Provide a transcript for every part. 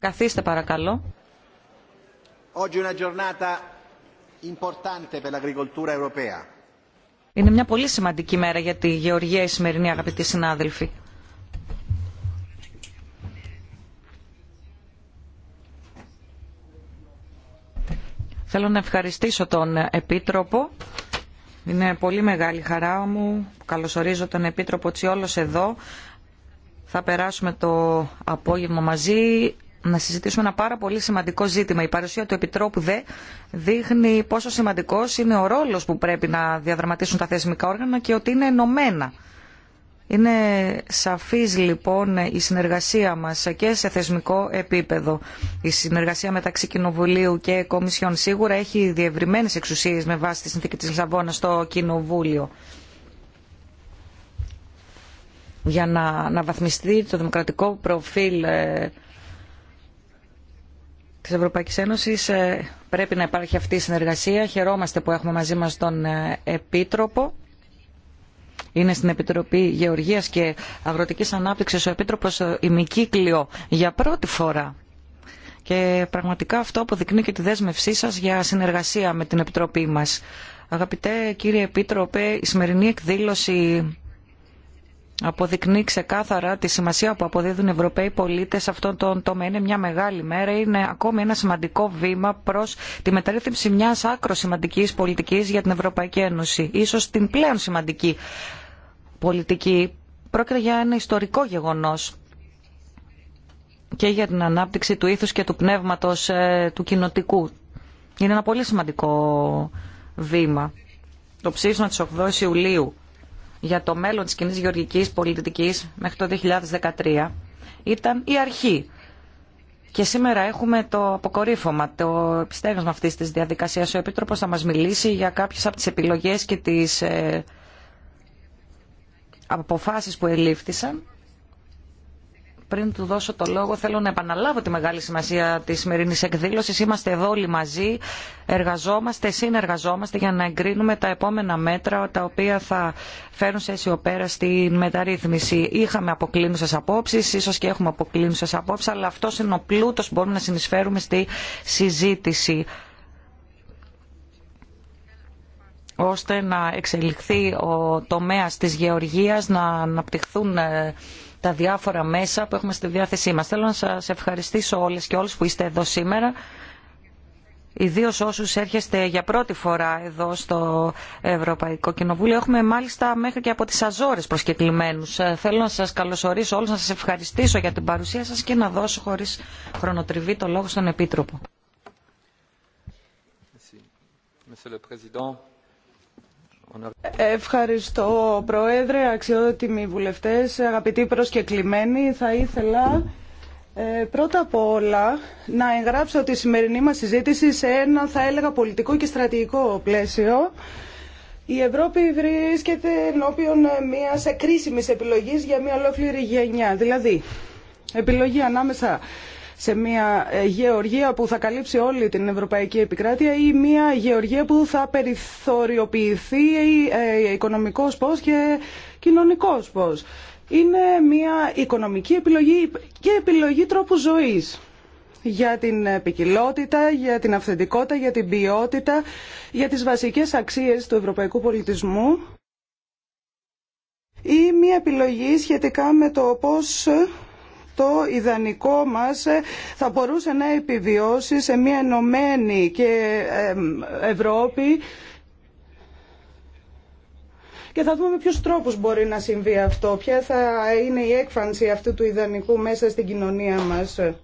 Καθίστε παρακαλώ. Είναι μια πολύ σημαντική μέρα για τη Γεωργία η σημερινή αγαπητοί συνάδελφοι. Θέλω να ευχαριστήσω τον Επίτροπο είναι πολύ μεγάλη χαρά μου. Καλωσορίζω τον Επίτροπο Τσιόλος εδώ. Θα περάσουμε το απόγευμα μαζί να συζητήσουμε ένα πάρα πολύ σημαντικό ζήτημα. Η παρουσία του Επιτρόπου ΔΕ δείχνει πόσο σημαντικός είναι ο ρόλος που πρέπει να διαδραματίσουν τα θεσμικά όργανα και ότι είναι ενωμένα είναι σαφής λοιπόν η συνεργασία μας και σε θεσμικό επίπεδο. Η συνεργασία μεταξύ Κοινοβουλίου και Κομισιόν σίγουρα έχει διευρυμένες εξουσίες με βάση τη συνθήκη της Λισαβόνα στο Κοινοβούλιο για να, να βαθμιστεί το δημοκρατικό προφίλ τη ε, της Ευρωπαϊκής Ένωσης ε, πρέπει να υπάρχει αυτή η συνεργασία. Χαιρόμαστε που έχουμε μαζί μας τον ε, Επίτροπο είναι στην Επιτροπή Γεωργίας και Αγροτικής Ανάπτυξης ο Επίτροπος ε, Ημικύκλιο για πρώτη φορά. Και πραγματικά αυτό αποδεικνύει και τη δέσμευσή σας για συνεργασία με την Επιτροπή μας. Αγαπητέ κύριε Επίτροπε, η σημερινή εκδήλωση αποδεικνύει ξεκάθαρα τη σημασία που αποδίδουν οι Ευρωπαίοι πολίτε σε αυτόν τον τομέα. Είναι μια μεγάλη μέρα, είναι ακόμη ένα σημαντικό βήμα προ τη μεταρρύθμιση μια άκρο σημαντική πολιτική για την Ευρωπαϊκή Ένωση. την πλέον σημαντική πολιτική πρόκειται για ένα ιστορικό γεγονός και για την ανάπτυξη του ήθους και του πνεύματος ε, του κοινοτικού. Είναι ένα πολύ σημαντικό βήμα. Το ψήφισμα της 8 Ιουλίου για το μέλλον της κοινής γεωργικής πολιτικής μέχρι το 2013 ήταν η αρχή. Και σήμερα έχουμε το αποκορύφωμα, το επιστέγασμα αυτής της διαδικασίας. Ο Επίτροπος θα μας μιλήσει για κάποιες από τις επιλογές και τις ε, αποφάσεις που ελήφθησαν. Πριν του δώσω το λόγο θέλω να επαναλάβω τη μεγάλη σημασία της σημερινή εκδήλωσης. Είμαστε εδώ όλοι μαζί, εργαζόμαστε, συνεργαζόμαστε για να εγκρίνουμε τα επόμενα μέτρα τα οποία θα φέρουν σε αισιοπέρα στην μεταρρύθμιση. Είχαμε αποκλίνουσες απόψεις, ίσως και έχουμε αποκλίνουσες απόψεις, αλλά αυτό είναι ο πλούτος που μπορούμε να συνεισφέρουμε στη συζήτηση. ώστε να εξελιχθεί ο τομέας της γεωργίας, να αναπτυχθούν ε, τα διάφορα μέσα που έχουμε στη διάθεσή μας. Θέλω να σας ευχαριστήσω όλες και όλους που είστε εδώ σήμερα ιδίω όσου έρχεστε για πρώτη φορά εδώ στο Ευρωπαϊκό Κοινοβούλιο. Έχουμε μάλιστα μέχρι και από τι Αζόρε προσκεκλημένους. Ε, θέλω να σα καλωσορίσω όλου, να σα ευχαριστήσω για την παρουσία σα και να δώσω χωρί χρονοτριβή το λόγο στον Επίτροπο. Ευχαριστώ Πρόεδρε, αξιότιμοι βουλευτές, αγαπητοί προσκεκλημένοι. Θα ήθελα ε, πρώτα απ' όλα να εγγράψω τη σημερινή μας συζήτηση σε ένα θα έλεγα πολιτικό και στρατηγικό πλαίσιο. Η Ευρώπη βρίσκεται ενώπιον ε, μιας κρίσιμη επιλογής για μια ολόκληρη γενιά. Δηλαδή, επιλογή ανάμεσα σε μια ε, γεωργία που θα καλύψει όλη την ευρωπαϊκή επικράτεια ή μια γεωργία που θα περιθωριοποιηθεί ε, ε, οικονομικός πώς και κοινωνικός πώς. Είναι μια οικονομική επιλογή και επιλογή τρόπου ζωής για την ποικιλότητα, για την αυθεντικότητα, για την ποιότητα, για τις βασικές αξίες του ευρωπαϊκού πολιτισμού ή μια επιλογή σχετικά με το πώς το ιδανικό μας ε, θα μπορούσε να επιβιώσει σε μια ενωμένη και Ευρώπη και θα δούμε με ποιους τρόπους μπορεί να συμβεί αυτό, ποια θα είναι η έκφανση αυτού του ιδανικού μέσα στην κοινωνία μας. Ε,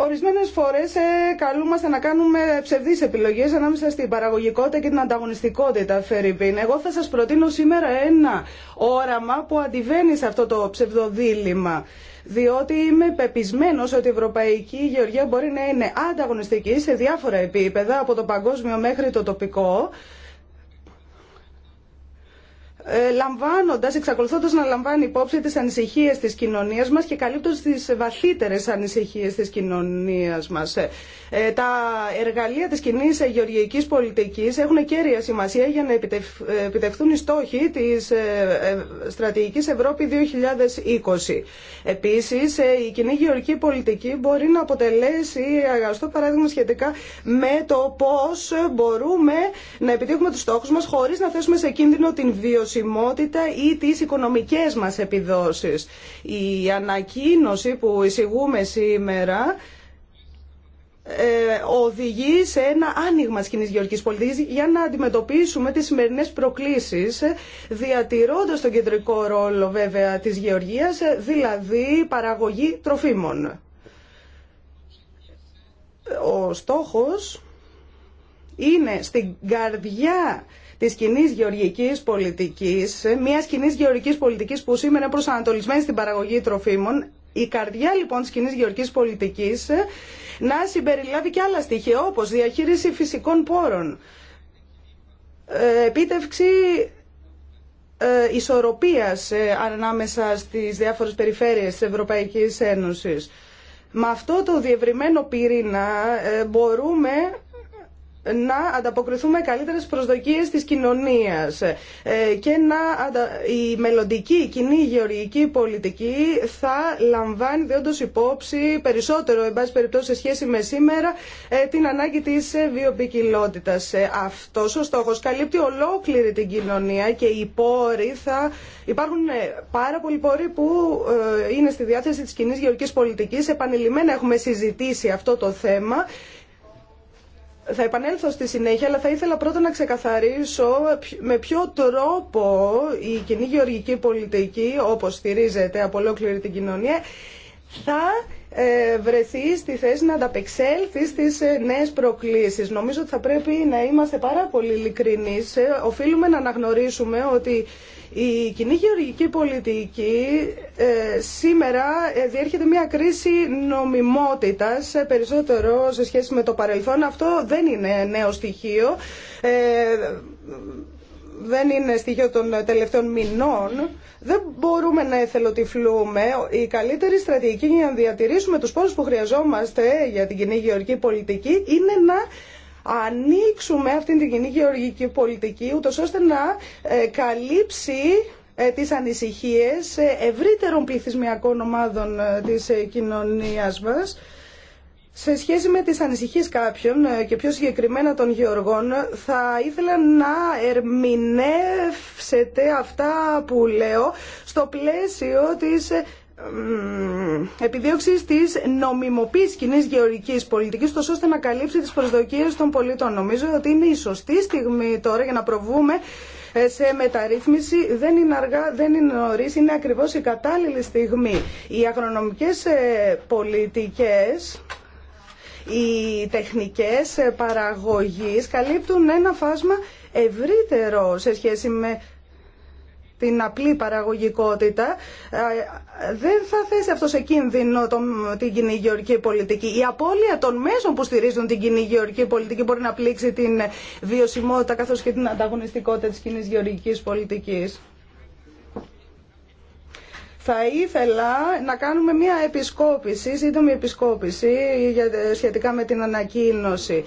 Ορισμένες φορές ε, καλούμαστε να κάνουμε ψευδείς επιλογέ ανάμεσα στην παραγωγικότητα και την ανταγωνιστικότητα, Φερρυπίν. Εγώ θα σας προτείνω σήμερα ένα όραμα που αντιβαίνει σε αυτό το ψευδοδήλημα διότι είμαι πεπισμένο ότι η Ευρωπαϊκή Γεωργία μπορεί να είναι ανταγωνιστική σε διάφορα επίπεδα, από το παγκόσμιο μέχρι το τοπικό, ε, λαμβάνοντας, εξακολουθώντας να λαμβάνει υπόψη τις ανησυχίες της κοινωνίας μας και καλύπτοντας τις βαθύτερες ανησυχίες της κοινωνίας μας. Ε, ε, τα εργαλεία της κοινή γεωργικής πολιτικής έχουν κέρια σημασία για να ε, επιτευχθούν οι στόχοι της ε, στρατηγικής Ευρώπη 2020. Επίσης, η κοινή γεωργική πολιτική μπορεί να αποτελέσει αγαστό παράδειγμα σχετικά με το πώς μπορούμε να επιτύχουμε τους στόχους μας χωρίς να θέσουμε σε κίνδυνο την βιωσιμότητα ή τις οικονομικές μας επιδόσεις. Η ανακοίνωση που εισηγούμε σήμερα ε, οδηγεί σε ένα άνοιγμα τη κοινή γεωργική πολιτική για να αντιμετωπίσουμε τι σημερινέ προκλήσει, ε, διατηρώντα τον κεντρικό ρόλο βέβαια τη γεωργία, ε, δηλαδή παραγωγή τροφίμων. Ο στόχος είναι στην καρδιά της κοινή γεωργικής πολιτικής, μία κοινή γεωργικής πολιτικής που σήμερα είναι προσανατολισμένη στην παραγωγή τροφίμων. Η καρδιά λοιπόν της κοινή γεωργικής πολιτικής να συμπεριλάβει και άλλα στοιχεία όπως διαχείριση φυσικών πόρων, ε, επίτευξη ε, ισορροπίας ε, ανάμεσα στις διάφορες περιφέρειες της Ευρωπαϊκής Ένωσης. Με αυτό το διευρυμένο πυρήνα μπορούμε να ανταποκριθούμε καλύτερες προσδοκίες της κοινωνίας ε, και να η μελλοντική κοινή γεωργική πολιτική θα λαμβάνει διόντως υπόψη περισσότερο εν πάση περιπτώσει σε σχέση με σήμερα ε, την ανάγκη της ε, βιοπικιλότητας. Αυτός ο στόχος καλύπτει ολόκληρη την κοινωνία και οι πόροι θα... Υπάρχουν πάρα πολλοί πόροι που είναι στη διάθεση της κοινή γεωργικής πολιτικής. Επανειλημμένα έχουμε συζητήσει αυτό το θέμα θα επανέλθω στη συνέχεια, αλλά θα ήθελα πρώτα να ξεκαθαρίσω με ποιο τρόπο η κοινή γεωργική πολιτική, όπως στηρίζεται από ολόκληρη την κοινωνία, θα ε, βρεθεί στη θέση να ανταπεξέλθει στις ε, νέε προκλήσεις. Νομίζω ότι θα πρέπει να είμαστε πάρα πολύ ειλικρινεί. Ε, οφείλουμε να αναγνωρίσουμε ότι η κοινή γεωργική πολιτική σήμερα διέρχεται μια κρίση νομιμότητας περισσότερο σε σχέση με το παρελθόν. Αυτό δεν είναι νέο στοιχείο δεν είναι στοιχείο των τελευταίων μηνών, δεν μπορούμε να εθελοτυφλούμε. Η καλύτερη στρατηγική για να διατηρήσουμε τους πόρους που χρειαζόμαστε για την κοινή γεωργική πολιτική είναι να ανοίξουμε αυτή την κοινή γεωργική πολιτική ούτως ώστε να ε, καλύψει ε, τις ανησυχίες ε, ευρύτερων πληθυσμιακών ομάδων της κοινωνίας μας σε σχέση με τις ανησυχίες κάποιων ε, και πιο συγκεκριμένα των γεωργών, θα ήθελα να ερμηνεύσετε αυτά που λέω στο πλαίσιο της ε, επιδίωξη τη νομιμοποίηση κοινή γεωργική πολιτική, ώστε να καλύψει τι προσδοκίε των πολιτών. Νομίζω ότι είναι η σωστή στιγμή τώρα για να προβούμε ε, σε μεταρρύθμιση. Δεν είναι αργά, δεν είναι νωρί, είναι ακριβώ η κατάλληλη στιγμή. Οι αγρονομικέ πολιτικέ οι τεχνικές παραγωγής καλύπτουν ένα φάσμα ευρύτερο σε σχέση με την απλή παραγωγικότητα, δεν θα θέσει αυτό σε κίνδυνο την κοινή γεωργική πολιτική. Η απώλεια των μέσων που στηρίζουν την κοινή γεωργική πολιτική μπορεί να πλήξει την βιωσιμότητα καθώς και την ανταγωνιστικότητα της κοινή γεωργικής πολιτικής. Θα ήθελα να κάνουμε μια επισκόπηση, σύντομη επισκόπηση ε, σχετικά με την ανακοίνωση.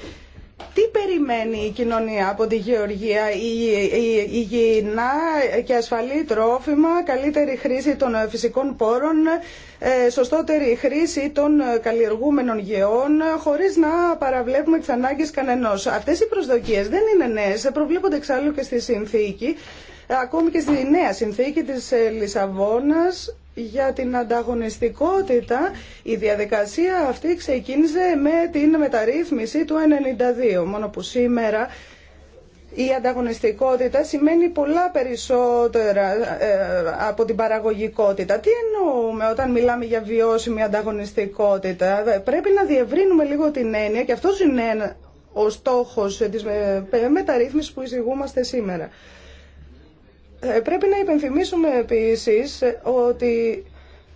Τι περιμένει η κοινωνία από τη γεωργία, η υγιεινά και ασφαλή τρόφιμα, καλύτερη χρήση των ε, φυσικών πόρων, ε, σωστότερη χρήση των καλλιεργούμενων γεών, χωρίς να παραβλέπουμε τις ανάγκες κανενός. Αυτές οι προσδοκίες δεν είναι νέες, προβλέπονται εξάλλου και στη συνθήκη ε, ακόμη και στη νέα συνθήκη της ε, Λισαβόνας για την ανταγωνιστικότητα η διαδικασία αυτή ξεκίνησε με την μεταρρύθμιση του 1992 μόνο που σήμερα η ανταγωνιστικότητα σημαίνει πολλά περισσότερα ε, από την παραγωγικότητα. Τι εννοούμε όταν μιλάμε για βιώσιμη ανταγωνιστικότητα. Πρέπει να διευρύνουμε λίγο την έννοια και αυτό είναι ο στόχος της μεταρρύθμισης που εισηγούμαστε σήμερα. Ε, πρέπει να υπενθυμίσουμε επίσης ε, ότι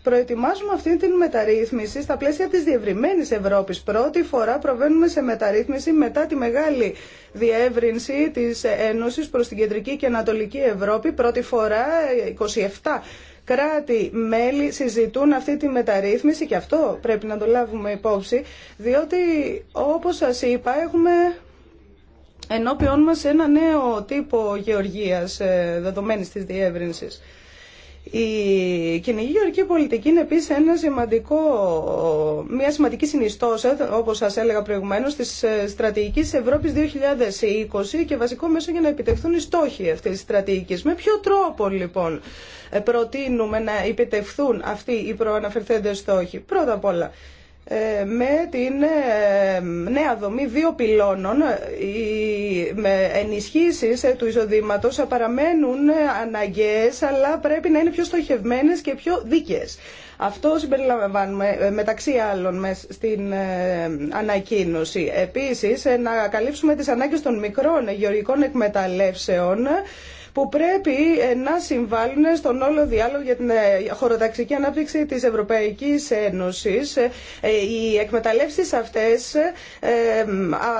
προετοιμάζουμε αυτή την μεταρρύθμιση στα πλαίσια της διευρυμένης Ευρώπης. Πρώτη φορά προβαίνουμε σε μεταρρύθμιση μετά τη μεγάλη διεύρυνση της Ένωσης προς την Κεντρική και Ανατολική Ευρώπη. Πρώτη φορά 27 κράτη-μέλη συζητούν αυτή τη μεταρρύθμιση και αυτό πρέπει να το λάβουμε υπόψη, διότι όπως σας είπα έχουμε ενώπιόν μας ένα νέο τύπο γεωργίας ε, δεδομένης της διεύρυνσης. Η κοινή γεωργική πολιτική είναι επίσης ένα σημαντικό, μια σημαντική συνιστόσα, όπως σας έλεγα προηγουμένως, της ε, στρατηγικής Ευρώπης 2020 και βασικό μέσο για να επιτευχθούν οι στόχοι αυτής της στρατηγικής. Με ποιο τρόπο λοιπόν ε, προτείνουμε να επιτευχθούν αυτοί οι προαναφερθέντες στόχοι. Πρώτα απ' όλα, ε, με την ε, νέα δομή δύο πυλώνων ε, οι ενισχύσεις του εισοδήματος παραμένουν αναγκαίες αλλά πρέπει να είναι πιο στοχευμένες και πιο δίκαιες. Αυτό συμπεριλαμβάνουμε μεταξύ άλλων στην ανακοίνωση. Επίσης να καλύψουμε τις ανάγκες των μικρών γεωργικών εκμεταλλεύσεων που πρέπει ε, να συμβάλλουν στον όλο διάλογο για την ε, χωροταξική ανάπτυξη της Ευρωπαϊκής Ένωσης. Ε, οι εκμεταλλεύσεις αυτές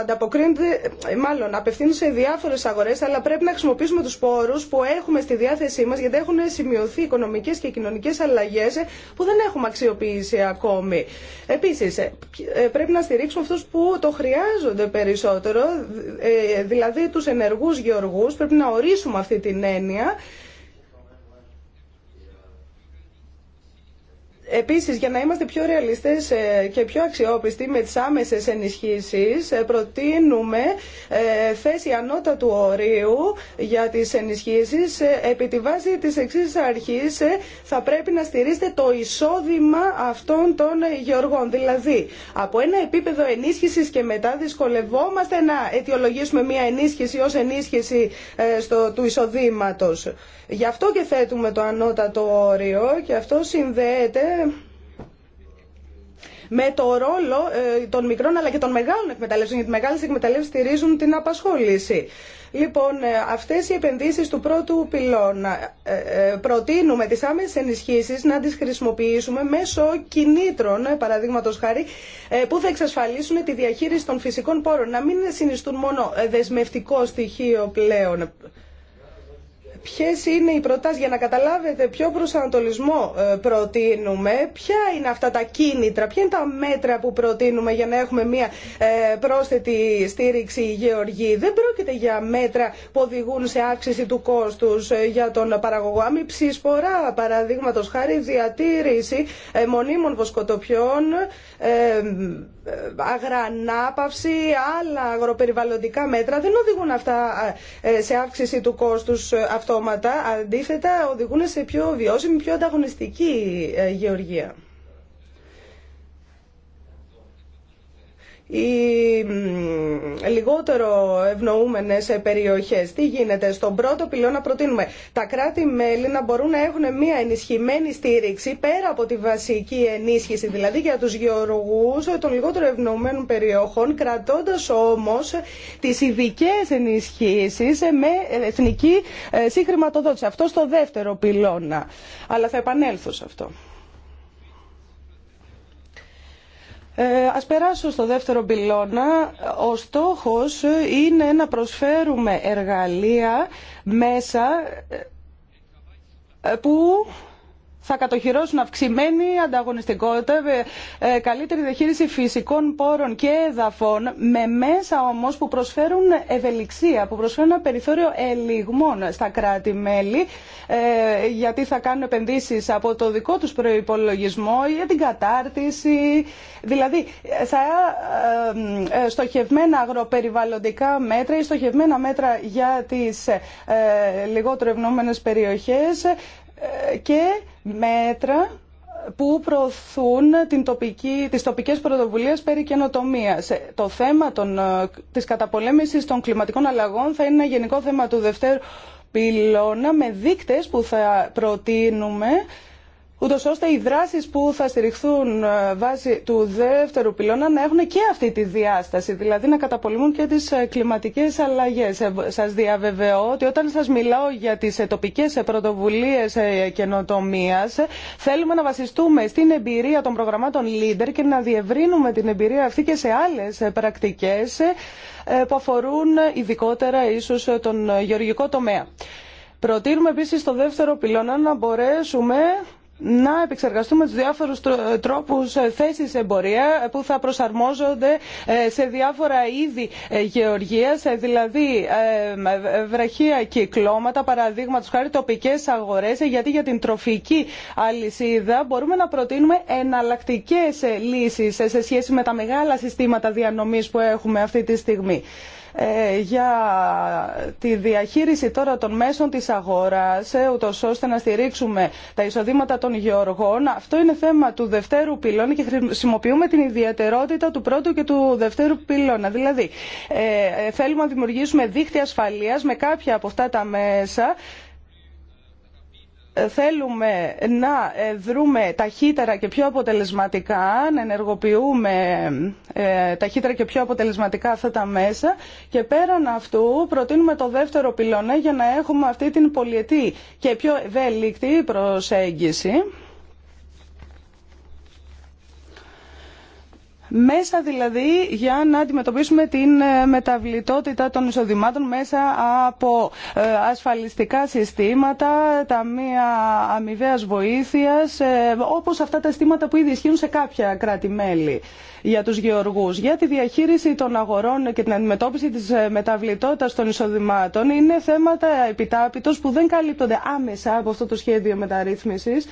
ανταποκρίνονται, μάλλον απευθύνουν σε διάφορες αγορές, αλλά πρέπει να χρησιμοποιήσουμε τους πόρους που έχουμε στη διάθεσή μας, γιατί έχουν σημειωθεί οικονομικές και κοινωνικές αλλαγές που δεν έχουμε αξιοποιήσει ακόμη. Επίσης, πρέπει να στηρίξουμε αυτούς που το χρειάζονται περισσότερο, δηλαδή τους ενεργούς γεωργούς, πρέπει να ορίσουμε αυτή την έννοια Επίσης, για να είμαστε πιο ρεαλιστές ε, και πιο αξιόπιστοι με τις άμεσες ενισχύσεις, ε, προτείνουμε ε, θέση ανώτατου ορίου για τις ενισχύσεις. Επί τη βάση της εξής αρχής θα πρέπει να στηρίζετε το εισόδημα αυτών των γεωργών. Δηλαδή, από ένα επίπεδο ενίσχυσης και μετά δυσκολευόμαστε να αιτιολογήσουμε μια ενίσχυση ως ενίσχυση του εισοδήματος. Γι' αυτό και θέτουμε το ανώτατο όριο και αυτό συνδέεται με το ρόλο ε, των μικρών αλλά και των μεγάλων εκμεταλλεύσεων, γιατί οι μεγάλες εκμεταλλεύσεις στηρίζουν την απασχόληση. Λοιπόν, ε, αυτές οι επενδύσεις του πρώτου πυλώνα ε, προτείνουμε τις άμεσες ενισχύσεις να τις χρησιμοποιήσουμε μέσω κινήτρων, παραδείγματο χάρη, που θα εξασφαλίσουν τη διαχείριση των φυσικών πόρων, να μην συνιστούν μόνο δεσμευτικό στοιχείο πλέον. Ποιε είναι οι προτάσει για να καταλάβετε ποιο προσανατολισμό ε, προτείνουμε, ποια είναι αυτά τα κίνητρα, ποια είναι τα μέτρα που προτείνουμε για να έχουμε μια ε, πρόσθετη στήριξη γεωργή. Δεν πρόκειται για μέτρα που οδηγούν σε αύξηση του κόστους ε, για τον παραγωγό. Άμυψη σπορά, παραδείγματο χάρη διατήρηση μονίμων βοσκοτοπιών, αγρανάπαυση, άλλα αγροπεριβαλλοντικά μέτρα. Δεν οδηγούν αυτά σε αύξηση του κόστους αυτό αυτόματα, αντίθετα οδηγούν σε πιο βιώσιμη, πιο ανταγωνιστική ε, γεωργία. οι λιγότερο ευνοούμενες περιοχές. Τι γίνεται, στον πρώτο πυλώνα προτείνουμε τα κράτη-μέλη να μπορούν να έχουν μια ενισχυμένη στήριξη πέρα από τη βασική ενίσχυση, δηλαδή για τους γεωργούς των λιγότερο ευνοούμενων περιοχών, κρατώντας όμως τις ειδικέ ενισχύσεις με εθνική ε, συγχρηματοδότηση. Αυτό στο δεύτερο πυλώνα. Αλλά θα επανέλθω σε αυτό. Ε, ας περάσω στο δεύτερο πυλώνα. Ο στόχος είναι να προσφέρουμε εργαλεία μέσα ε, που θα κατοχυρώσουν αυξημένη ανταγωνιστικότητα, ε, ε, καλύτερη διαχείριση φυσικών πόρων και εδαφών, με μέσα όμω που προσφέρουν ευελιξία, που προσφέρουν ένα περιθώριο ελιγμών στα κράτη-μέλη, ε, γιατί θα κάνουν επενδύσει από το δικό του προπολογισμό για την κατάρτιση. Δηλαδή, θα στοχευμένα αγροπεριβαλλοντικά μέτρα ή στοχευμένα μέτρα για τι λιγότερο ευνομένε περιοχέ και μέτρα που προωθούν την τοπική, τις τοπικές πρωτοβουλίες περί καινοτομίας. Το θέμα των, ε, της καταπολέμησης των κλιματικών αλλαγών θα είναι ένα γενικό θέμα του δευτέρου πυλώνα με δείκτες που θα προτείνουμε ούτως ώστε οι δράσεις που θα στηριχθούν ε, βάσει του δεύτερου πυλώνα να έχουν και αυτή τη διάσταση, δηλαδή να καταπολεμούν και τις ε, κλιματικές αλλαγές. Ε, σας διαβεβαιώ ότι όταν σας μιλάω για τις τοπικές πρωτοβουλίες καινοτομία, θέλουμε να βασιστούμε στην εμπειρία των προγραμμάτων LEADER και να διευρύνουμε την εμπειρία αυτή και σε άλλες πρακτικές που αφορούν ειδικότερα ίσως τον γεωργικό τομέα. Προτείνουμε επίσης στο δεύτερο πυλώνα να μπορέσουμε να επεξεργαστούμε τους διάφορους τρόπους ε, θέσης εμπορία ε, που θα προσαρμόζονται ε, σε διάφορα είδη γεωργίας, δηλαδή βραχία κυκλώματα, παραδείγματος χάρη τοπικές αγορές, γιατί για την τροφική αλυσίδα μπορούμε να προτείνουμε εναλλακτικές λύσεις σε σχέση με τα μεγάλα συστήματα διανομής που έχουμε αυτή τη στιγμή. Ε, για τη διαχείριση τώρα των μέσων της αγοράς, ε, ούτως ώστε να στηρίξουμε τα εισοδήματα των γεωργών. Αυτό είναι θέμα του δευτέρου πυλώνα και χρησιμοποιούμε την ιδιαιτερότητα του πρώτου και του δευτέρου πυλώνα. Δηλαδή, ε, θέλουμε να δημιουργήσουμε δίχτυα ασφαλείας με κάποια από αυτά τα μέσα θέλουμε να δρούμε ε, ταχύτερα και πιο αποτελεσματικά, να ενεργοποιούμε ε, ταχύτερα και πιο αποτελεσματικά αυτά τα μέσα και πέραν αυτού προτείνουμε το δεύτερο πυλώνα για να έχουμε αυτή την πολιετή και πιο ευέλικτη προσέγγιση. Μέσα δηλαδή για να αντιμετωπίσουμε την ε, μεταβλητότητα των εισοδημάτων μέσα από ε, ασφαλιστικά συστήματα, ταμεία αμοιβαίας βοήθειας, ε, όπως αυτά τα αισθήματα που ήδη ισχύουν σε κάποια κράτη-μέλη για τους γεωργούς. Για τη διαχείριση των αγορών και την αντιμετώπιση της μεταβλητότητας των εισοδημάτων είναι θέματα επιτάπητος που δεν καλύπτονται άμεσα από αυτό το σχέδιο μεταρρύθμισης.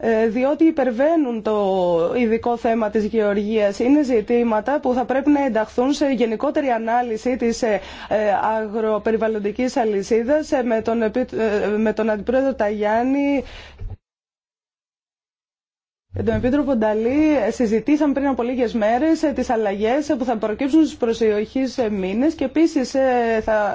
Ε, διότι υπερβαίνουν το ειδικό θέμα της γεωργίας. Είναι ζητήματα που θα πρέπει να ενταχθούν σε γενικότερη ανάλυση της ε, ε, αγροπεριβαλλοντικής αλυσίδας με τον, με τον Αντιπρόεδρο Ταγιάννη τον Επίτροπο Νταλή συζητήσαμε πριν από λίγες μέρες ε, τις αλλαγές ε, που θα προκύψουν στις προσεχείς ε, μήνες και επίσης θα,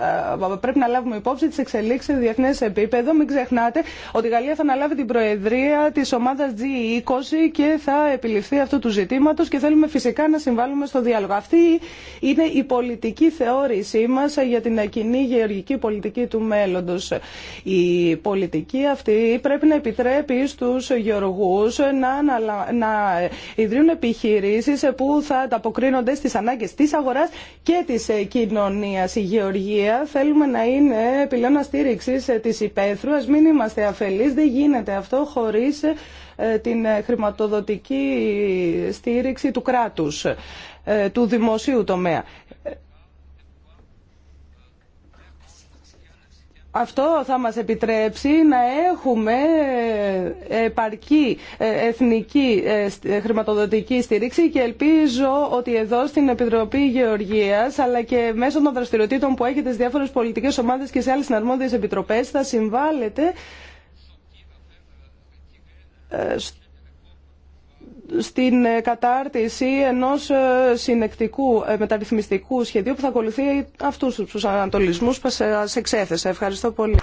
πρέπει να λάβουμε υπόψη τις εξελίξεις σε διεθνέ επίπεδο. Μην ξεχνάτε ότι η Γαλλία θα αναλάβει την προεδρία της ομάδας G20 και θα επιληφθεί αυτού του ζητήματος και θέλουμε φυσικά να συμβάλλουμε στο διάλογο. Αυτή είναι η πολιτική θεώρησή μας για την κοινή γεωργική πολιτική του μέλλοντος. Η πολιτική αυτή πρέπει να επιτρέπει γεωργούς να να, να ιδρύουν επιχειρήσεις που θα ανταποκρίνονται στις ανάγκες τη αγοράς και της ε, κοινωνίας. Η γεωργία θέλουμε να είναι πυλώνα στήριξη ε, της υπαίθρου. Α μην είμαστε αφελεί. δεν γίνεται αυτό χωρίς ε, την χρηματοδοτική στήριξη του κράτους, του δημοσίου τομέα. Αυτό θα μας επιτρέψει να έχουμε επαρκή ε, εθνική ε, ε, χρηματοδοτική στήριξη και ελπίζω ότι εδώ στην Επιτροπή Γεωργίας αλλά και μέσω των δραστηριοτήτων που έχετε στις διάφορες πολιτικές ομάδες και σε άλλες συναρμόδιες επιτροπές θα συμβάλλετε στην ε, κατάρτιση ενός ε, συνεκτικού ε, μεταρρυθμιστικού σχεδίου που θα ακολουθεί αυτούς τους ανατολισμούς που σα εξέθεσα. Ευχαριστώ πολύ.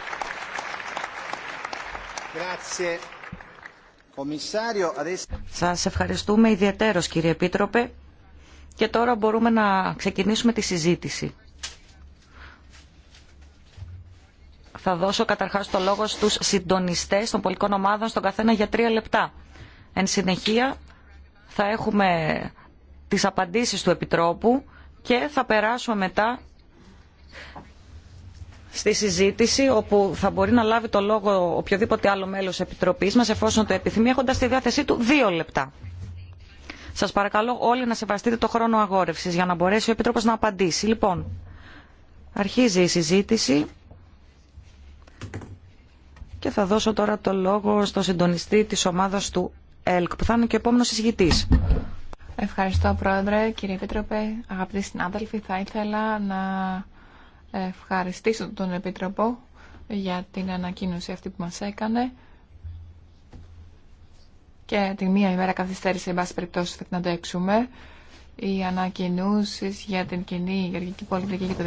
Σας ευχαριστούμε ιδιαίτερος κύριε Επίτροπε και τώρα μπορούμε να ξεκινήσουμε τη συζήτηση. Θα δώσω καταρχάς το λόγο στους συντονιστές των πολιτικών ομάδων στον καθένα για τρία λεπτά. Εν συνεχεία θα έχουμε τις απαντήσεις του Επιτρόπου και θα περάσουμε μετά στη συζήτηση όπου θα μπορεί να λάβει το λόγο οποιοδήποτε άλλο μέλος Επιτροπής μας εφόσον το επιθυμεί έχοντας στη διάθεσή του δύο λεπτά. Σας παρακαλώ όλοι να σεβαστείτε το χρόνο αγόρευσης για να μπορέσει ο Επιτρόπος να απαντήσει. Λοιπόν, αρχίζει η συζήτηση και θα δώσω τώρα το λόγο στο συντονιστή της ομάδας του και επόμενος Ευχαριστώ Πρόεδρε, κύριε Επίτροπε, αγαπητοί συνάδελφοι. Θα ήθελα να ευχαριστήσω τον Επίτροπο για την ανακοίνωση αυτή που μας έκανε και τη μία ημέρα καθυστέρηση, εν πάση περιπτώσει, θα την αντέξουμε. Οι ανακοινώσει για την κοινή γεωργική πολιτική για το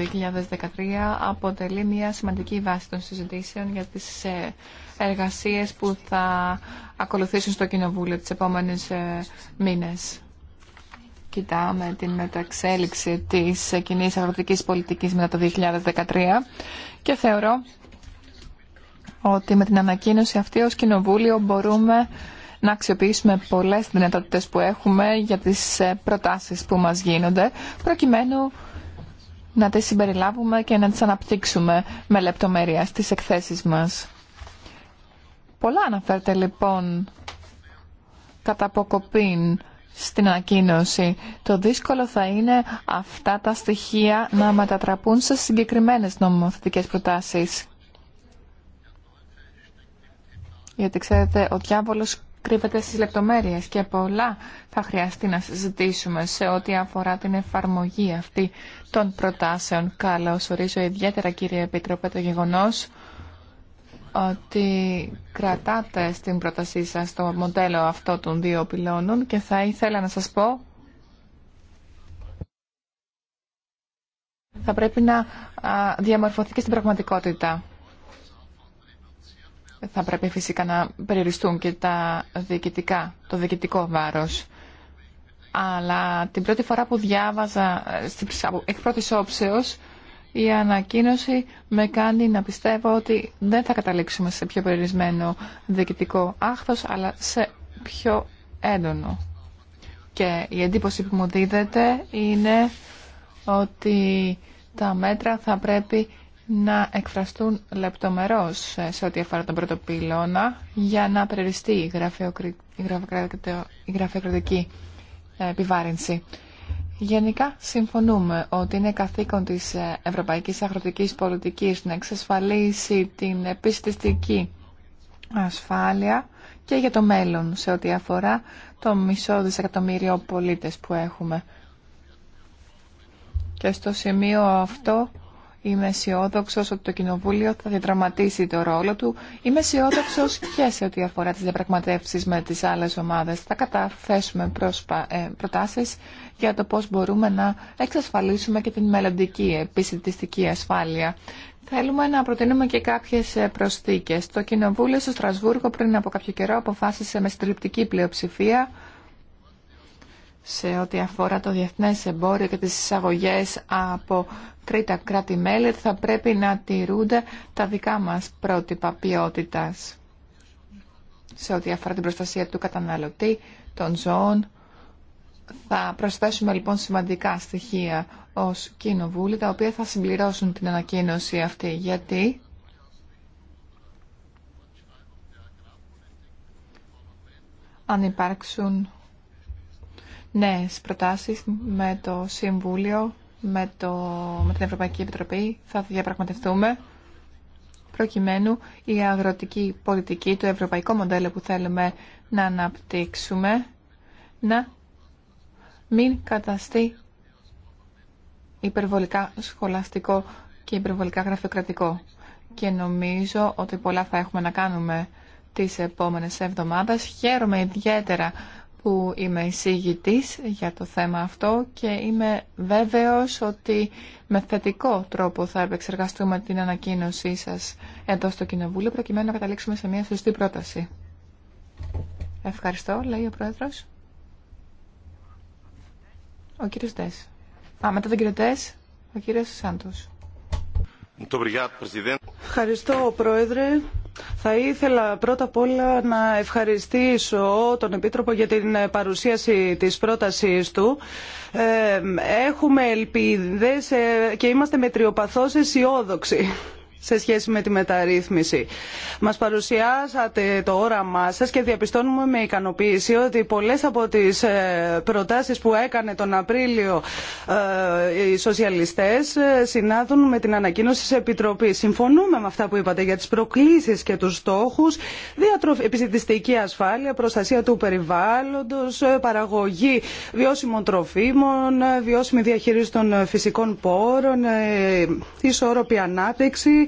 2013 αποτελεί μια σημαντική βάση των συζητήσεων για τις ε, εργασίες που θα ακολουθήσουν στο Κοινοβούλιο τις επόμενες ε, μήνες. Κοιτάμε την μεταξέλιξη της κοινή αγροτικής πολιτικής μετά το 2013 και θεωρώ ότι με την ανακοίνωση αυτή ως Κοινοβούλιο μπορούμε να αξιοποιήσουμε πολλές δυνατότητες που έχουμε για τις ε, προτάσεις που μας γίνονται προκειμένου να τις συμπεριλάβουμε και να τις αναπτύξουμε με λεπτομέρεια στις εκθέσεις μας. Πολλά αναφέρεται λοιπόν κατά αποκοπήν στην ανακοίνωση. Το δύσκολο θα είναι αυτά τα στοιχεία να μετατραπούν σε συγκεκριμένες νομοθετικές προτάσεις. Γιατί ξέρετε, ο διάβολος κρύβεται στις λεπτομέρειες και πολλά θα χρειαστεί να συζητήσουμε σε ό,τι αφορά την εφαρμογή αυτή των προτάσεων. Καλώς ορίζω ιδιαίτερα κύριε Επίτροπε το γεγονός ότι κρατάτε στην πρότασή σας το μοντέλο αυτό των δύο πυλώνων και θα ήθελα να σας πω θα πρέπει να διαμορφωθεί και στην πραγματικότητα. Θα πρέπει φυσικά να περιοριστούν και τα διοικητικά, το διοικητικό βάρος. Αλλά την πρώτη φορά που διάβαζα ε, εκ πρώτης όψεως η ανακοίνωση με κάνει να πιστεύω ότι δεν θα καταλήξουμε σε πιο περιορισμένο διοικητικό άχθος, αλλά σε πιο έντονο. Και η εντύπωση που μου δίδεται είναι ότι τα μέτρα θα πρέπει να εκφραστούν λεπτομερώς σε ό,τι αφορά τον πρώτο πυλώνα για να περιοριστεί η γραφειοκρατική επιβάρυνση. Γενικά συμφωνούμε ότι είναι καθήκον της ε, Ευρωπαϊκής Αγροτικής Πολιτικής να εξασφαλίσει την επιστηστική ασφάλεια και για το μέλλον σε ό,τι αφορά το μισό δισεκατομμύριο πολίτες που έχουμε. Και στο σημείο αυτό Είμαι αισιόδοξο ότι το Κοινοβούλιο θα διαδραματίσει το ρόλο του. Είμαι αισιόδοξο και σε ό,τι αφορά τι διαπραγματεύσει με τι άλλε ομάδε. Θα καταθέσουμε προσπα... Ε, προτάσει για το πώ μπορούμε να εξασφαλίσουμε και την μελλοντική επιστημιστική ασφάλεια. Θέλουμε να προτείνουμε και κάποιε προσθήκε. Το Κοινοβούλιο στο Στρασβούργο πριν από κάποιο καιρό αποφάσισε με συντριπτική πλειοψηφία σε ό,τι αφορά το διεθνές εμπόριο και τις εισαγωγές από τρίτα κράτη-μέλη θα πρέπει να τηρούνται τα δικά μας πρότυπα ποιότητας σε ό,τι αφορά την προστασία του καταναλωτή, των ζώων. Θα προσθέσουμε λοιπόν σημαντικά στοιχεία ως κοινοβούλη, τα οποία θα συμπληρώσουν την ανακοίνωση αυτή. Γιατί αν υπάρξουν νέες προτάσεις με το Συμβούλιο, με, το, με την Ευρωπαϊκή Επιτροπή. Θα διαπραγματευτούμε προκειμένου η αγροτική πολιτική, το ευρωπαϊκό μοντέλο που θέλουμε να αναπτύξουμε, να μην καταστεί υπερβολικά σχολαστικό και υπερβολικά γραφειοκρατικό. Και νομίζω ότι πολλά θα έχουμε να κάνουμε τις επόμενες εβδομάδες. Χαίρομαι ιδιαίτερα που είμαι εισηγητής για το θέμα αυτό και είμαι βέβαιος ότι με θετικό τρόπο θα επεξεργαστούμε την ανακοίνωσή σας εδώ στο Κοινοβούλιο προκειμένου να καταλήξουμε σε μια σωστή πρόταση. Ευχαριστώ, λέει ο Πρόεδρος. Ο κύριος Τες. Α, μετά τον κύριο Τες, ο κύριος Σάντος. Ευχαριστώ, Πρόεδρε. Θα ήθελα πρώτα απ' όλα να ευχαριστήσω τον Επίτροπο για την παρουσίαση της πρότασής του. Ε, έχουμε ελπίδες ε, και είμαστε με μετριοπαθώς αισιόδοξοι σε σχέση με τη μεταρρύθμιση. Μα παρουσιάσατε το όραμά σα και διαπιστώνουμε με ικανοποίηση ότι πολλέ από τι ε, προτάσει που έκανε τον Απρίλιο ε, οι σοσιαλιστέ ε, συνάδουν με την ανακοίνωση τη επιτροπή. Συμφωνούμε με αυτά που είπατε για τι προκλήσει και του στόχου, διατροφή, επιστημιστική ασφάλεια, προστασία του περιβάλλοντο, παραγωγή βιώσιμων τροφίμων, βιώσιμη διαχείριση των φυσικών πόρων, ισόρροπη ανάπτυξη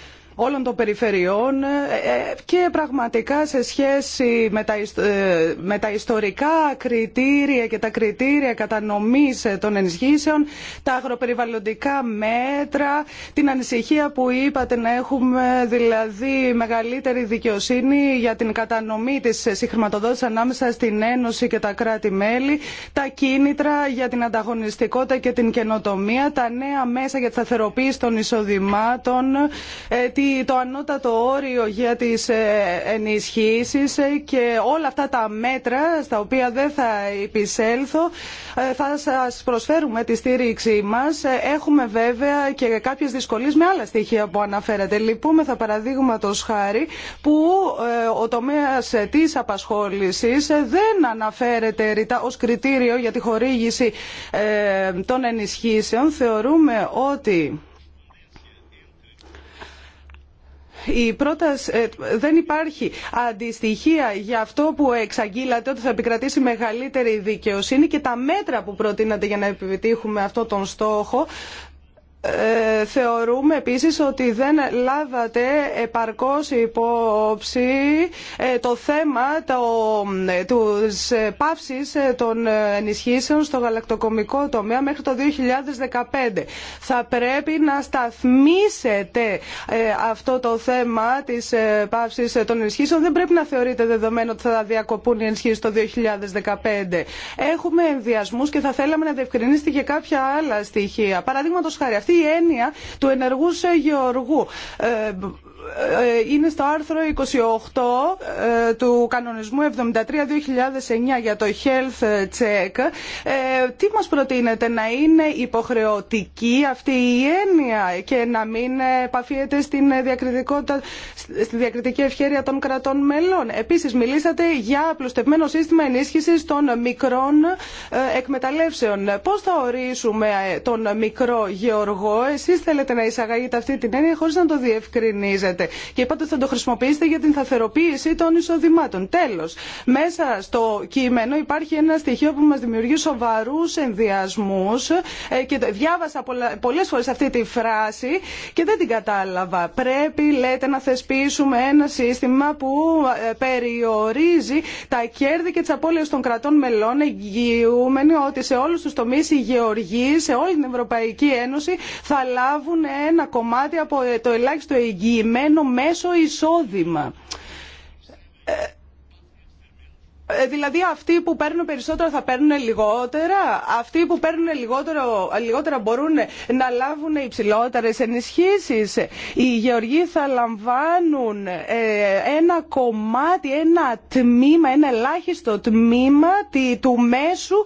όλων των περιφερειών ε, ε, και πραγματικά σε σχέση ε, με τα, ιστορικά κριτήρια και τα κριτήρια κατανομής των ενισχύσεων, τα αγροπεριβαλλοντικά μέτρα, την ανησυχία που είπατε να έχουμε δηλαδή μεγαλύτερη δικαιοσύνη για την κατανομή της συγχρηματοδότησης ανάμεσα στην Ένωση και τα κράτη-μέλη, τα κίνητρα για την ανταγωνιστικότητα και την καινοτομία, τα νέα μέσα για τη σταθεροποίηση των εισοδημάτων, το ανώτατο όριο για τις ε, ενισχύσεις ε, και όλα αυτά τα μέτρα στα οποία δεν θα επισέλθω ε, θα σα προσφέρουμε τη στήριξή μας. Έχουμε βέβαια και κάποιες δυσκολίες με άλλα στοιχεία που αναφέρατε. Λυπούμε θα παραδείγματος χάρη που ο τομέας της απασχόλησης δεν αναφέρεται ρητά ως κριτήριο για τη χορήγηση των ενισχύσεων. Θεωρούμε ότι η πρόταση, ε, δεν υπάρχει αντιστοιχεία για αυτό που εξαγγείλατε ότι θα επικρατήσει μεγαλύτερη δικαιοσύνη και τα μέτρα που προτείνατε για να επιτύχουμε αυτό τον στόχο ε, θεωρούμε επίσης ότι δεν λάβατε επαρκώς υπόψη ε, το θέμα τη του ε, των ενισχύσεων στο γαλακτοκομικό τομέα μέχρι το 2015. Θα πρέπει να σταθμίσετε αυτό το θέμα της πάυσης των ενισχύσεων. Δεν πρέπει να θεωρείτε δεδομένο ότι θα διακοπούν οι ενισχύσεις το 2015. Έχουμε ενδιασμούς και θα θέλαμε να διευκρινίσετε και κάποια άλλα στοιχεία. Παραδείγματος χάρη, αυτή αυτή η έννοια του ενεργού γεωργού. Ε, ε, είναι στο άρθρο 28 ε, του κανονισμού 73-2009 για το health check. Ε, τι μας προτείνετε, να είναι υποχρεωτική αυτή η έννοια και να μην επαφίεται στην διακριτικότητα, στη διακριτική ευχέρεια των κρατών μελών. Επίσης μιλήσατε για απλουστευμένο σύστημα ενίσχυσης των μικρών εκμεταλλεύσεων. Πώς θα ορίσουμε τον μικρό γεωργό, εσείς θέλετε να εισαγαγείτε αυτή την έννοια χωρίς να το διευκρινίζετε και είπατε θα το χρησιμοποιήσετε για την σταθεροποίηση των εισοδημάτων. Τέλο, μέσα στο κείμενο υπάρχει ένα στοιχείο που μα δημιουργεί σοβαρού ενδιασμού ε, και διάβασα πολλέ φορέ αυτή τη φράση και δεν την κατάλαβα. Πρέπει, λέτε, να θεσπίσουμε ένα σύστημα που ε, περιορίζει τα κέρδη και τι απώλειε των κρατών μελών, εγγυούμενοι ότι σε όλου του τομεί οι γεωργοί, σε όλη την Ευρωπαϊκή Ένωση, θα λάβουν ένα κομμάτι από ε, το ελάχιστο εγγυημένο συγκεκριμένο μέσο εισόδημα. Ε, ε, δηλαδή αυτοί που παίρνουν περισσότερο θα παίρνουν λιγότερα, αυτοί που παίρνουν λιγότερο, λιγότερα μπορούν να λάβουν υψηλότερες ενισχύσεις. Οι γεωργοί θα λαμβάνουν ε, ένα κομμάτι, ένα τμήμα, ένα ελάχιστο τμήμα του μέσου,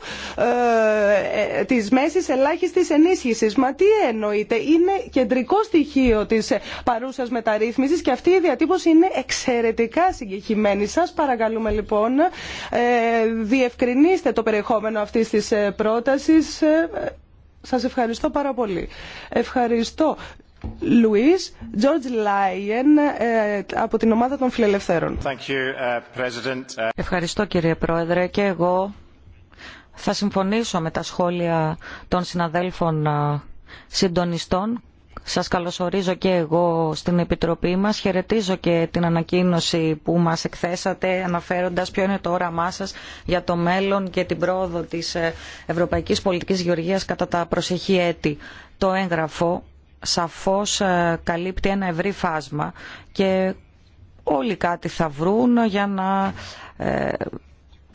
ε, της μέσης ελάχιστης ενίσχυσης. Μα τι εννοείται, είναι κεντρικό στοιχείο της παρούσας μεταρρύθμισης και αυτή η διατύπωση είναι εξαιρετικά συγκεκριμένη. Σας παρακαλούμε λοιπόν ε, διευκρινίστε το περιεχόμενο αυτής της ε, πρότασης. Ε, σας ευχαριστώ πάρα πολύ. Ευχαριστώ. Λουίς George Λάιεν από την ομάδα των Φιλελευθέρων. Thank you, uh, President. Uh, ευχαριστώ κύριε Πρόεδρε και εγώ θα συμφωνήσω με τα σχόλια των συναδέλφων συντονιστών σας καλωσορίζω και εγώ στην Επιτροπή μας. Χαιρετίζω και την ανακοίνωση που μας εκθέσατε αναφέροντας ποιο είναι το όραμά σας για το μέλλον και την πρόοδο της Ευρωπαϊκής Πολιτικής Γεωργίας κατά τα προσεχή έτη. Το έγγραφο σαφώς ε, καλύπτει ένα ευρύ φάσμα και όλοι κάτι θα βρουν για να ε,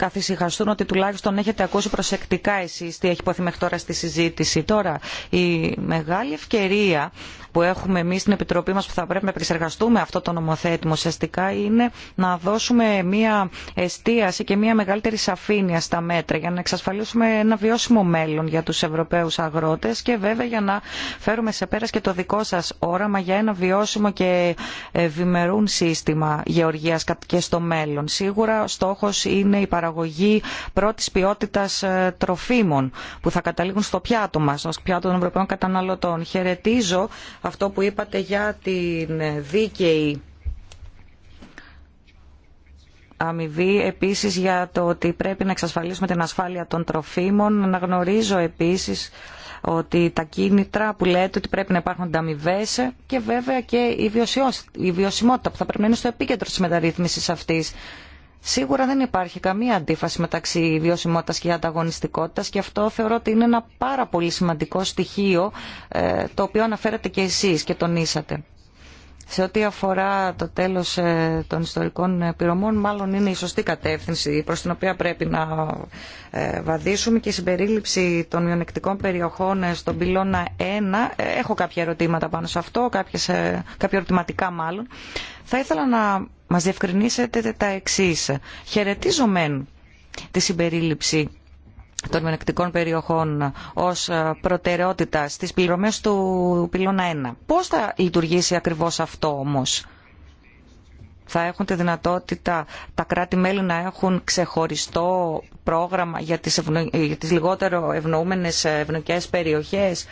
καθησυχαστούν ότι τουλάχιστον έχετε ακούσει προσεκτικά εσείς τι έχει υποθεί μέχρι τώρα στη συζήτηση. Τώρα, η μεγάλη ευκαιρία που έχουμε εμεί στην Επιτροπή μα που θα πρέπει να επεξεργαστούμε αυτό το νομοθέτημα ουσιαστικά είναι να δώσουμε μια εστίαση και μια μεγαλύτερη σαφήνεια στα μέτρα για να εξασφαλίσουμε ένα βιώσιμο μέλλον για του Ευρωπαίου αγρότε και βέβαια για να φέρουμε σε πέρα και το δικό σα όραμα για ένα βιώσιμο και ευημερούν σύστημα γεωργία και στο μέλλον. Σίγουρα στόχο είναι η παραγωγή πρώτη ποιότητα ε, τροφίμων που θα καταλήγουν στο πιάτο μα, στο πιάτο των Ευρωπαίων καταναλωτών. Χαιρετίζω αυτό που είπατε για την δίκαιη αμοιβή επίσης για το ότι πρέπει να εξασφαλίσουμε την ασφάλεια των τροφίμων. Να γνωρίζω επίσης ότι τα κίνητρα που λέτε ότι πρέπει να υπάρχουν ανταμοιβέ και βέβαια και η, βιωσιμότητα που θα πρέπει να είναι στο επίκεντρο της μεταρρύθμισης αυτής. Σίγουρα δεν υπάρχει καμία αντίφαση μεταξύ βιωσιμότητας και ανταγωνιστικότητας και αυτό θεωρώ ότι είναι ένα πάρα πολύ σημαντικό στοιχείο ε, το οποίο αναφέρατε και εσείς και τονίσατε. Σε ό,τι αφορά το τέλος ε, των ιστορικών ε, πυρωμών, μάλλον είναι η σωστή κατεύθυνση προς την οποία πρέπει να ε, βαδίσουμε και η συμπερίληψη των μειονεκτικών περιοχών στον πυλώνα 1. Έχω κάποια ερωτήματα πάνω σε αυτό, κάποια ερωτηματικά μάλλον. Θα ήθελα να μας διευκρινίσετε τα εξής. Χαιρετίζομαι τη συμπερίληψη των μειονεκτικών περιοχών ως ε, προτεραιότητα στις πληρωμές του πυλώνα 1. Πώς θα λειτουργήσει ακριβώς αυτό όμως. Θα έχουν τη δυνατότητα τα κράτη-μέλη να έχουν ξεχωριστό πρόγραμμα για τις, λιγότερο ευνοούμενες ε, ευνοϊκές περιοχές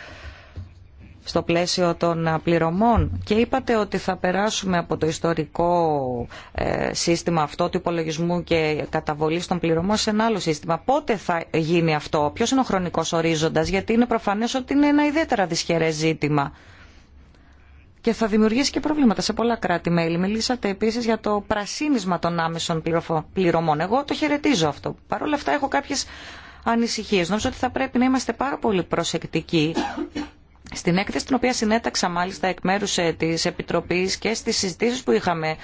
στο πλαίσιο των πληρωμών και είπατε ότι θα περάσουμε από το ιστορικό ε, σύστημα αυτό του υπολογισμού και καταβολής των πληρωμών σε ένα άλλο σύστημα. Πότε θα γίνει αυτό, ποιος είναι ο χρονικός ορίζοντας, γιατί είναι προφανές ότι είναι ένα ιδιαίτερα δυσχερές ζήτημα και θα δημιουργήσει και προβλήματα σε πολλά κράτη-μέλη. Μιλήσατε επίση για το πρασίνισμα των άμεσων πληρωμών. Εγώ το χαιρετίζω αυτό. Παρ' όλα αυτά έχω κάποιε ανησυχίε. Νομίζω ότι θα πρέπει να είμαστε πάρα πολύ προσεκτικοί στην έκθεση την οποία συνέταξα μάλιστα εκ μέρους ε, της Επιτροπής και στις συζητήσεις που είχαμε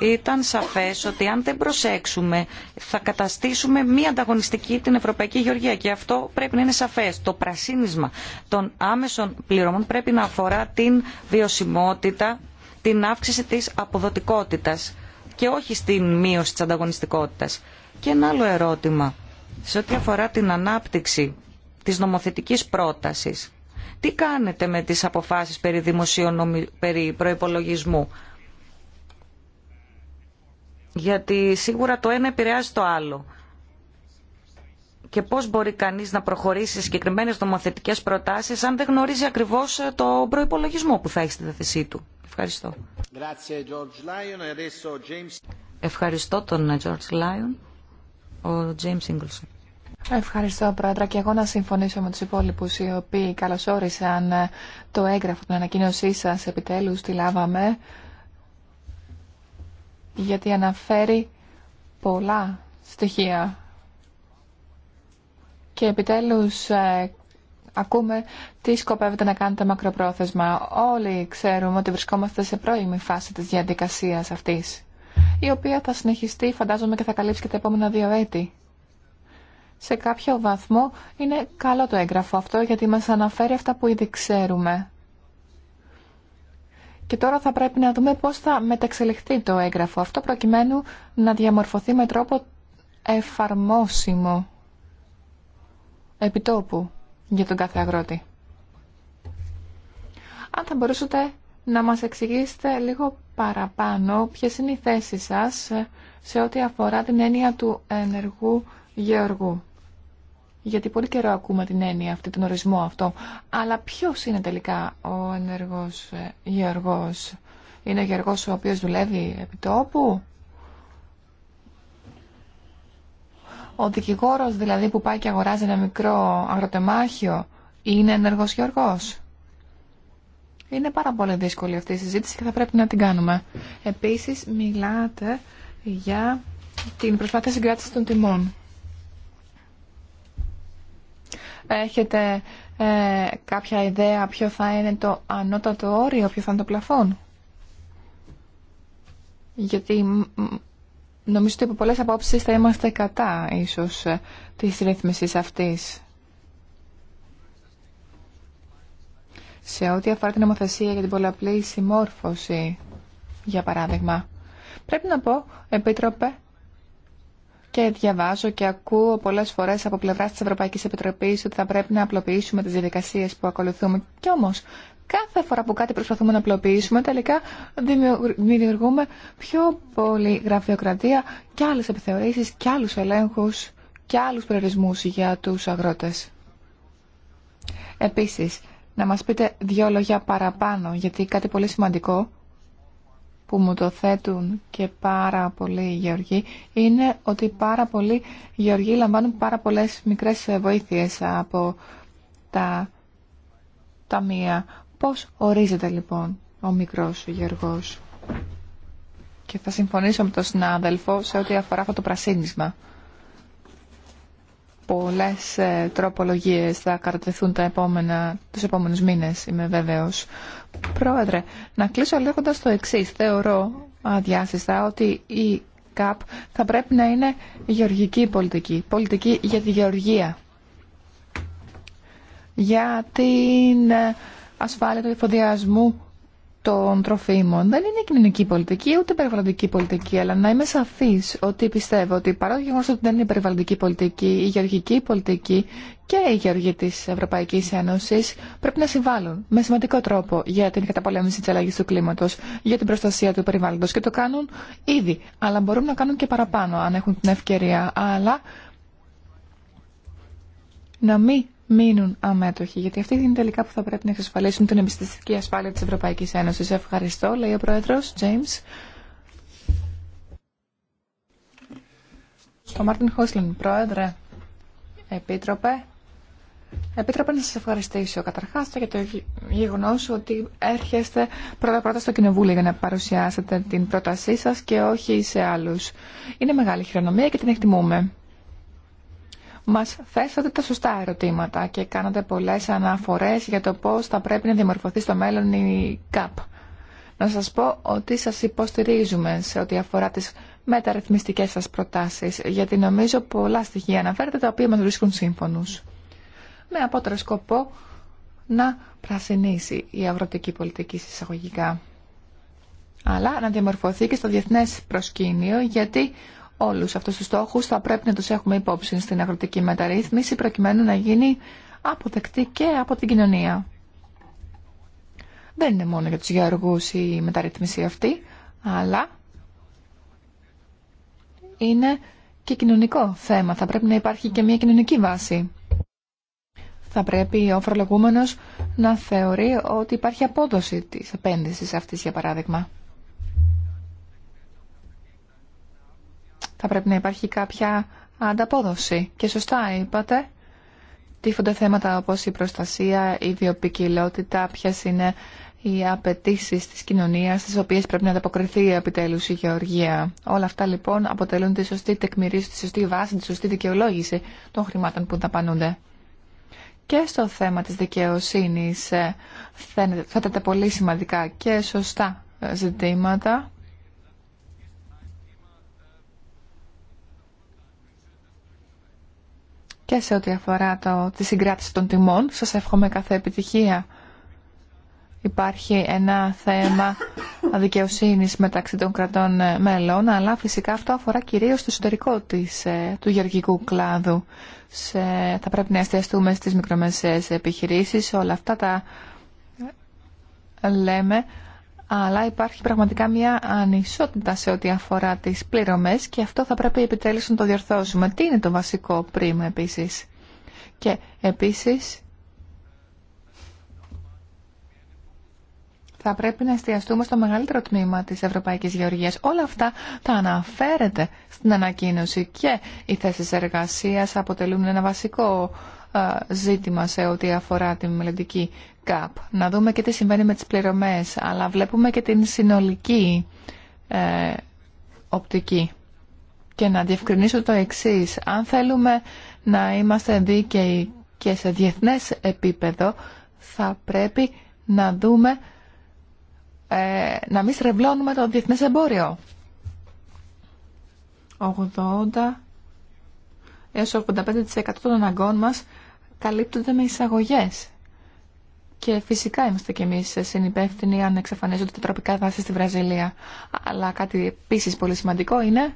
ήταν σαφές ότι αν δεν προσέξουμε θα καταστήσουμε μη ανταγωνιστική την Ευρωπαϊκή Γεωργία και αυτό πρέπει να είναι σαφές. Το πρασίνισμα των άμεσων πληρωμών πρέπει να αφορά την βιωσιμότητα, την αύξηση της αποδοτικότητας και όχι στην μείωση της ανταγωνιστικότητας. Και ένα άλλο ερώτημα σε ό,τι αφορά την ανάπτυξη της νομοθετικής πρότασης τι κάνετε με τις αποφάσεις περί, δημοσίων, περί προϋπολογισμού. Γιατί σίγουρα το ένα επηρεάζει το άλλο. Και πώς μπορεί κανείς να προχωρήσει σε συγκεκριμένες νομοθετικές προτάσεις αν δεν γνωρίζει ακριβώς ε, το προϋπολογισμό που θα έχει στη θέση του. Ευχαριστώ. E Ευχαριστώ τον ε, George Lyon, ο James Ingleson. Ευχαριστώ, Πρόεδρε, και εγώ να συμφωνήσω με του υπόλοιπου οι οποίοι καλωσόρισαν ε, το έγγραφο, την ανακοίνωσή σα επιτέλου τη λάβαμε, γιατί αναφέρει πολλά στοιχεία. Και επιτέλους ε, ακούμε τι σκοπεύετε να κάνετε μακροπρόθεσμα. Όλοι ξέρουμε ότι βρισκόμαστε σε πρώιμη φάση της διαδικασίας αυτής, η οποία θα συνεχιστεί, φαντάζομαι, και θα καλύψει και τα επόμενα δύο έτη σε κάποιο βαθμό είναι καλό το έγγραφο αυτό γιατί μας αναφέρει αυτά που ήδη ξέρουμε. Και τώρα θα πρέπει να δούμε πώς θα μεταξελιχθεί το έγγραφο αυτό προκειμένου να διαμορφωθεί με τρόπο εφαρμόσιμο επιτόπου για τον κάθε αγρότη. Αν θα μπορούσατε να μας εξηγήσετε λίγο παραπάνω ποιες είναι οι θέσεις σας σε ό,τι αφορά την έννοια του ενεργού γεωργού γιατί πολύ καιρό ακούμε την έννοια αυτή, τον ορισμό αυτό. Αλλά ποιος είναι τελικά ο ενεργός ε, γεωργός. Είναι ο γεωργός ο οποίος δουλεύει επί τόπου. Ο δικηγόρος δηλαδή που πάει και αγοράζει ένα μικρό αγροτεμάχιο είναι ενεργός γεωργός. Είναι πάρα πολύ δύσκολη αυτή η συζήτηση και θα πρέπει να την κάνουμε. Επίσης μιλάτε για την προσπάθεια συγκράτηση των τιμών. Έχετε ε, κάποια ιδέα ποιο θα είναι το ανώτατο όριο, ποιο θα είναι το πλαφόν. Γιατί νομίζω ότι από πολλές απόψεις θα είμαστε κατά ίσως ε, της ρύθμισης αυτής. Σε ό,τι αφορά την νομοθεσία για την πολλαπλή συμμόρφωση, για παράδειγμα. Πρέπει να πω, Επίτροπε, και διαβάζω και ακούω πολλές φορές από πλευράς της Ευρωπαϊκής Επιτροπής ότι θα πρέπει να απλοποιήσουμε τις διαδικασίες που ακολουθούμε. Κι όμως κάθε φορά που κάτι προσπαθούμε να απλοποιήσουμε τελικά δημιουργούμε πιο πολύ γραφειοκρατία και άλλες επιθεωρήσεις και άλλους ελέγχου και άλλους προορισμού για του αγρότε. Επίση, να μα πείτε δύο λόγια παραπάνω, γιατί κάτι πολύ σημαντικό που μου το θέτουν και πάρα πολλοί γεωργοί είναι ότι πάρα πολλοί γεωργοί λαμβάνουν πάρα πολλές μικρές βοήθειες από τα ταμεία. Πώς ορίζεται λοιπόν ο μικρός γεωργός. Και θα συμφωνήσω με τον συνάδελφο σε ό,τι αφορά αυτό το πρασίνισμα. Πολλές ε, τροπολογίες θα κατατεθούν τα επόμενα, τους επόμενους μήνες, είμαι βέβαιος. Πρόεδρε, να κλείσω λέγοντας το εξή. Θεωρώ αδιάσυστα ότι η ΚΑΠ θα πρέπει να είναι γεωργική πολιτική, πολιτική για τη γεωργία, για την ασφάλεια του εφοδιασμού των τροφίμων δεν είναι κοινωνική πολιτική ούτε περιβαλλοντική πολιτική, αλλά να είμαι σαφή ότι πιστεύω ότι παρά το γεγονό ότι δεν είναι περιβαλλοντική πολιτική, η γεωργική πολιτική και οι γεωργοί τη Ευρωπαϊκή Ένωση πρέπει να συμβάλλουν με σημαντικό τρόπο για την καταπολέμηση τη αλλαγή του κλίματο, για την προστασία του περιβάλλοντο και το κάνουν ήδη. Αλλά μπορούν να κάνουν και παραπάνω αν έχουν την ευκαιρία. Αλλά να μην μείνουν αμέτωχοι, γιατί αυτή είναι τελικά που θα πρέπει να εξασφαλίσουν την εμπιστευτική ασφάλεια τη Ευρωπαϊκή Ένωση. Ευχαριστώ, λέει ο Πρόεδρο Τζέιμ. Ο Μάρτιν Χόσλιν, Πρόεδρε, Επίτροπε. Επίτροπε να σα ευχαριστήσω καταρχάς για το γεγονό ότι έρχεστε πρώτα-πρώτα στο Κοινοβούλιο για να παρουσιάσετε την πρότασή σα και όχι σε άλλου. Είναι μεγάλη χειρονομία και την εκτιμούμε. Μας θέσατε τα σωστά ερωτήματα και κάνατε πολλές αναφορές για το πώς θα πρέπει να διαμορφωθεί στο μέλλον η ΚΑΠ. Να σας πω ότι σας υποστηρίζουμε σε ό,τι αφορά τις μεταρρυθμιστικές σας προτάσεις, γιατί νομίζω πολλά στοιχεία αναφέρετε τα οποία μας βρίσκουν σύμφωνους. Με απότερο σκοπό να πρασινίσει η αγροτική πολιτική συσσαγωγικά αλλά να διαμορφωθεί και στο διεθνές προσκήνιο γιατί όλους αυτούς τους στόχους θα πρέπει να τους έχουμε υπόψη στην αγροτική μεταρρύθμιση προκειμένου να γίνει αποδεκτή και από την κοινωνία. Δεν είναι μόνο για τους γεωργούς η μεταρρύθμιση αυτή, αλλά είναι και κοινωνικό θέμα. Θα πρέπει να υπάρχει και μια κοινωνική βάση. Θα πρέπει ο φορολογούμενος να θεωρεί ότι υπάρχει απόδοση της επένδυσης αυτής, για παράδειγμα. Θα πρέπει να υπάρχει κάποια ανταπόδοση. Και σωστά είπατε, τύφονται θέματα όπως η προστασία, η βιοπικιλότητα, ποιε είναι οι απαιτήσει της κοινωνίας, στις οποίες πρέπει να ανταποκριθεί επιτέλους η γεωργία. Όλα αυτά λοιπόν αποτελούν τη σωστή τεκμηρίωση, τη σωστή βάση, τη σωστή δικαιολόγηση των χρημάτων που δαπανούνται. Και στο θέμα της δικαιοσύνης ε, θέτεται πολύ σημαντικά και σωστά ε, ζητήματα και σε ό,τι αφορά το, τη συγκράτηση των τιμών. Σας εύχομαι κάθε επιτυχία. Υπάρχει ένα θέμα αδικαιοσύνης μεταξύ των κρατών ε, μέλων, αλλά φυσικά αυτό αφορά κυρίως το εσωτερικό της, ε, του γεωργικού κλάδου. Σε, θα πρέπει να εστιαστούμε στις μικρομεσαίες επιχειρήσεις, όλα αυτά τα ε, λέμε, αλλά υπάρχει πραγματικά μια ανισότητα σε ό,τι αφορά τις πληρωμές και αυτό θα πρέπει επιτέλους να το διορθώσουμε. Τι είναι το βασικό πρίμα επίσης. Και επίσης θα πρέπει να εστιαστούμε στο μεγαλύτερο τμήμα της Ευρωπαϊκής Γεωργίας. Όλα αυτά τα αναφέρεται στην ανακοίνωση και οι θέσει εργασίας αποτελούν ένα βασικό ζήτημα σε ό,τι αφορά τη μελλοντική να δούμε και τι συμβαίνει με τις πληρωμές, αλλά βλέπουμε και την συνολική ε, οπτική. Και να διευκρινίσω το εξής, αν θέλουμε να είμαστε δίκαιοι και σε διεθνές επίπεδο, θα πρέπει να δούμε ε, να μην στρεβλώνουμε το διεθνές εμπόριο. 80 έως 85% των αναγκών μας καλύπτονται με εισαγωγές. Και φυσικά είμαστε κι εμεί συνυπεύθυνοι αν εξαφανίζονται τα τροπικά δάση στη Βραζιλία. Αλλά κάτι επίση πολύ σημαντικό είναι,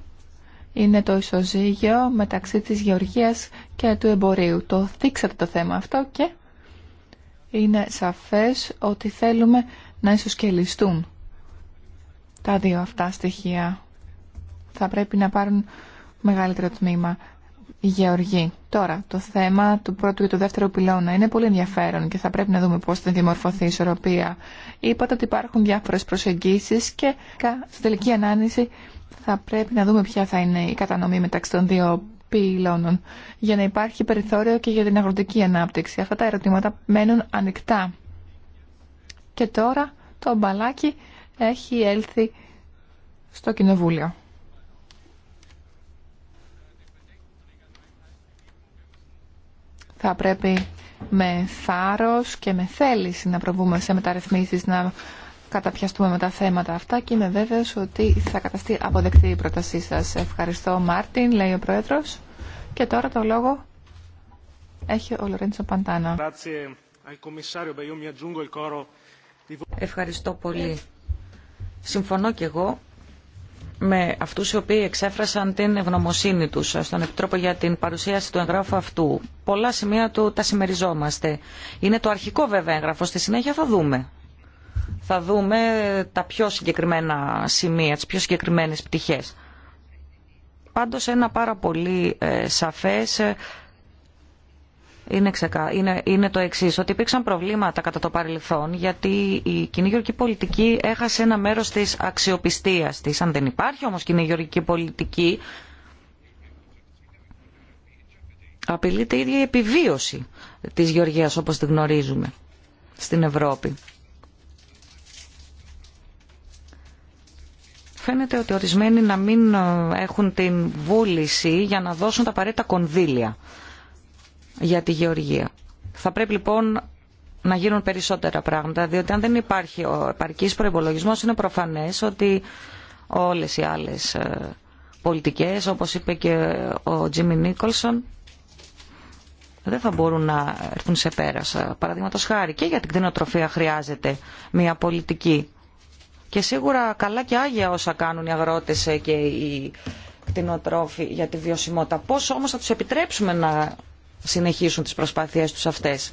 είναι το ισοζύγιο μεταξύ της γεωργία και του εμπορίου. Το θίξατε το θέμα αυτό και είναι σαφέ ότι θέλουμε να ισοσκελιστούν τα δύο αυτά στοιχεία. Θα πρέπει να πάρουν μεγαλύτερο τμήμα. Γεωργή, Τώρα, το θέμα του πρώτου και του δεύτερου πυλώνα είναι πολύ ενδιαφέρον και θα πρέπει να δούμε πώς θα δημορφωθεί η ισορροπία. Είπατε ότι υπάρχουν διάφορες προσεγγίσεις και στην τελική ανάλυση θα πρέπει να δούμε ποια θα είναι η κατανομή μεταξύ των δύο πυλώνων για να υπάρχει περιθώριο και για την αγροτική ανάπτυξη. Αυτά τα ερωτήματα μένουν ανοιχτά. Και τώρα το μπαλάκι έχει έλθει στο Κοινοβούλιο. Θα πρέπει με θάρρος και με θέληση να προβούμε σε μεταρρυθμίσεις, να καταπιαστούμε με τα θέματα αυτά και είμαι βέβαιος ότι θα καταστεί αποδεκτή η πρότασή σας. Ευχαριστώ Μάρτιν, λέει ο Πρόεδρος. Και τώρα το λόγο έχει ο Λορέντσο Παντάνα. Ευχαριστώ πολύ. Συμφωνώ και εγώ με αυτούς οι οποίοι εξέφρασαν την ευγνωμοσύνη τους στον Επιτρόπο για την παρουσίαση του εγγράφου αυτού. Πολλά σημεία του τα συμμεριζόμαστε. Είναι το αρχικό βέβαια έγγραφο, στη συνέχεια θα δούμε. Θα δούμε τα πιο συγκεκριμένα σημεία, τις πιο συγκεκριμένες πτυχές. Πάντως ένα πάρα πολύ ε, σαφές ε, είναι, είναι, είναι το εξή, ότι υπήρξαν προβλήματα κατά το παρελθόν γιατί η κοινή γεωργική πολιτική έχασε ένα μέρο τη αξιοπιστία τη. Αν δεν υπάρχει όμω κοινή γεωργική πολιτική, απειλείται η ίδια η επιβίωση της γεωργίας όπως τη γνωρίζουμε στην Ευρώπη. Φαίνεται ότι ορισμένοι να μην έχουν την βούληση για να δώσουν τα απαραίτητα κονδύλια για τη γεωργία. Θα πρέπει λοιπόν να γίνουν περισσότερα πράγματα, διότι αν δεν υπάρχει ο επαρκή προπολογισμό, είναι προφανέ ότι όλε οι άλλες ε, πολιτικέ, όπω είπε και ο Τζίμι Νίκολσον, δεν θα μπορούν να έρθουν σε πέρα. Ε, Παραδείγματο χάρη και για την κτηνοτροφία χρειάζεται μια πολιτική. Και σίγουρα καλά και άγια όσα κάνουν οι αγρότες ε, και οι κτηνοτρόφοι για τη βιωσιμότητα. Πώ όμω θα του επιτρέψουμε να συνεχίσουν τις προσπάθειές τους αυτές.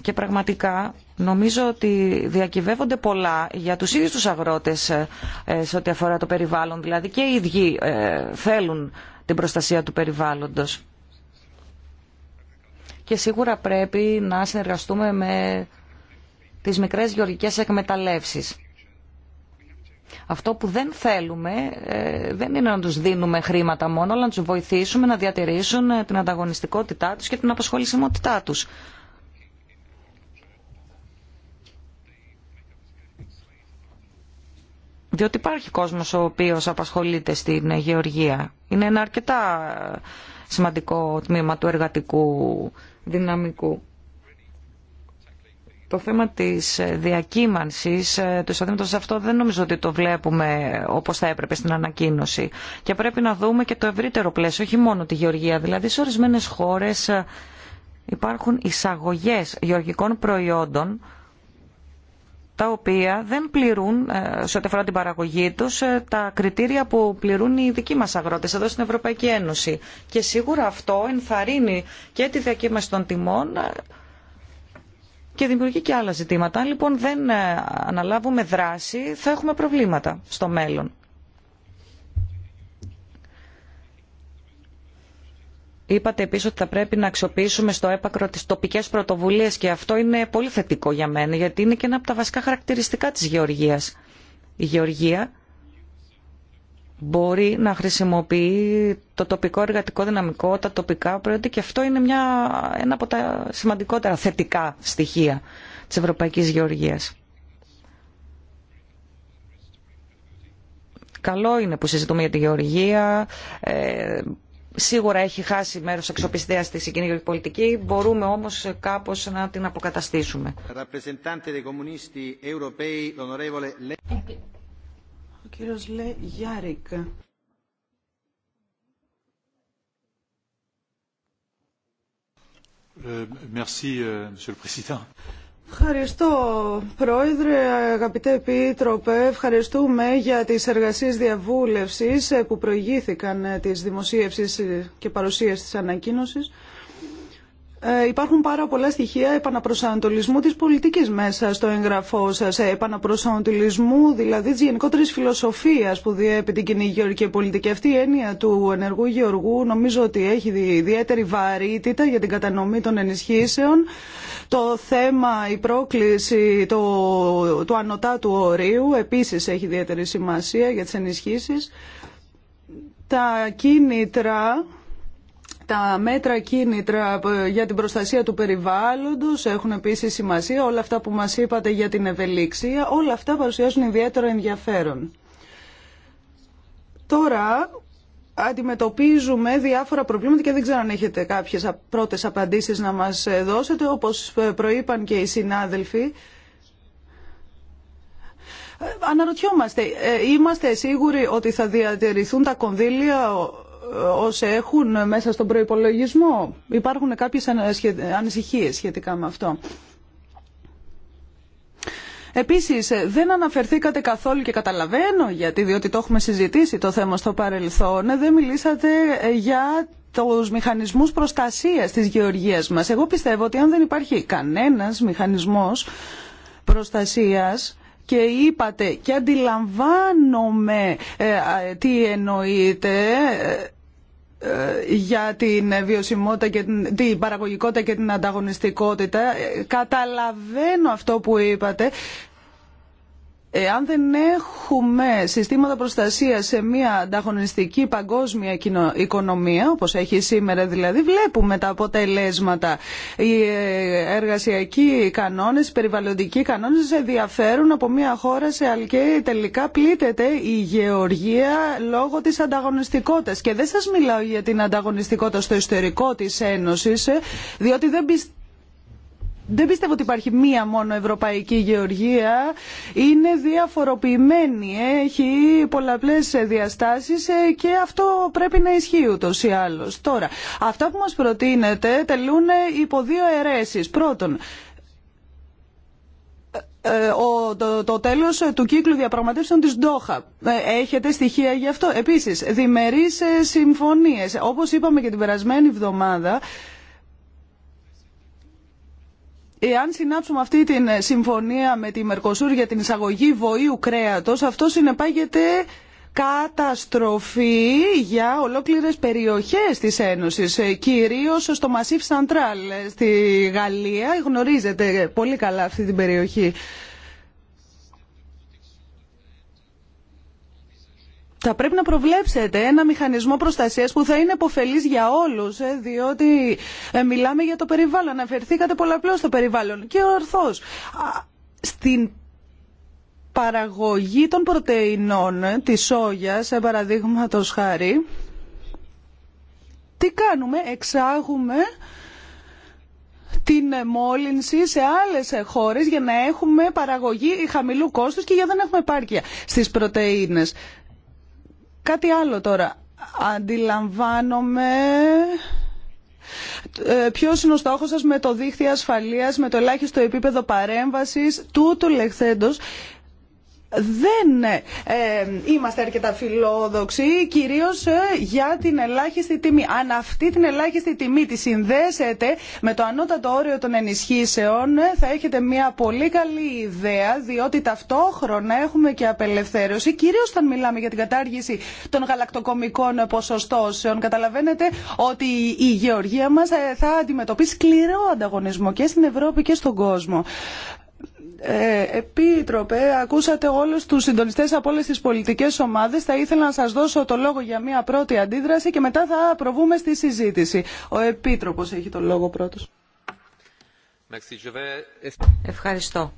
Και πραγματικά νομίζω ότι διακυβεύονται πολλά για τους ίδιους τους αγρότες ε, ε, σε ό,τι αφορά το περιβάλλον. Δηλαδή και οι ίδιοι ε, θέλουν την προστασία του περιβάλλοντος. Και σίγουρα πρέπει να συνεργαστούμε με τις μικρές γεωργικές εκμεταλλεύσεις. Αυτό που δεν θέλουμε ε, δεν είναι να τους δίνουμε χρήματα μόνο, αλλά να τους βοηθήσουμε να διατηρήσουν ε, την ανταγωνιστικότητά τους και την απασχολησιμότητά τους. Διότι υπάρχει κόσμος ο οποίος απασχολείται στην ε, γεωργία. Είναι ένα αρκετά σημαντικό τμήμα του εργατικού δυναμικού το θέμα της ε, διακύμανσης ε, του εισοδήματος αυτό δεν νομίζω ότι το βλέπουμε όπως θα έπρεπε στην ανακοίνωση. Και πρέπει να δούμε και το ευρύτερο πλαίσιο, όχι μόνο τη γεωργία. Δηλαδή σε ορισμένες χώρες ε, υπάρχουν εισαγωγές γεωργικών προϊόντων τα οποία δεν πληρούν, σε ό,τι αφορά την παραγωγή τους, τα κριτήρια που πληρούν οι δικοί μας αγρότες εδώ στην Ευρωπαϊκή Ένωση. Και σίγουρα αυτό ενθαρρύνει και τη διακύμαση των τιμών, και δημιουργεί και άλλα ζητήματα. Αν λοιπόν δεν ε, αναλάβουμε δράση θα έχουμε προβλήματα στο μέλλον. Είπατε επίσης ότι θα πρέπει να αξιοποιήσουμε στο έπακρο τις τοπικές πρωτοβουλίες και αυτό είναι πολύ θετικό για μένα γιατί είναι και ένα από τα βασικά χαρακτηριστικά της γεωργίας. Η γεωργία μπορεί να χρησιμοποιεί το τοπικό εργατικό δυναμικό, τα τοπικά προϊόντα και αυτό είναι μια, ένα από τα σημαντικότερα θετικά στοιχεία της Ευρωπαϊκής Γεωργίας. Καλό είναι που συζητούμε για τη γεωργία. Ε, σίγουρα έχει χάσει μέρος αξιοπιστίας στη συγκεκριμένη πολιτική. Μπορούμε όμως κάπως να την αποκαταστήσουμε κύριος Λε Γιάρικ. Ε, ε, Ευχαριστώ, Πρόεδρε, αγαπητέ Επίτροπε. Ευχαριστούμε για τις εργασίες διαβούλευσης που προηγήθηκαν ε, της δημοσίευσης και παρουσίας της ανακοίνωσης. Ε, υπάρχουν πάρα πολλά στοιχεία επαναπροσανατολισμού της πολιτικής μέσα στο εγγραφό σας, ε, επαναπροσανατολισμού δηλαδή της γενικότερης φιλοσοφίας που διέπει την κοινή γεωργική πολιτική. Αυτή η έννοια του ενεργού γεωργού νομίζω ότι έχει ιδιαίτερη βαρύτητα για την κατανομή των ενισχύσεων. Το θέμα, η πρόκληση του το ανωτά του ορίου επίσης έχει ιδιαίτερη σημασία για τις ενισχύσεις. Τα κίνητρα τα μέτρα κίνητρα για την προστασία του περιβάλλοντος έχουν επίσης σημασία. Όλα αυτά που μας είπατε για την ευελιξία, όλα αυτά παρουσιάζουν ιδιαίτερο ενδιαφέρον. Τώρα αντιμετωπίζουμε διάφορα προβλήματα και δεν ξέρω αν έχετε κάποιες πρώτες απαντήσεις να μας δώσετε. Όπως ε, προείπαν και οι συνάδελφοι, ε, αναρωτιόμαστε, ε, είμαστε σίγουροι ότι θα διατηρηθούν τα κονδύλια όσοι έχουν μέσα στον προϋπολογισμό. Υπάρχουν κάποιες ανησυχίες σχετικά με αυτό. Επίσης, δεν αναφερθήκατε καθόλου και καταλαβαίνω γιατί, διότι το έχουμε συζητήσει το θέμα στο παρελθόν, δεν μιλήσατε για τους μηχανισμούς προστασίας της γεωργίας μας. Εγώ πιστεύω ότι αν δεν υπάρχει κανένας μηχανισμός προστασίας, και είπατε και αντιλαμβάνομαι ε, τι εννοείτε, ε, ε, για την βιωσιμότητα και την, την παραγωγικότητα και την ανταγωνιστικότητα. Ε, καταλαβαίνω αυτό που είπατε αν δεν έχουμε συστήματα προστασίας σε μια ανταγωνιστική παγκόσμια οικονομία, όπως έχει σήμερα δηλαδή, βλέπουμε τα αποτελέσματα. Οι ε, εργασιακοί κανόνε, οι περιβαλλοντικοί κανόνες διαφέρουν από μια χώρα σε άλλη και τελικά πλήττεται η γεωργία λόγω της ανταγωνιστικότητας. Και δεν σας μιλάω για την ανταγωνιστικότητα στο ιστορικό τη Ένωση, ε, διότι δεν πιστεύω δεν πιστεύω ότι υπάρχει μία μόνο ευρωπαϊκή γεωργία. Είναι διαφοροποιημένη, έχει πολλαπλές διαστάσει και αυτό πρέπει να ισχύει ούτω ή άλλω. Τώρα, αυτά που μας προτείνεται τελούν υπό δύο αιρέσει. Πρώτον, ε, ε, ο, το, το τέλος του κύκλου διαπραγματεύσεων της Ντόχα. Ε, έχετε στοιχεία γι' αυτό. Επίσης, διμερείς συμφωνίες. Όπως είπαμε και την περασμένη εβδομάδα, εάν συνάψουμε αυτή τη συμφωνία με τη Μερκοσούρ για την εισαγωγή βοήου κρέατος, αυτό συνεπάγεται καταστροφή για ολόκληρες περιοχές της Ένωσης, ε, κυρίως στο Μασίφ Σαντράλ ε, στη Γαλλία. Γνωρίζετε πολύ καλά αυτή την περιοχή. θα πρέπει να προβλέψετε ένα μηχανισμό προστασίας που θα είναι επωφελής για όλους, ε, διότι ε, μιλάμε για το περιβάλλον. Αναφερθήκατε πολλαπλώς στο περιβάλλον και ορθώς. Στην παραγωγή των πρωτεϊνών ε, της σόγιας, παραδείγματος χάρη, τι κάνουμε, εξάγουμε την μόλυνση σε άλλες χώρες για να έχουμε παραγωγή χαμηλού κόστου και για να δεν έχουμε επάρκεια στις πρωτενε. Κάτι άλλο τώρα. Αντιλαμβάνομαι ε, ποιο είναι ο στόχο σα με το δίχτυ ασφαλεία, με το ελάχιστο επίπεδο παρέμβαση, τούτου λεχθέντο δεν ε, είμαστε αρκετά φιλόδοξοι, κυρίως ε, για την ελάχιστη τιμή. Αν αυτή την ελάχιστη τιμή τη συνδέσετε με το ανώτατο όριο των ενισχύσεων, ε, θα έχετε μια πολύ καλή ιδέα, διότι ταυτόχρονα έχουμε και απελευθέρωση, κυρίως όταν μιλάμε για την κατάργηση των γαλακτοκομικών ποσοστώσεων. Καταλαβαίνετε ότι η γεωργία μας θα αντιμετωπίσει σκληρό ανταγωνισμό και στην Ευρώπη και στον κόσμο. Ε, επίτροπε, ακούσατε όλου τους συντονιστέ από όλε τι πολιτικές ομάδες. Θα ήθελα να σας δώσω το λόγο για μια πρώτη αντίδραση και μετά θα προβούμε στη συζήτηση. Ο Επίτροπος έχει το λόγο πρώτος. Ευχαριστώ.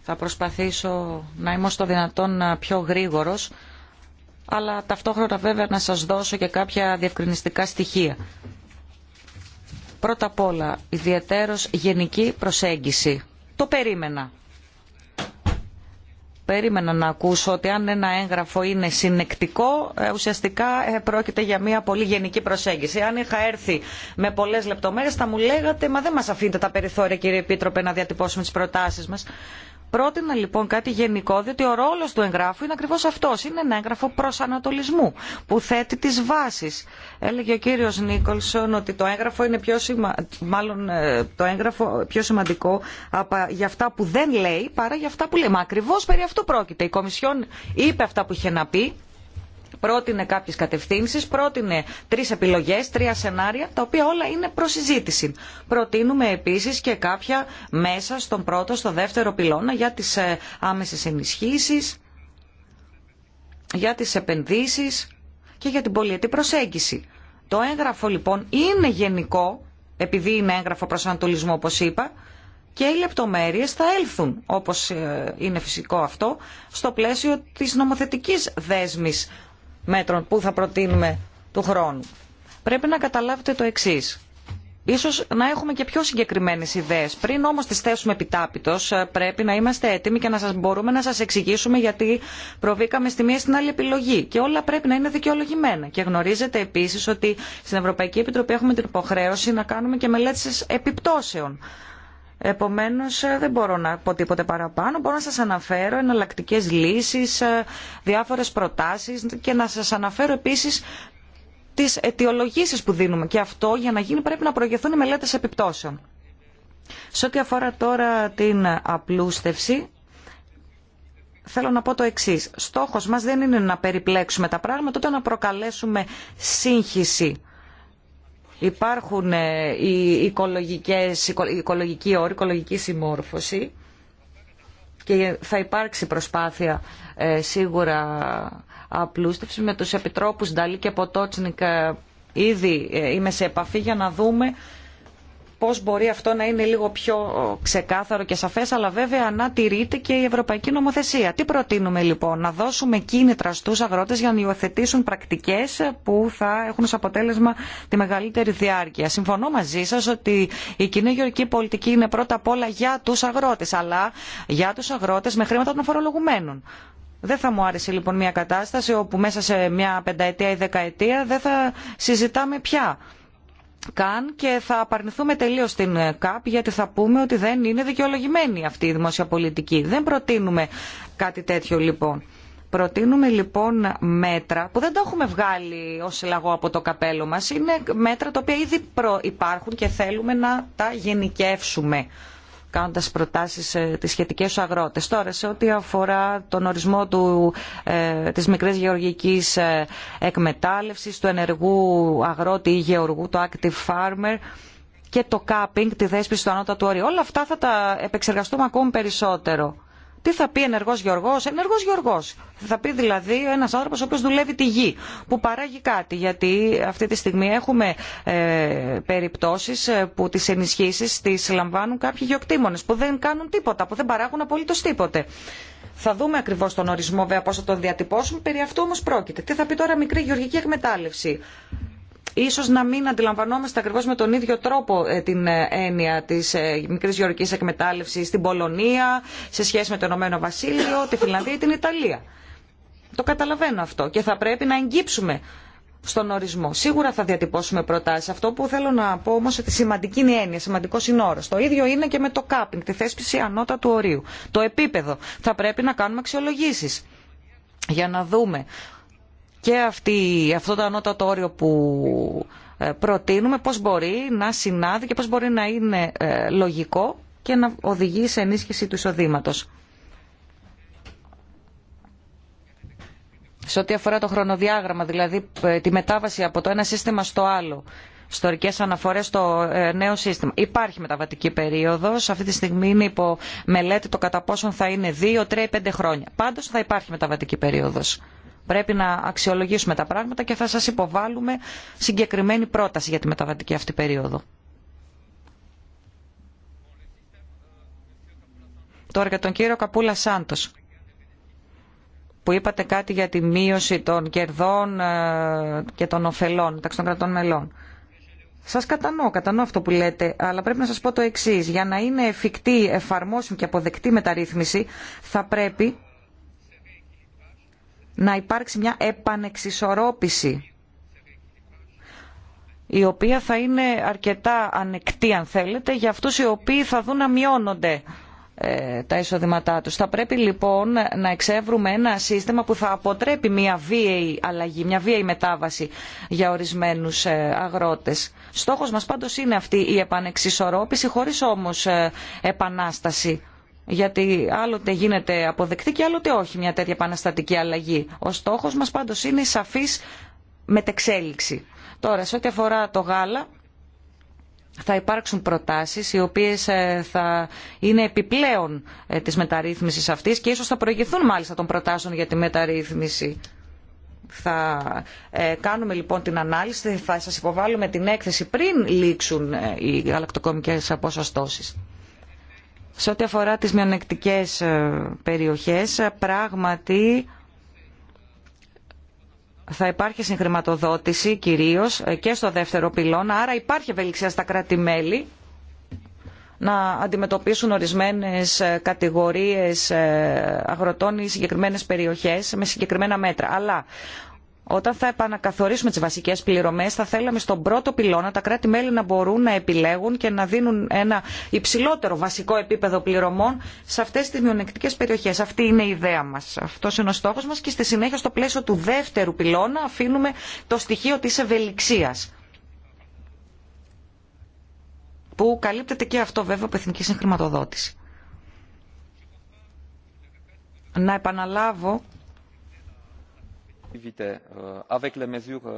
Θα προσπαθήσω να είμαι στο δυνατόν ε, πιο γρήγορος, αλλά ταυτόχρονα βέβαια να σας δώσω και κάποια διευκρινιστικά στοιχεία. Πρώτα απ' όλα, ιδιαίτερος γενική προσέγγιση το περίμενα. Περίμενα να ακούσω ότι αν ένα έγγραφο είναι συνεκτικό, ε, ουσιαστικά ε, πρόκειται για μια πολύ γενική προσέγγιση. Αν είχα έρθει με πολλέ λεπτομέρειε, θα μου λέγατε, μα δεν μα αφήνετε τα περιθώρια, κύριε Επίτροπε, να διατυπώσουμε τι προτάσει μα. Πρότεινα λοιπόν κάτι γενικό, διότι ο ρόλο του εγγράφου είναι ακριβώ αυτό. Είναι ένα έγγραφο ανατολισμού που θέτει τι βάσει. Έλεγε ο κύριο Νίκολσον ότι το έγγραφο είναι πιο, Μάλλον, ε, το έγγραφο πιο σημαντικό για αυτά που δεν λέει παρά για αυτά που λέει. Μα ακριβώ περί αυτού πρόκειται. Η Κομισιόν είπε αυτά που είχε να πει πρότεινε κάποιες κατευθύνσεις, πρότεινε τρεις επιλογές, τρία σενάρια, τα οποία όλα είναι προσυζήτηση. Προτείνουμε επίσης και κάποια μέσα στον πρώτο, στο δεύτερο πυλώνα για τις ε, άμεσες ενισχύσεις, για τις επενδύσεις και για την πολιτική προσέγγιση. Το έγγραφο λοιπόν είναι γενικό, επειδή είναι έγγραφο ανατολισμό όπως είπα, και οι λεπτομέρειες θα έλθουν, όπως ε, είναι φυσικό αυτό, στο πλαίσιο της νομοθετικής δέσμης μέτρων που θα προτείνουμε του χρόνου. Πρέπει να καταλάβετε το εξής. Ίσως να έχουμε και πιο συγκεκριμένες ιδέες. Πριν όμως τις θέσουμε επιτάπητος ε, πρέπει να είμαστε έτοιμοι και να σας μπορούμε να σας εξηγήσουμε γιατί προβήκαμε στη μία στην άλλη επιλογή. Και όλα πρέπει να είναι δικαιολογημένα. Και γνωρίζετε επίσης ότι στην Ευρωπαϊκή Επιτροπή έχουμε την υποχρέωση να κάνουμε και μελέτες επιπτώσεων Επομένως ε, δεν μπορώ να πω τίποτε παραπάνω. Μπορώ να σας αναφέρω εναλλακτικέ λύσεις, ε, διάφορες προτάσεις και να σας αναφέρω επίσης τις αιτιολογήσεις που δίνουμε. Και αυτό για να γίνει πρέπει να προηγηθούν οι μελέτες επιπτώσεων. Σε ό,τι αφορά τώρα την απλούστευση, θέλω να πω το εξή. Στόχος μας δεν είναι να περιπλέξουμε τα πράγματα, ούτε να προκαλέσουμε σύγχυση Υπάρχουν ε, οι οικολογικές, οικολογικοί όροι, οικολογική συμμόρφωση και θα υπάρξει προσπάθεια ε, σίγουρα απλούστευση με τους επιτρόπους Νταλή και Ποτότσνικ ε, ήδη είμαι σε επαφή για να δούμε πώς μπορεί αυτό να είναι λίγο πιο ξεκάθαρο και σαφές, αλλά βέβαια να τηρείται και η Ευρωπαϊκή Νομοθεσία. Τι προτείνουμε λοιπόν, να δώσουμε κίνητρα στους αγρότες για να υιοθετήσουν πρακτικές που θα έχουν ως αποτέλεσμα τη μεγαλύτερη διάρκεια. Συμφωνώ μαζί σας ότι η κοινή γεωργική πολιτική είναι πρώτα απ' όλα για τους αγρότες, αλλά για τους αγρότες με χρήματα των φορολογουμένων. Δεν θα μου άρεσε λοιπόν μια κατάσταση όπου μέσα σε μια πενταετία ή δεκαετία δεν θα συζητάμε πια καν και θα απαρνηθούμε τελείω την ΚΑΠ γιατί θα πούμε ότι δεν είναι δικαιολογημένη αυτή η δημόσια πολιτική. Δεν προτείνουμε κάτι τέτοιο λοιπόν. Προτείνουμε λοιπόν μέτρα που δεν τα έχουμε βγάλει ω λαγό από το καπέλο μας. Είναι μέτρα τα οποία ήδη υπάρχουν και θέλουμε να τα γενικεύσουμε κάνοντας προτάσεις τι τις σχετικές αγρότε. αγρότες. Τώρα, σε ό,τι αφορά τον ορισμό του, ε, της μικρής γεωργικής ε, του ενεργού αγρότη ή γεωργού, το active farmer, και το capping, τη δέσπιση του ανώτατου όριου. Όλα αυτά θα τα επεξεργαστούμε ακόμη περισσότερο. Τι θα πει ενεργός γεωργός, ενεργός γεωργός. Θα πει δηλαδή ένας άνθρωπος ο οποίος δουλεύει τη γη, που παράγει κάτι, γιατί αυτή τη στιγμή έχουμε ε, περιπτώσεις ε, που τις ενισχύσεις τις λαμβάνουν κάποιοι γεωκτήμονες, που δεν κάνουν τίποτα, που δεν παράγουν απολύτως τίποτε. Θα δούμε ακριβώ τον ορισμό, βέβαια, πώ θα τον διατυπώσουμε. Περί αυτού όμω πρόκειται. Τι θα πει τώρα μικρή γεωργική εκμετάλλευση ίσως να μην αντιλαμβανόμαστε ακριβώς με τον ίδιο τρόπο ε, την ε, έννοια της ε, μικρής γεωργικής εκμετάλλευση στην Πολωνία, σε σχέση με το Ηνωμένο Βασίλειο, τη Φιλανδία ή την Ιταλία. Το καταλαβαίνω αυτό και θα πρέπει να εγγύψουμε στον ορισμό. Σίγουρα θα διατυπώσουμε προτάσει. Αυτό που θέλω να πω όμω ότι σημαντική είναι η έννοια, σημαντικό είναι όρο. Το ίδιο είναι και με το κάπινγκ, τη θέσπιση ανώτατου ορίου. Το επίπεδο. Θα πρέπει να κάνουμε αξιολογήσει για να δούμε και αυτό το ανώτατο όριο που ε, προτείνουμε πώς μπορεί να συνάδει και πώς μπορεί να είναι ε, λογικό και να οδηγεί σε ενίσχυση του εισοδήματος. Σε ό,τι αφορά το χρονοδιάγραμμα, δηλαδή ε, τη μετάβαση από το ένα σύστημα στο άλλο, ιστορικές αναφορές στο νέο σύστημα. Υπάρχει μεταβατική περίοδος, αυτή τη στιγμή είναι υπό μελέτη το κατά πόσον θα είναι 2, 3, 5 χρόνια. Πάντω θα υπάρχει μεταβατική περίοδο. Πρέπει να αξιολογήσουμε τα πράγματα και θα σας υποβάλουμε συγκεκριμένη πρόταση για τη μεταβατική αυτή περίοδο. Τώρα για τον κύριο Καπούλα Σάντος που είπατε κάτι για τη μείωση των κερδών ε, και των ωφελών μεταξύ των κρατών μελών. Σας κατανοώ, κατανοώ αυτό που λέτε, αλλά πρέπει να σας πω το εξής. Για να είναι εφικτή, εφαρμόσιμη και αποδεκτή μεταρρύθμιση θα πρέπει να υπάρξει μια επανεξισορρόπηση η οποία θα είναι αρκετά ανεκτή αν θέλετε για αυτούς οι οποίοι θα δουν να μειώνονται ε, τα εισοδήματά τους. Θα πρέπει λοιπόν να εξεύρουμε ένα σύστημα που θα αποτρέπει μια βίαιη αλλαγή, μια βίαιη μετάβαση για ορισμένους ε, αγρότες. Στόχος μας πάντως είναι αυτή η επανεξισορρόπηση χωρίς όμως ε, επανάσταση γιατί άλλοτε γίνεται αποδεκτή και άλλοτε όχι μια τέτοια επαναστατική αλλαγή. Ο στόχος μας πάντως είναι η σαφής μετεξέλιξη. Τώρα, σε ό,τι αφορά το γάλα, θα υπάρξουν προτάσεις οι οποίες ε, θα είναι επιπλέον ε, της μεταρρύθμισης αυτής και ίσως θα προηγηθούν μάλιστα των προτάσεων για τη μεταρρύθμιση. Θα ε, κάνουμε λοιπόν την ανάλυση, θα σας υποβάλουμε την έκθεση πριν λήξουν οι γαλακτοκομικές αποσαστώσεις. Σε ό,τι αφορά τις μειονεκτικές ε, περιοχές, πράγματι θα υπάρχει συγχρηματοδότηση κυρίως ε, και στο δεύτερο πυλώνα, άρα υπάρχει ευελιξία στα κράτη-μέλη να αντιμετωπίσουν ορισμένες ε, κατηγορίες αγροτών ή συγκεκριμένες περιοχές με συγκεκριμένα μέτρα. Αλλά όταν θα επανακαθορίσουμε τις βασικές πληρωμές θα θέλαμε στον πρώτο πυλώνα τα κράτη μέλη να μπορούν να επιλέγουν και να δίνουν ένα υψηλότερο βασικό επίπεδο πληρωμών σε αυτές τις μειονεκτικές περιοχές. αυτή είναι η ιδέα μας αυτός είναι ο στόχος μας και στη συνέχεια στο πλαίσιο του δεύτερου πυλώνα αφήνουμε το στοιχείο της ευελιξίας που καλύπτεται και αυτό βέβαια από εθνική συγχρηματοδότηση. Να επαναλάβω Euh, euh,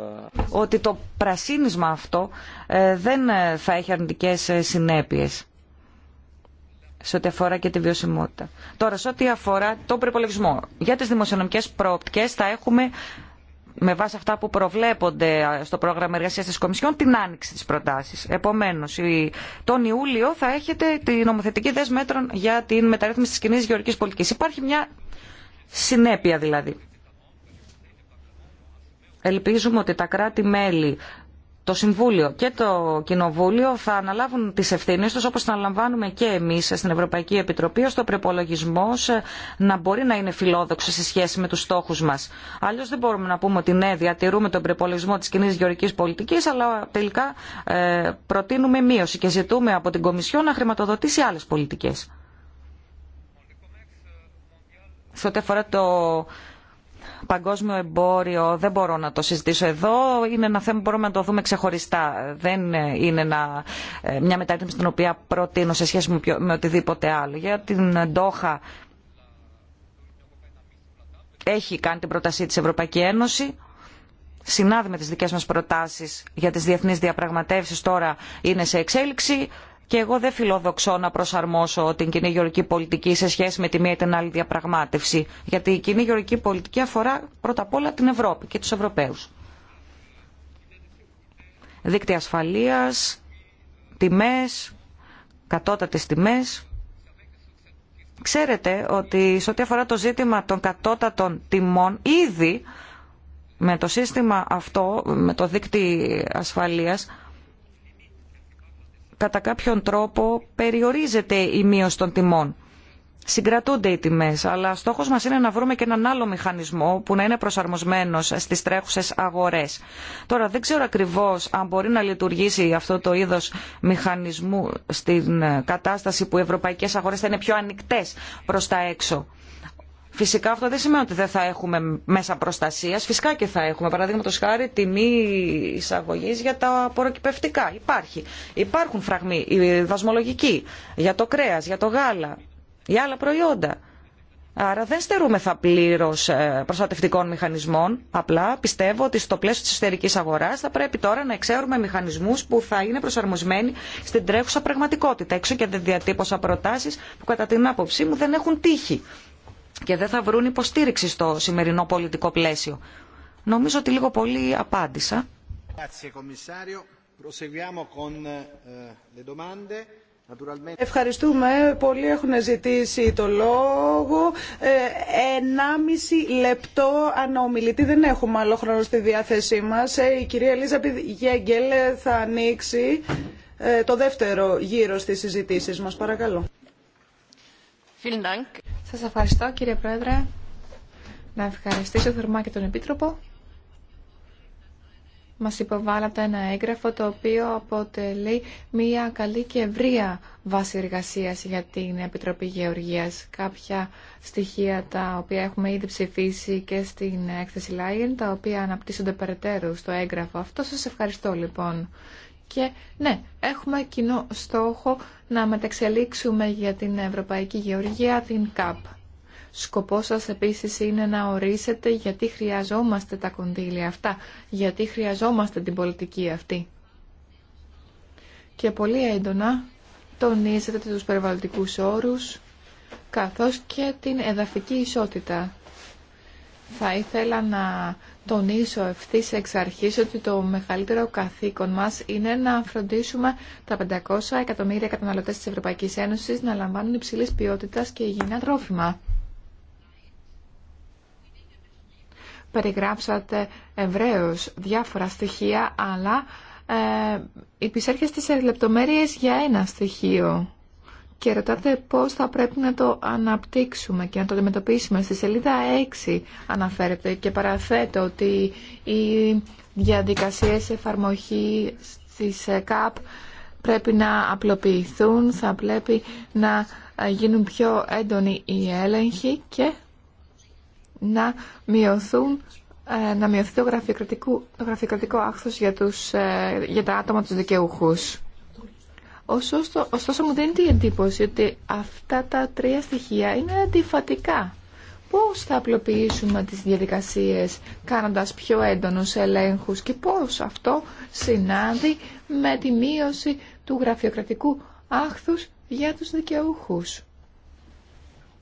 ότι το πρασίνισμα αυτό ε, δεν ε, θα έχει αρνητικές ε, συνέπειες σε ό,τι αφορά και τη βιωσιμότητα. Τώρα, σε ό,τι αφορά τον προπολογισμό, για τις δημοσιονομικές προοπτικές θα έχουμε με βάση αυτά που προβλέπονται στο πρόγραμμα εργασίας της Κομισιόν την άνοιξη της προτάσης. Επομένως, τον Ιούλιο θα έχετε την νομοθετική δέσμετρο για την μεταρρύθμιση της κοινή γεωργικής πολιτικής. Υπάρχει μια συνέπεια δηλαδή. Ελπίζουμε ότι τα κράτη-μέλη, το Συμβούλιο και το Κοινοβούλιο θα αναλάβουν τις ευθύνες τους όπως τα αναλαμβάνουμε και εμείς στην Ευρωπαϊκή Επιτροπή ώστε ο προπολογισμό ε, να μπορεί να είναι φιλόδοξο σε σχέση με τους στόχους μας. Αλλιώς δεν μπορούμε να πούμε ότι ναι, διατηρούμε τον προπολογισμό της κοινή γεωρικής πολιτικής αλλά τελικά ε, προτείνουμε μείωση και ζητούμε από την Κομισιό να χρηματοδοτήσει άλλες πολιτικές. Σε αφορά το παγκόσμιο εμπόριο δεν μπορώ να το συζητήσω εδώ. Είναι ένα θέμα που μπορούμε να το δούμε ξεχωριστά. Δεν είναι ε, μια μεταρρύθμιση την οποία προτείνω σε σχέση με οτιδήποτε άλλο. Για την Ντόχα έχει κάνει την πρότασή της Ευρωπαϊκή Ένωση. Συνάδει με τις δικές μας προτάσεις για τις διεθνείς διαπραγματεύσεις τώρα είναι σε εξέλιξη και εγώ δεν φιλοδοξώ να προσαρμόσω την κοινή γεωργική πολιτική σε σχέση με τη μία ή την άλλη διαπραγμάτευση γιατί η κοινή γεωργική πολιτική αφορά πρώτα απ' όλα την ευρώπη και τους ευρωπαίους. δίκτυα ασφαλείας τιμές κατώτατες τιμές ξέρετε ότι σε ό,τι αφορά το ζήτημα των κατώτατων τιμών ήδη με το σύστημα αυτό με το δίκτυο ασφαλείας κατά κάποιον τρόπο περιορίζεται η μείωση των τιμών. Συγκρατούνται οι τιμέ, αλλά στόχος μας είναι να βρούμε και έναν άλλο μηχανισμό που να είναι προσαρμοσμένος στις τρέχουσες αγορές. Τώρα δεν ξέρω ακριβώ αν μπορεί να λειτουργήσει αυτό το είδος μηχανισμού στην κατάσταση που οι ευρωπαϊκές αγορές θα είναι πιο ανοιχτέ προ τα έξω. Φυσικά αυτό δεν σημαίνει ότι δεν θα έχουμε μέσα προστασία. Φυσικά και θα έχουμε. Παραδείγματο χάρη τιμή εισαγωγή για τα απορροκυπευτικά. Υπάρχει. Υπάρχουν φραγμοί δασμολογικοί για το κρέα, για το γάλα, για άλλα προϊόντα. Άρα δεν στερούμεθα πλήρω ε, προστατευτικών μηχανισμών. Απλά πιστεύω ότι στο πλαίσιο τη εσωτερική αγορά θα πρέπει τώρα να εξέρουμε μηχανισμού που θα είναι προσαρμοσμένοι στην τρέχουσα πραγματικότητα. Έξω και δεν διατύπωσα προτάσει που κατά την άποψή μου δεν έχουν τύχει και δεν θα βρουν υποστήριξη στο σημερινό πολιτικό πλαίσιο. Νομίζω ότι λίγο πολύ απάντησα. Eh, Ευχαριστούμε. Πολλοί έχουν ζητήσει το λόγο. Ε, ενάμιση λεπτό αναομιλητή. Δεν έχουμε άλλο χρόνο στη διάθεσή μας. Ε, η κυρία Λίζα Γέγκελ θα ανοίξει ε, το δεύτερο γύρο στις συζητήσεις μας. Παρακαλώ. Σας ευχαριστώ κύριε Πρόεδρε. Να ευχαριστήσω θερμά και τον Επίτροπο. Μας υποβάλλατε ένα έγγραφο το οποίο αποτελεί μια καλή και ευρία βάση εργασίας για την Επιτροπή Γεωργίας. Κάποια στοιχεία τα οποία έχουμε ήδη ψηφίσει και στην έκθεση Λάιεν, τα οποία αναπτύσσονται περαιτέρω στο έγγραφο. Αυτό σας ευχαριστώ λοιπόν. Και ναι, έχουμε κοινό στόχο να μετεξελίξουμε για την Ευρωπαϊκή Γεωργία την ΚΑΠ. Σκοπό σας επίσης είναι να ορίσετε γιατί χρειαζόμαστε τα κονδύλια αυτά, γιατί χρειαζόμαστε την πολιτική αυτή. Και πολύ έντονα τονίζετε τους περιβαλλοντικούς όρους, καθώς και την εδαφική ισότητα. Θα ήθελα να τονίσω ευθύ εξ αρχή ότι το μεγαλύτερο καθήκον μας είναι να φροντίσουμε τα 500 εκατομμύρια καταναλωτές τη ευρωπαϊκή Ένωση, να λαμβάνουν υψηλής ποιότητας και υγιεινά τρόφιμα. Περιγράψατε ευρέω διάφορα στοιχεία, αλλά ε, υπησέρχεστε σε λεπτομέρειες για ένα στοιχείο και ρωτάτε πώς θα πρέπει να το αναπτύξουμε και να το αντιμετωπίσουμε. Στη σελίδα 6 αναφέρεται και παραθέτω ότι οι διαδικασίες εφαρμογή της ΚΑΠ πρέπει να απλοποιηθούν, θα πρέπει να γίνουν πιο έντονοι οι έλεγχοι και να μειωθούν ε, να μειωθεί το γραφειοκρατικό, το για, τους, ε, για τα άτομα τους δικαιούχους. Ωστόσο, ωστόσο μου δίνει την εντύπωση ότι αυτά τα τρία στοιχεία είναι αντιφατικά. Πώς θα απλοποιήσουμε τις διαδικασίες κάνοντας πιο έντονους ελέγχους και πώς αυτό συνάδει με τη μείωση του γραφειοκρατικού άχθους για τους δικαιούχους.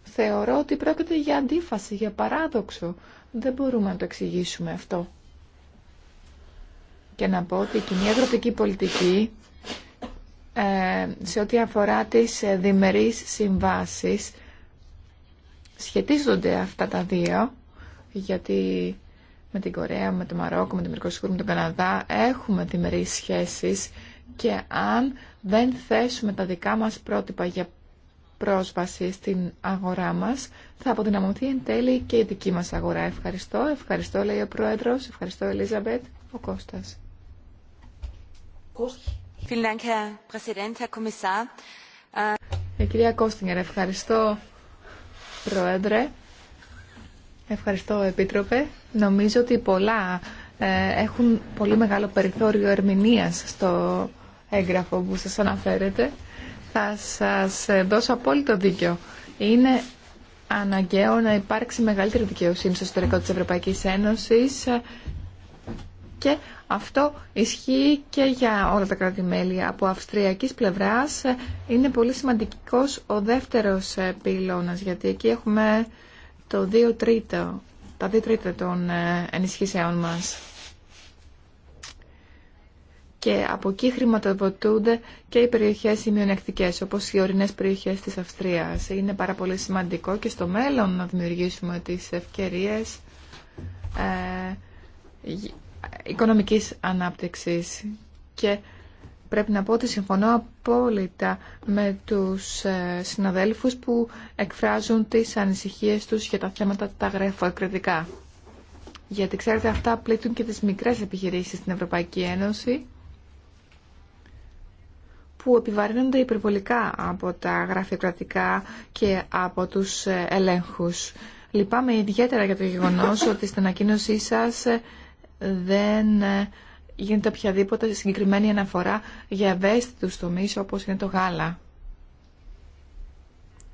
Θεωρώ ότι πρόκειται για αντίφαση, για παράδοξο. Δεν μπορούμε να το εξηγήσουμε αυτό. Και να πω ότι η κοινή πολιτική ε, σε ό,τι αφορά τις διμερείς συμβάσεις σχετίζονται αυτά τα δύο γιατί με την Κορέα, με το Μαρόκο, με την Μερικοσούρ, με τον Καναδά έχουμε διμερείς σχέσεις και αν δεν θέσουμε τα δικά μας πρότυπα για πρόσβαση στην αγορά μας θα αποδυναμωθεί εν τέλει και η δική μας αγορά. Ευχαριστώ, ευχαριστώ λέει ο Πρόεδρος, ευχαριστώ Ελίζαμπετ, ο Κώστας. Ε, κυρία ευχαριστώ Πρόεδρε. Ευχαριστώ Επίτροπε. Νομίζω ότι πολλά ε, έχουν πολύ μεγάλο περιθώριο ερμηνείας στο έγγραφο που σας αναφέρετε. Θα σας ε, δώσω απόλυτο δίκιο. Είναι αναγκαίο να υπάρξει μεγαλύτερη δικαιοσύνη στο εσωτερικό της Ευρωπαϊκής Ένωσης και αυτό ισχύει και για όλα τα κράτη-μέλη. Από αυστριακής πλευράς ε, είναι πολύ σημαντικός ο δεύτερος ε, πυλώνας, γιατί εκεί έχουμε το 2 τρίτο, τα 2 τρίτα των ε, ενισχύσεών μας. Και από εκεί χρηματοδοτούνται και οι περιοχές ημιονεκτικές, όπως οι ορεινές περιοχές της Αυστρίας. Είναι πάρα πολύ σημαντικό και στο μέλλον να δημιουργήσουμε τις ευκαιρίες οικονομικής ανάπτυξης και πρέπει να πω ότι συμφωνώ απόλυτα με τους ε, συναδέλφους που εκφράζουν τις ανησυχίες τους για τα θέματα τα γραφειοκρατικά. Γιατί ξέρετε αυτά πλήττουν και τις μικρές επιχειρήσεις στην Ευρωπαϊκή Ένωση που επιβαρύνονται υπερβολικά από τα γραφειοκρατικά και από τους ε, ελέγχους. Λυπάμαι ιδιαίτερα για το γεγονός ότι στην ανακοίνωσή σας ε, δεν ε, γίνεται οποιαδήποτε συγκεκριμένη αναφορά για ευαίσθητους τομείς όπως είναι το γάλα.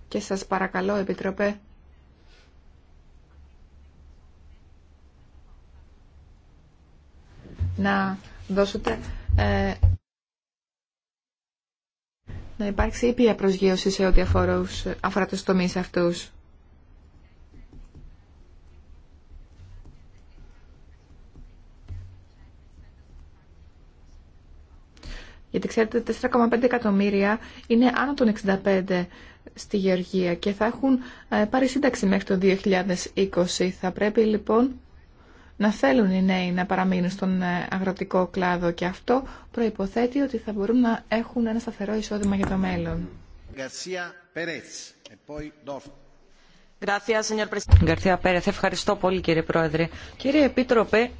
Και σας παρακαλώ, Επιτροπέ, να δώσετε ε, να υπάρξει ήπια προσγείωση σε ό,τι αφορά τους τομείς αυτούς. Γιατί ξέρετε, 4,5 εκατομμύρια είναι άνω των 65 στη Γεωργία και θα έχουν ε, πάρει σύνταξη μέχρι το 2020. Θα πρέπει λοιπόν να θέλουν οι νέοι να παραμείνουν στον ε, αγροτικό κλάδο και αυτό προϋποθέτει ότι θα μπορούν να έχουν ένα σταθερό εισόδημα για το μέλλον. Γκαρσία Πέρεθ, ε, ευχαριστώ πολύ κύριε Πρόεδρε. Κύριε Επίτροπε,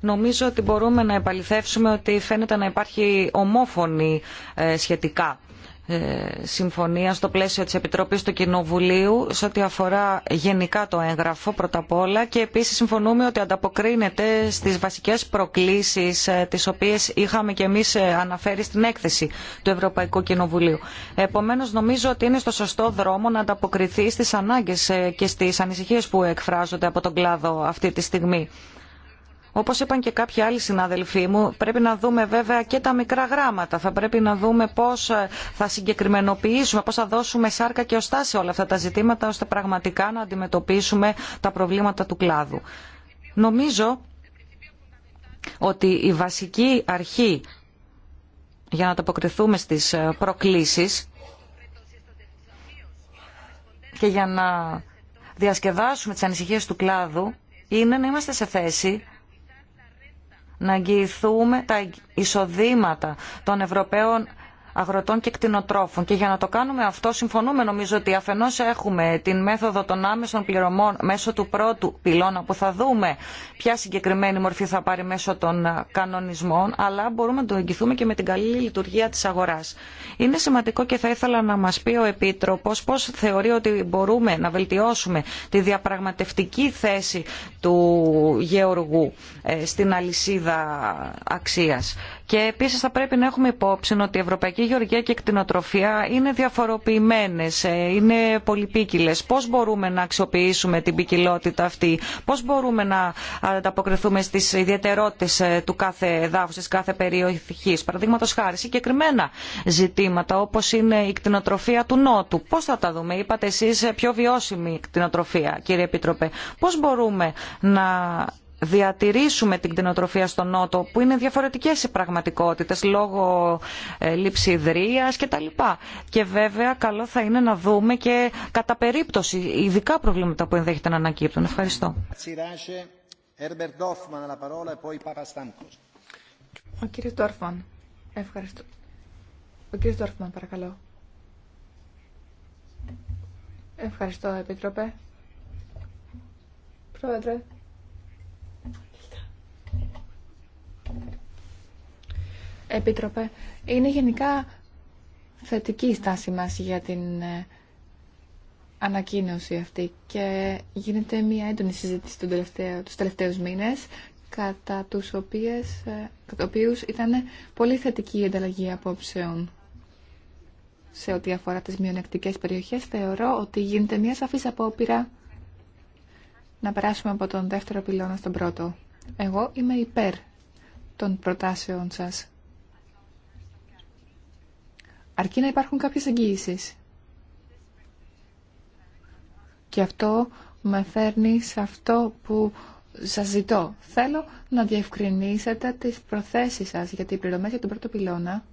νομίζω ότι μπορούμε να επαληθεύσουμε ότι φαίνεται να υπάρχει ομόφωνη ε, σχετικά ε, συμφωνία στο πλαίσιο της Επιτροπής του Κοινοβουλίου σε ό,τι αφορά γενικά το έγγραφο πρώτα απ' όλα και επίσης συμφωνούμε ότι ανταποκρίνεται στις βασικές προκλήσεις ε, τις οποίες είχαμε και εμείς αναφέρει στην έκθεση του Ευρωπαϊκού Κοινοβουλίου. Επομένως νομίζω ότι είναι στο σωστό δρόμο να ανταποκριθεί στις ανάγκες και στις ανησυχίες που εκφράζονται από τον κλάδο αυτή τη στιγμή. Όπως είπαν και κάποιοι άλλοι συνάδελφοί μου, πρέπει να δούμε βέβαια και τα μικρά γράμματα. Θα πρέπει να δούμε πώς ε, θα συγκεκριμενοποιήσουμε, πώς θα δώσουμε σάρκα και οστά σε όλα αυτά τα ζητήματα, ώστε πραγματικά να αντιμετωπίσουμε τα προβλήματα του κλάδου. Νομίζω ότι η βασική αρχή για να ανταποκριθούμε στις ε, προκλήσεις και για να διασκεδάσουμε τις ανησυχίες του κλάδου είναι να είμαστε σε θέση να αγγιηθούμε τα εισοδήματα των Ευρωπαίων αγροτών και κτηνοτρόφων. Και για να το κάνουμε αυτό συμφωνούμε νομίζω ότι αφενός έχουμε την μέθοδο των άμεσων πληρωμών μέσω του πρώτου πυλώνα που θα δούμε ποια συγκεκριμένη μορφή θα πάρει μέσω των κανονισμών αλλά μπορούμε να το εγγυθούμε και με την καλή λειτουργία της αγοράς. Είναι σημαντικό και θα ήθελα να μας πει ο Επίτροπος πώς θεωρεί ότι μπορούμε να βελτιώσουμε τη διαπραγματευτική θέση του γεωργού ε, στην αλυσίδα αξίας. Και επίση θα πρέπει να έχουμε υπόψη ότι η Ευρωπαϊκή Γεωργία και η κτηνοτροφία είναι διαφοροποιημένε, ε, είναι πολυπίκυλε. Πώ μπορούμε να αξιοποιήσουμε την ποικιλότητα αυτή, Πώ μπορούμε να ανταποκριθούμε στι ιδιαιτερότητε ε, του κάθε εδάφου, τη κάθε περιοχή. Παραδείγματο χάρη συγκεκριμένα ζητήματα όπω είναι η κτηνοτροφία του Νότου. Πώ θα τα δούμε, είπατε εσεί ε, πιο βιώσιμη κτηνοτροφία κύριε Επίτροπε. Πώ μπορούμε να διατηρήσουμε την κτηνοτροφία στον Νότο που είναι διαφορετικές οι πραγματικότητε, λόγω ε, λήψη κτλ. και τα λοιπά. Και βέβαια καλό θα είναι να δούμε και κατά περίπτωση ειδικά προβλήματα που ενδέχεται να ανακύπτουν. Ευχαριστώ. E Ο κύριος Τόρφμαν. Ευχαριστώ. Ο κύριος Τόρφμαν, παρακαλώ. Ευχαριστώ, Επίτροπε. Πρόεδρε, Επίτροπε, είναι γενικά θετική η στάση μας για την ε, ανακοίνωση αυτή και γίνεται μια έντονη συζήτηση τον τελευταίο, τους τελευταίους μήνες κατά τους οποίες, ε, οποίους ήταν πολύ θετική η ανταλλαγή απόψεων σε ό,τι αφορά τις μειονεκτικές περιοχές θεωρώ ότι γίνεται μια σαφής απόπειρα να περάσουμε από τον δεύτερο πυλώνα στον πρώτο. Εγώ είμαι υπέρ των προτάσεων σας αρκεί να υπάρχουν κάποιες εγγύησεις. Και αυτό με φέρνει σε αυτό που σας ζητώ. Θέλω να διευκρινίσετε τις προθέσεις σας, για την πληρωμές για τον πρώτο πυλώνα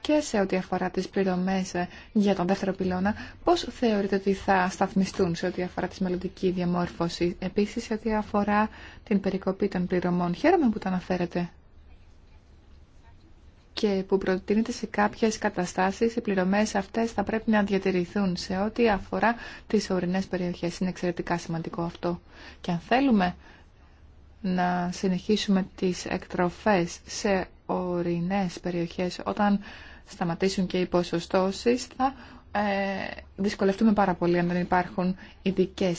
και σε ό,τι αφορά τις πληρωμές ε, για τον δεύτερο πυλώνα, πώς θεωρείτε ότι θα σταθμιστούν σε ό,τι αφορά τη μελλοντική διαμόρφωση, επίσης σε ό,τι αφορά την περικοπή των πληρωμών. Χαίρομαι που τα αναφέρετε και που προτείνεται σε κάποιες καταστάσεις, οι πληρωμές αυτές θα πρέπει να διατηρηθούν σε ό,τι αφορά τις ορεινές περιοχές. Είναι εξαιρετικά σημαντικό αυτό. Και αν θέλουμε να συνεχίσουμε τις εκτροφές σε ορεινές περιοχές όταν σταματήσουν και οι ποσοστώσεις, θα ε, δυσκολευτούμε πάρα πολύ αν δεν υπάρχουν ειδικέ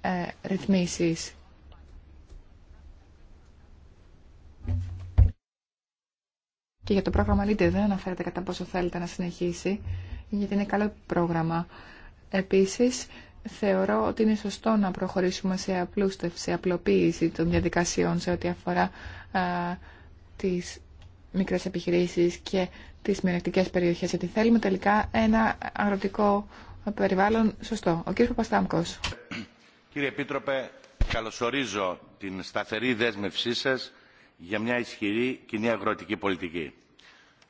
ε, ρυθμίσεις. Και για το πρόγραμμα λίτε δεν αναφέρεται κατά πόσο θέλετε να συνεχίσει, γιατί είναι καλό πρόγραμμα. Επίσης, θεωρώ ότι είναι σωστό να προχωρήσουμε σε απλούστευση, απλοποίηση των διαδικασιών σε ό,τι αφορά α, τις μικρές επιχειρήσεις και τις μειονεκτικές περιοχές, γιατί θέλουμε τελικά ένα αγροτικό περιβάλλον σωστό. Ο κ. Παπαστάμκος. Κύριε Επίτροπε, καλωσορίζω την σταθερή δέσμευσή σας για μια ισχυρή κοινή αγροτική πολιτική.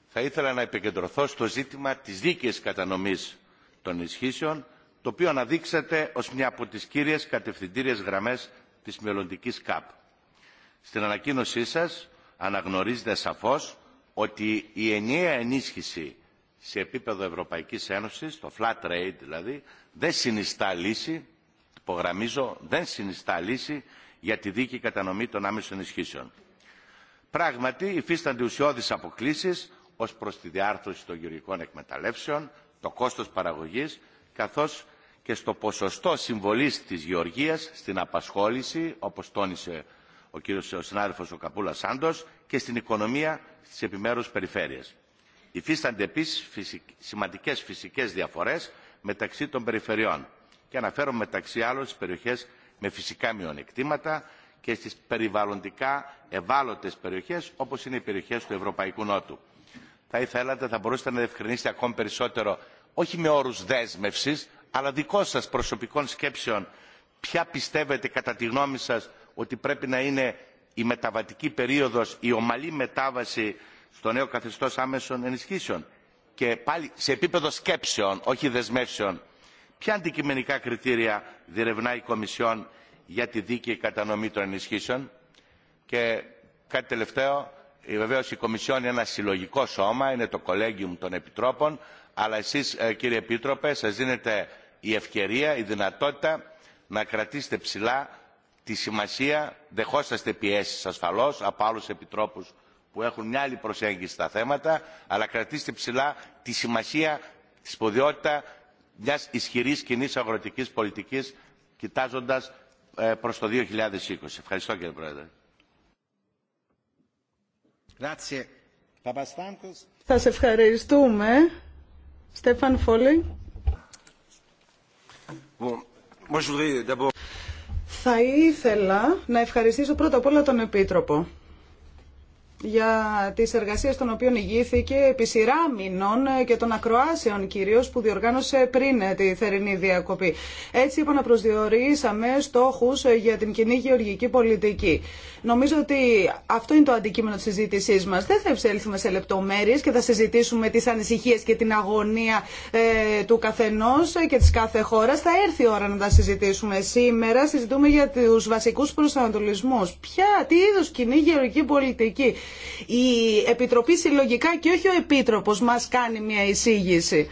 Θα ήθελα να επικεντρωθώ στο ζήτημα της δίκαιης κατανομής των ισχύσεων, το οποίο αναδείξατε ως μια από τις κύριες κατευθυντήριες γραμμές της μελλοντικής ΚΑΠ. Στην ανακοίνωσή σας αναγνωρίζετε σαφώς ότι η ενιαία ενίσχυση σε επίπεδο Ευρωπαϊκής Ένωσης, το flat rate δηλαδή, δεν συνιστά λύση, υπογραμμίζω, δεν συνιστά λύση για τη δίκη κατανομή των άμεσων ισχύσεων. Πράγματι υφίστανται ουσιώδεις αποκλήσεις ως προς τη διάρθρωση των γεωργικών εκμεταλλεύσεων, το κόστος παραγωγής, καθώς και στο ποσοστό συμβολής της γεωργίας στην απασχόληση, όπως τόνισε ο κύριος συνάδελφος ο Καπούλα Σάντος, και στην οικονομία στις επιμέρους περιφέρειες. Υφίστανται επίσης φυσικ... σημαντικές φυσικές διαφορές μεταξύ των περιφερειών και αναφέρομαι μεταξύ άλλων στις περιοχές με φυσικά μειονεκτήματα, και στις περιβαλλοντικά ευάλωτες περιοχές όπως είναι οι περιοχές του Ευρωπαϊκού Νότου. Θα ήθελατε, θα μπορούσατε να διευκρινίσετε ακόμη περισσότερο, όχι με όρους δέσμευσης, αλλά δικών σας προσωπικών σκέψεων, ποια πιστεύετε κατά τη γνώμη σας ότι πρέπει να είναι η μεταβατική περίοδος, η ομαλή μετάβαση στο νέο καθεστώς άμεσων ενισχύσεων. Και πάλι σε επίπεδο σκέψεων, όχι δεσμεύσεων, ποια αντικειμενικά κριτήρια διερευνά η Κομισιόν για τη δίκαιη κατανομή των ενισχύσεων. Και κάτι τελευταίο, βεβαίω η Κομισιόν είναι ένα συλλογικό σώμα, είναι το κολέγιουμ των Επιτρόπων, αλλά εσείς ε, κύριε Επίτροπε σας δίνετε η ευκαιρία, η δυνατότητα να κρατήσετε ψηλά τη σημασία, δεχόσαστε πιέσει ασφαλώ από άλλου επιτρόπους που έχουν μια άλλη προσέγγιση στα θέματα, αλλά κρατήστε ψηλά τη σημασία, τη σποδιότητα μιας ισχυρής κοινή αγροτικής πολιτικής, ε, προς το 2020. Ευχαριστώ κύριε Πρόεδρε. Θα σε ευχαριστούμε. Στέφαν Φόλι. Θα ήθελα να ευχαριστήσω πρώτα απ' όλα τον Επίτροπο για τις εργασίες των οποίων ηγήθηκε επί σειρά μηνών και των ακροάσεων κυρίως που διοργάνωσε πριν τη θερινή διακοπή. Έτσι να λοιπόν, είπα προσδιορίσαμε στόχους για την κοινή γεωργική πολιτική. Νομίζω ότι αυτό είναι το αντικείμενο της συζήτησής μας. Δεν θα ευσέλθουμε σε λεπτομέρειες και θα συζητήσουμε τις ανησυχίες και την αγωνία ε, του καθενός και της κάθε χώρας. Θα έρθει η ώρα να τα συζητήσουμε σήμερα. Συζητούμε για τους βασικούς προσανατολισμούς. Ποια, τι είδους κοινή γεωργική πολιτική η Επιτροπή συλλογικά και όχι ο Επίτροπος μας κάνει μια εισήγηση.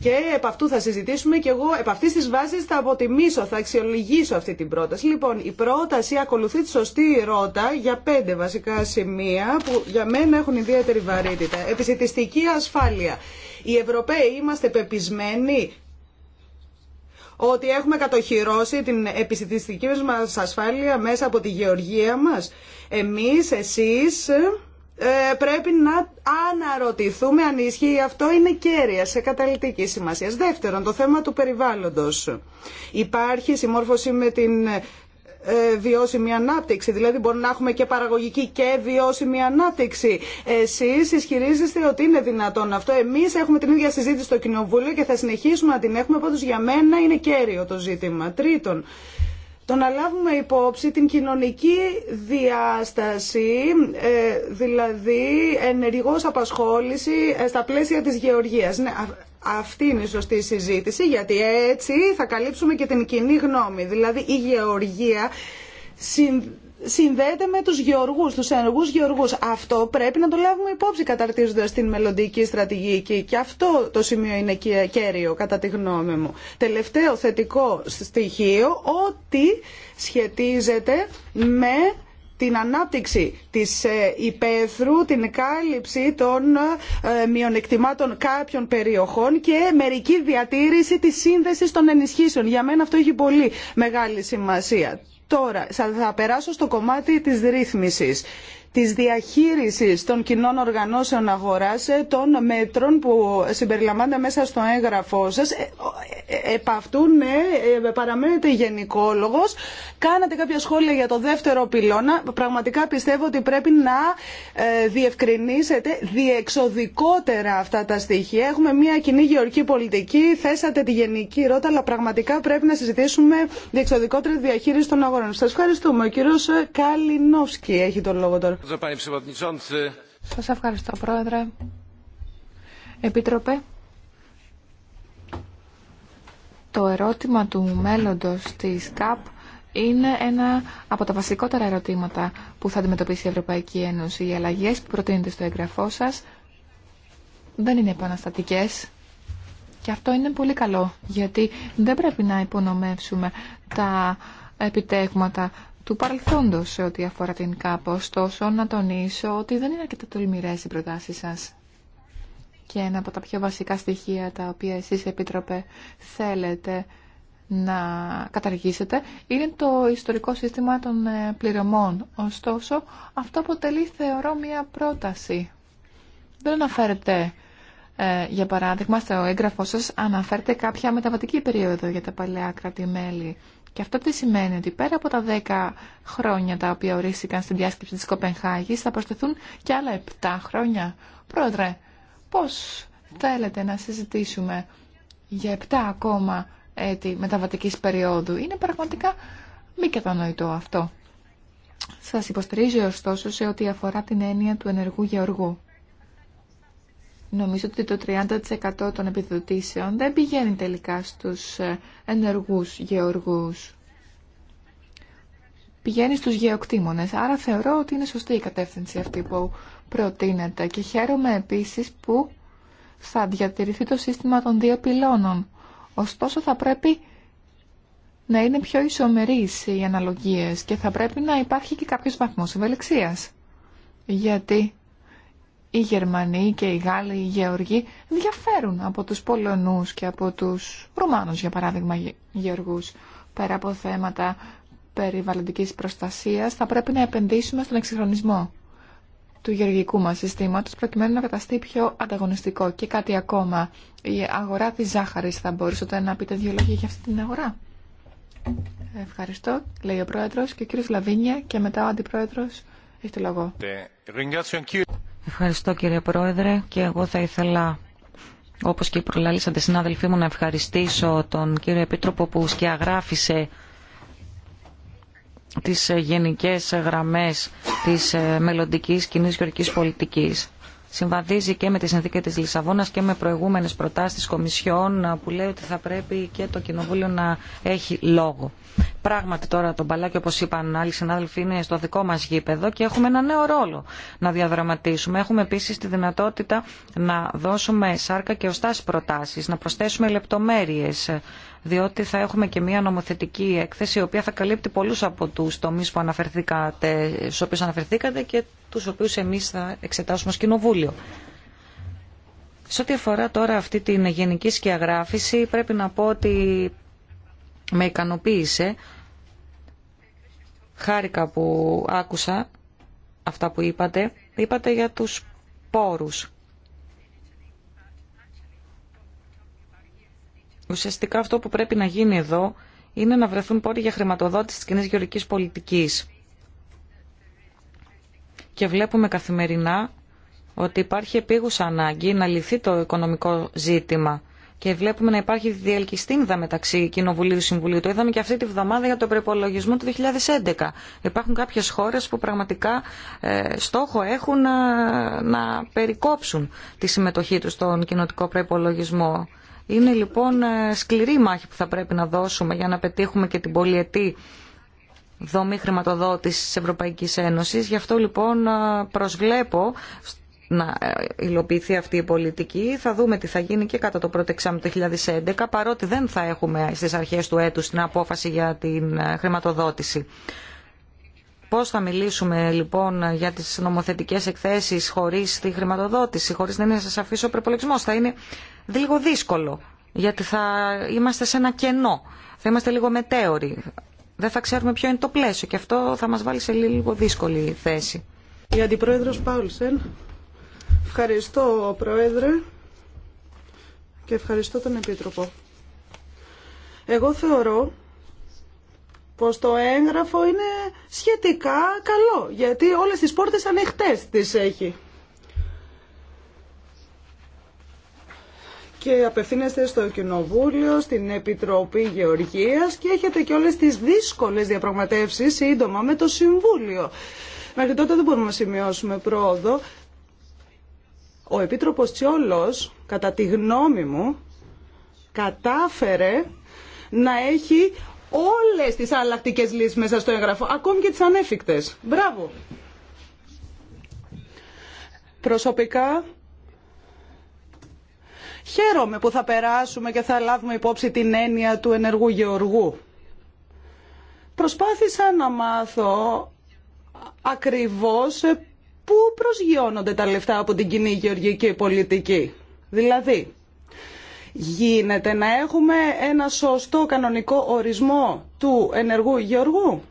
Και επ' αυτού θα συζητήσουμε και εγώ επ' αυτής της βάσης θα αποτιμήσω, θα αξιολογήσω αυτή την πρόταση. Λοιπόν, η πρόταση ακολουθεί τη σωστή ρότα για πέντε βασικά σημεία που για μένα έχουν ιδιαίτερη βαρύτητα. Επισητιστική ασφάλεια. Οι Ευρωπαίοι είμαστε πεπισμένοι ότι έχουμε κατοχυρώσει την επιστημιστική μας ασφάλεια μέσα από τη γεωργία μας. Εμείς, εσείς, ε, πρέπει να αναρωτηθούμε αν ισχύει αυτό είναι κέρια σε καταλητική σημασία. Δεύτερον, το θέμα του περιβάλλοντος. Υπάρχει συμμόρφωση με την ε, βιώσιμη ανάπτυξη. Δηλαδή μπορούμε να έχουμε και παραγωγική και βιώσιμη ανάπτυξη. Εσεί ισχυρίζεστε ότι είναι δυνατόν αυτό. Εμείς έχουμε την ίδια συζήτηση στο Κοινοβούλιο και θα συνεχίσουμε να την έχουμε. Πάντως για μένα είναι κέριο το ζήτημα. Τρίτον, το να λάβουμε υπόψη την κοινωνική διάσταση, ε, δηλαδή ενεργός απασχόληση ε, στα πλαίσια της γεωργίας. Ναι, αυτή είναι η σωστή συζήτηση γιατί έτσι θα καλύψουμε και την κοινή γνώμη. Δηλαδή η γεωργία συνδέεται με τους γεωργού, τους ενεργούς γεωργούς. Αυτό πρέπει να το λάβουμε υπόψη καταρτίζοντας την μελλοντική στρατηγική και αυτό το σημείο είναι κέριο κατά τη γνώμη μου. Τελευταίο θετικό στοιχείο ότι σχετίζεται με την ανάπτυξη της ε, υπαίθρου, την κάλυψη των ε, μειονεκτημάτων κάποιων περιοχών και μερική διατήρηση της σύνδεσης των ενισχύσεων. Για μένα αυτό έχει πολύ μεγάλη σημασία. Τώρα θα περάσω στο κομμάτι της ρύθμισης της διαχείρισης των κοινών οργανώσεων αγοράς ε, των μέτρων που συμπεριλαμβάνονται μέσα στο έγγραφό σας. Ε, ε, επ' αυτού, ναι, παραμένετε γενικόλογος. Κάνατε κάποια σχόλια για το δεύτερο πυλώνα. Πραγματικά πιστεύω ότι πρέπει να διευκρινίσετε διεξοδικότερα αυτά τα στοιχεία. Έχουμε μια κοινή γεωργική πολιτική, θέσατε τη γενική ρότα, αλλά πραγματικά πρέπει να συζητήσουμε διεξοδικότερα διαχείριση των αγορών. Σας ευχαριστούμε. Ο κύριος Καλινόφσκι έχει τον λόγο τώρα. Σας ευχαριστώ, Πρόεδρε. Επίτροπε, το ερώτημα του μέλλοντος της ΚΑΠ είναι ένα από τα βασικότερα ερωτήματα που θα αντιμετωπίσει η Ευρωπαϊκή Ένωση. Οι αλλαγές που προτείνετε στο εγγραφό σας δεν είναι επαναστατικές. Και αυτό είναι πολύ καλό, γιατί δεν πρέπει να υπονομεύσουμε τα επιτέγματα του παρελθόντος σε ό,τι αφορά την ΚΑΠ. Ωστόσο, να τονίσω ότι δεν είναι αρκετά τολμηρέ οι προτάσει σας. Και ένα από τα πιο βασικά στοιχεία τα οποία εσείς, Επίτροπε, θέλετε να καταργήσετε είναι το ιστορικό σύστημα των ε, πληρωμών. Ωστόσο, αυτό αποτελεί, θεωρώ, μία πρόταση. Δεν αναφέρεται, ε, για παράδειγμα, στο έγγραφό σας αναφέρεται κάποια μεταβατική περίοδο για τα παλαιά κράτη-μέλη. Και αυτό τι σημαίνει ότι πέρα από τα 10 χρόνια τα οποία ορίστηκαν στην διάσκεψη της Κοπενχάγης θα προσθεθούν και άλλα 7 χρόνια. Πρόεδρε, πώς θέλετε να συζητήσουμε για 7 ακόμα έτη μεταβατικής περίοδου. Είναι πραγματικά μη κατανοητό αυτό. Σας υποστηρίζω ωστόσο σε ό,τι αφορά την έννοια του ενεργού γεωργού. Νομίζω ότι το 30% των επιδοτήσεων δεν πηγαίνει τελικά στους ε, ενεργούς γεωργούς. Πηγαίνει στους γεωκτήμονες. Άρα θεωρώ ότι είναι σωστή η κατεύθυνση αυτή που προτείνεται. Και χαίρομαι επίσης που θα διατηρηθεί το σύστημα των δύο πυλώνων. Ωστόσο θα πρέπει να είναι πιο ισομερείς οι αναλογίες και θα πρέπει να υπάρχει και κάποιος βαθμός ευελιξίας. Γιατί οι Γερμανοί και οι Γάλλοι, οι Γεωργοί διαφέρουν από τους Πολωνούς και από τους Ρουμάνους, για παράδειγμα, Γεωργούς. Πέρα από θέματα περιβαλλοντικής προστασίας, θα πρέπει να επενδύσουμε στον εξυγχρονισμό του γεωργικού μας συστήματος, προκειμένου να καταστεί πιο ανταγωνιστικό. Και κάτι ακόμα, η αγορά της ζάχαρης, θα μπορούσατε να πείτε δύο λόγια για αυτή την αγορά. Ευχαριστώ, λέει ο Πρόεδρος και ο κύριος Λαβίνια και μετά ο Αντιπρόεδρος έχει το λόγο. Ε, Ευχαριστώ κύριε Πρόεδρε και εγώ θα ήθελα όπως και οι προλαλήσαντες συνάδελφοί μου να ευχαριστήσω τον κύριο Επίτροπο που σκιαγράφησε τις γενικές γραμμές της ε, μελλοντικής κοινής γεωργικής πολιτικής συμβαδίζει και με τη συνθήκη της Λισαβόνας και με προηγούμενες προτάσεις της που λέει ότι θα πρέπει και το Κοινοβούλιο να έχει λόγο. Πράγματι τώρα το μπαλάκι όπως είπαν άλλοι συνάδελφοι είναι στο δικό μας γήπεδο και έχουμε ένα νέο ρόλο να διαδραματίσουμε. Έχουμε επίσης τη δυνατότητα να δώσουμε σάρκα και οστά προτάσεις, να προσθέσουμε λεπτομέρειες διότι θα έχουμε και μια νομοθετική έκθεση η οποία θα καλύπτει πολλούς από τους τομείς που αναφερθήκατε, στους οποίους αναφερθήκατε και τους οποίους εμείς θα εξετάσουμε ως κοινοβούλιο. Σε ό,τι αφορά τώρα αυτή την γενική σκιαγράφηση πρέπει να πω ότι με ικανοποίησε χάρηκα που άκουσα αυτά που είπατε είπατε για τους πόρους Ουσιαστικά αυτό που πρέπει να γίνει εδώ είναι να βρεθούν πόροι για χρηματοδότηση της κοινή γεωργικής πολιτικής. Και βλέπουμε καθημερινά ότι υπάρχει επίγουσα ανάγκη να λυθεί το οικονομικό ζήτημα και βλέπουμε να υπάρχει διελκυστίνδα μεταξύ Κοινοβουλίου και Συμβουλίου. Το είδαμε και αυτή τη βδομάδα για τον προπολογισμό του 2011. Υπάρχουν κάποιες χώρες που πραγματικά ε, στόχο έχουν να, να περικόψουν τη συμμετοχή τους στον κοινοτικό προπολογισμό. Είναι λοιπόν ε, σκληρή μάχη που θα πρέπει να δώσουμε για να πετύχουμε και την πολιετή δομή χρηματοδότηση τη Ευρωπαϊκής Ένωση. Γι' αυτό λοιπόν ε, προσβλέπω να ε, υλοποιηθεί αυτή η πολιτική. Θα δούμε τι θα γίνει και κατά το πρώτο εξάμεινο του 2011, παρότι δεν θα έχουμε στις αρχές του έτους την απόφαση για την χρηματοδότηση. Πώ θα μιλήσουμε λοιπόν για τι νομοθετικέ εκθέσει χωρί τη χρηματοδότηση, χωρί να είναι σαφής ο προπολογισμό. Θα λίγο δύσκολο, γιατί θα είμαστε σε ένα κενό, θα είμαστε λίγο μετέωροι, δεν θα ξέρουμε ποιο είναι το πλαίσιο και αυτό θα μας βάλει σε λίγο δύσκολη θέση. Η Αντιπρόεδρος Πάουλσεν, ευχαριστώ Πρόεδρε και ευχαριστώ τον Επίτροπο. Εγώ θεωρώ πως το έγγραφο είναι σχετικά καλό, γιατί όλες τις πόρτες ανοιχτές τις έχει. και απευθύνεστε στο Κοινοβούλιο, στην Επιτροπή Γεωργίας και έχετε και όλες τις δύσκολες διαπραγματεύσεις σύντομα με το Συμβούλιο. Μέχρι τότε δεν μπορούμε να σημειώσουμε πρόοδο. Ο Επίτροπος Τσιόλος, κατά τη γνώμη μου, κατάφερε να έχει όλες τις αλλακτικές λύσεις μέσα στο έγγραφο, ακόμη και τις ανέφικτες. Μπράβο! Προσωπικά Χαίρομαι που θα περάσουμε και θα λάβουμε υπόψη την έννοια του ενεργού γεωργού. Προσπάθησα να μάθω ακριβώς πού προσγειώνονται τα λεφτά από την κοινή γεωργική πολιτική. Δηλαδή, γίνεται να έχουμε ένα σωστό κανονικό ορισμό του ενεργού γεωργού.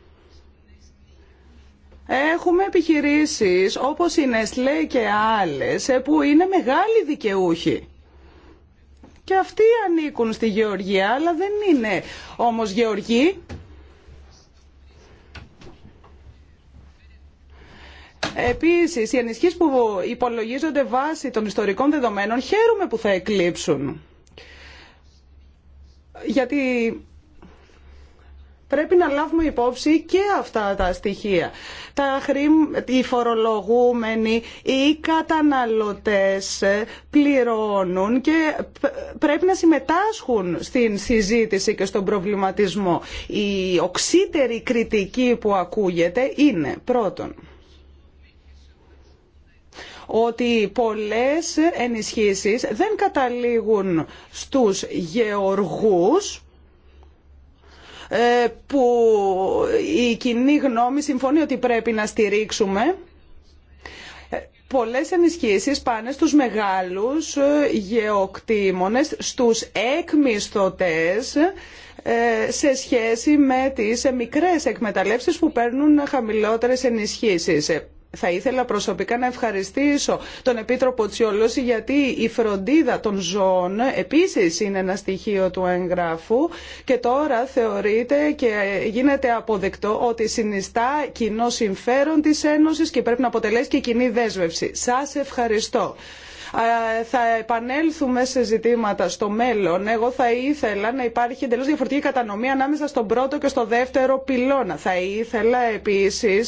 Έχουμε επιχειρήσεις όπως η Nestlé και άλλες που είναι μεγάλοι επιχειρησεις οπως η νεσλε και αλλες που ειναι μεγαλοι δικαιουχοι και αυτοί ανήκουν στη γεωργία, αλλά δεν είναι όμως γεωργοί. Επίσης, οι ενισχύσεις που υπολογίζονται βάσει των ιστορικών δεδομένων χαίρομαι που θα εκλείψουν. Γιατί πρέπει να λάβουμε υπόψη και αυτά τα στοιχεία. Τα Οι φορολογούμενοι, οι καταναλωτές ε, πληρώνουν και πρέπει να συμμετάσχουν στην συζήτηση και στον προβληματισμό. Η οξύτερη κριτική που ακούγεται είναι πρώτον ότι πολλές ενισχύσεις δεν καταλήγουν στους γεωργούς ε, που η κοινή γνώμη συμφωνεί ότι πρέπει να στηρίξουμε ε, πολλές ενισχύσεις πάνε στους μεγάλους ε, γεωκτήμονες, στους εκμισθωτές σε σχέση με τις μικρές εκμεταλλεύσεις που παίρνουν χαμηλότερες ενισχύσεις θα ήθελα προσωπικά να ευχαριστήσω τον Επίτροπο Τσιολώση γιατί η φροντίδα των ζώων επίσης είναι ένα στοιχείο του εγγράφου και τώρα θεωρείται και γίνεται αποδεκτό ότι συνιστά κοινό συμφέρον της Ένωσης και πρέπει να αποτελέσει και κοινή δέσμευση. Σας ευχαριστώ. Θα επανέλθουμε σε ζητήματα στο μέλλον. Εγώ θα ήθελα να υπάρχει εντελώ διαφορετική κατανομή ανάμεσα στον πρώτο και στο δεύτερο πυλώνα. Θα ήθελα επίση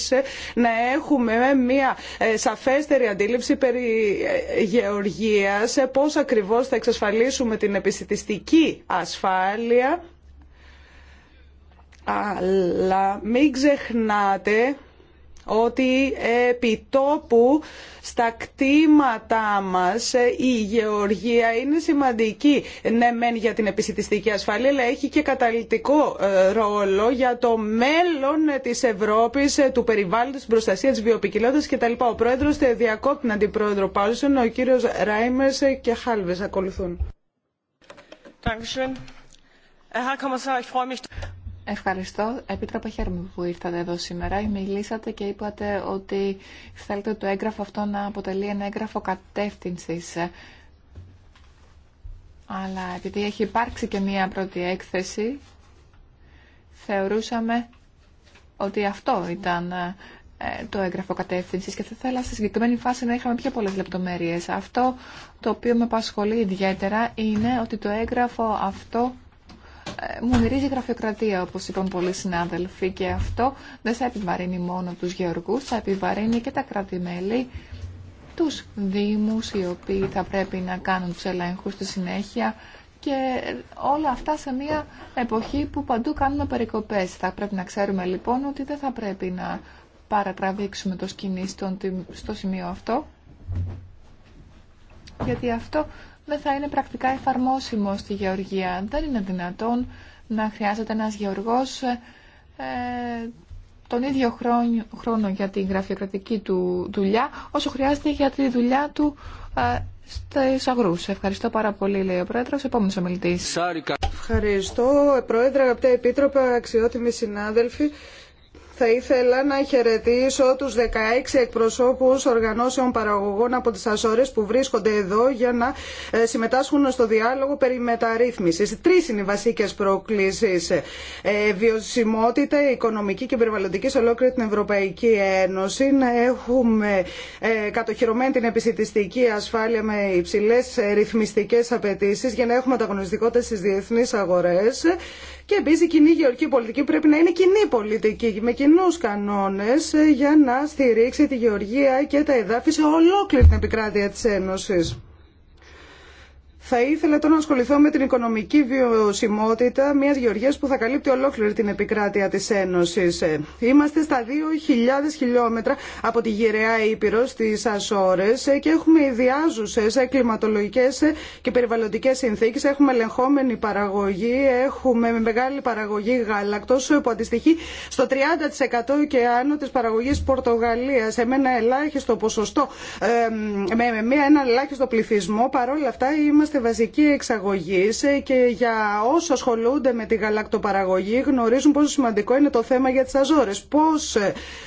να έχουμε μια ε, σαφέστερη αντίληψη περί ε, γεωργίας, πώς ακριβώς θα εξασφαλίσουμε την επιστημιστική ασφάλεια. Αλλά μην ξεχνάτε ότι επί τόπου στα κτήματά μας η γεωργία είναι σημαντική ναι μεν για την επιστημιστική ασφάλεια αλλά έχει και καταλητικό ε, ρόλο για το μέλλον της Ευρώπης, ε, του περιβάλλοντος, την προστασία της βιοποικιλότητας κτλ. Ο πρόεδρος ε, διακόπτει την αντιπρόεδρο Πάουσον, ο κύριος Ράιμερς και Χάλβες ακολουθούν. Ευχαριστώ. Επίτροπε χαίρομαι που ήρθατε εδώ σήμερα. Μιλήσατε και είπατε ότι θέλετε το έγγραφο αυτό να αποτελεί ένα έγγραφο κατεύθυνση. Αλλά επειδή έχει υπάρξει και μία πρώτη έκθεση, θεωρούσαμε ότι αυτό ήταν ε, το έγγραφο κατεύθυνση και θα ήθελα στη συγκεκριμένη φάση να είχαμε πιο πολλέ λεπτομέρειε. Αυτό το οποίο με απασχολεί ιδιαίτερα είναι ότι το έγγραφο αυτό μου μυρίζει γραφειοκρατία, όπω είπαν πολλοί συνάδελφοι, και αυτό δεν θα επιβαρύνει μόνο του γεωργού. θα επιβαρύνει και τα κρατημέλη τους δήμους, οι οποίοι θα πρέπει να κάνουν του ελέγχου στη συνέχεια και όλα αυτά σε μια εποχή που παντού κάνουμε περικοπές. Θα πρέπει να ξέρουμε λοιπόν ότι δεν θα πρέπει να παρατραβήξουμε το σκηνή στο σημείο αυτό, γιατί αυτό δεν θα είναι πρακτικά εφαρμόσιμο στη γεωργία. Δεν είναι δυνατόν να χρειάζεται ένας γεωργός ε, ε τον ίδιο χρόνο, για την γραφειοκρατική του δουλειά όσο χρειάζεται για τη δουλειά του ε, στις αγρούς. Ευχαριστώ πάρα πολύ, λέει ο Πρόεδρος. Επόμενος ομιλητής. Ευχαριστώ, Πρόεδρε, αγαπητέ Επίτροπε, αξιότιμοι συνάδελφοι. Θα ήθελα να χαιρετήσω τους 16 εκπροσώπους οργανώσεων παραγωγών από τις Ασόρες που βρίσκονται εδώ για να ε, συμμετάσχουν στο διάλογο περί μεταρρύθμισης. Τρεις είναι οι βασικές προκλήσεις. Ε, βιωσιμότητα, οικονομική και περιβαλλοντική σε ολόκληρη την Ευρωπαϊκή Ένωση. Να έχουμε ε, κατοχυρωμένη την επιστημιστική ασφάλεια με υψηλές ρυθμιστικές απαιτήσεις για να έχουμε ανταγωνιστικότητα στις διεθνείς αγορές και επίση η κοινή γεωργική πολιτική πρέπει να είναι κοινή πολιτική με κοινού κανόνε ε, για να στηρίξει τη γεωργία και τα εδάφη σε ολόκληρη την επικράτεια τη Ένωση. Θα ήθελα τώρα να ασχοληθώ με την οικονομική βιωσιμότητα μια γεωργία που θα καλύπτει ολόκληρη την επικράτεια τη Ένωση. Είμαστε στα 2.000 χιλιόμετρα από τη γυραιά Ήπειρο στι Ασόρε και έχουμε ιδιάζουσε κλιματολογικέ και περιβαλλοντικέ συνθήκε. Έχουμε ελεγχόμενη παραγωγή, έχουμε μεγάλη παραγωγή γάλακτο που αντιστοιχεί στο 30% και άνω τη παραγωγή Πορτογαλία. Σε ένα ελάχιστο ποσοστό, ε, με ένα ελάχιστο πληθυσμό. Παρόλα αυτά είμαστε βασική εξαγωγή και για όσου ασχολούνται με τη γαλακτοπαραγωγή γνωρίζουν πόσο σημαντικό είναι το θέμα για τι Αζόρε. Πώ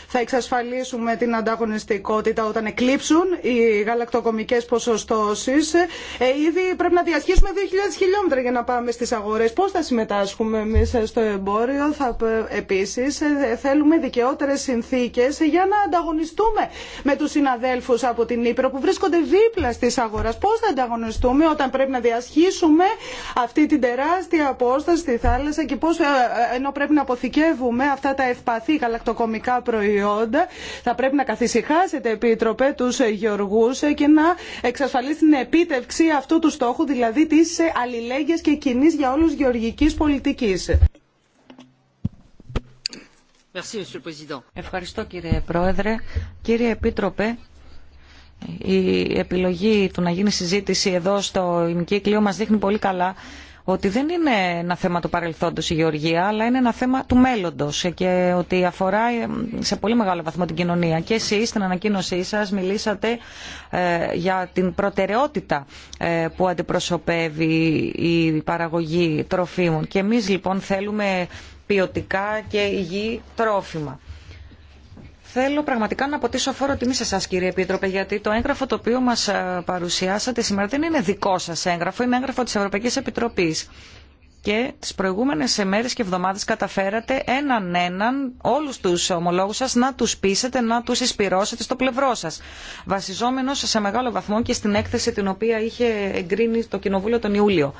θα εξασφαλίσουμε την ανταγωνιστικότητα όταν εκλείψουν οι γαλακτοκομικέ ποσοστώσει. Ε, ήδη πρέπει να διασχίσουμε 2.000 χιλιόμετρα για να πάμε στι αγορέ. Πώ θα συμμετάσχουμε εμεί στο εμπόριο. Θα, επίσης ε, θέλουμε δικαιότερε συνθήκε για να ανταγωνιστούμε με του συναδέλφου από την Ήπειρο που βρίσκονται δίπλα στι αγορέ. Πώ θα ανταγωνιστούμε όταν πρέπει να διασχίσουμε αυτή την τεράστια απόσταση στη θάλασσα και πώς ε, ε, ενώ πρέπει να αποθηκεύουμε αυτά τα ευπαθή γαλακτοκομικά προϊόντα θα πρέπει να καθησυχάσετε επίτροπε τους γεωργούς και να εξασφαλίσει την επίτευξη αυτού του στόχου δηλαδή της ε, αλληλέγγυας και κοινή για όλους γεωργικής πολιτικής. Ευχαριστώ κύριε Πρόεδρε. Κύριε Επίτροπε, η επιλογή του να γίνει συζήτηση εδώ στο ημικύκλιο μας δείχνει πολύ καλά ότι δεν είναι ένα θέμα του παρελθόντος η γεωργία, αλλά είναι ένα θέμα του μέλλοντος και ότι αφορά ε, σε πολύ μεγάλο βαθμό την κοινωνία. Και εσείς στην ανακοίνωσή σας μιλήσατε ε, για την προτεραιότητα ε, που αντιπροσωπεύει η παραγωγή τροφίμων. Και εμείς λοιπόν θέλουμε ποιοτικά και υγιή τρόφιμα θέλω πραγματικά να αποτίσω φόρο τιμή σε εσά, κύριε Επίτροπε, γιατί το έγγραφο το οποίο μα ε, παρουσιάσατε σήμερα δεν είναι δικό σα έγγραφο, είναι έγγραφο τη Ευρωπαϊκή Επιτροπή. Και τι προηγούμενε μέρε και εβδομάδε καταφέρατε έναν έναν όλου του ομολόγου σα να του πείσετε, να του εισπυρώσετε στο πλευρό σα. Βασιζόμενο σε μεγάλο βαθμό και στην έκθεση την οποία είχε εγκρίνει το Κοινοβούλιο τον Ιούλιο.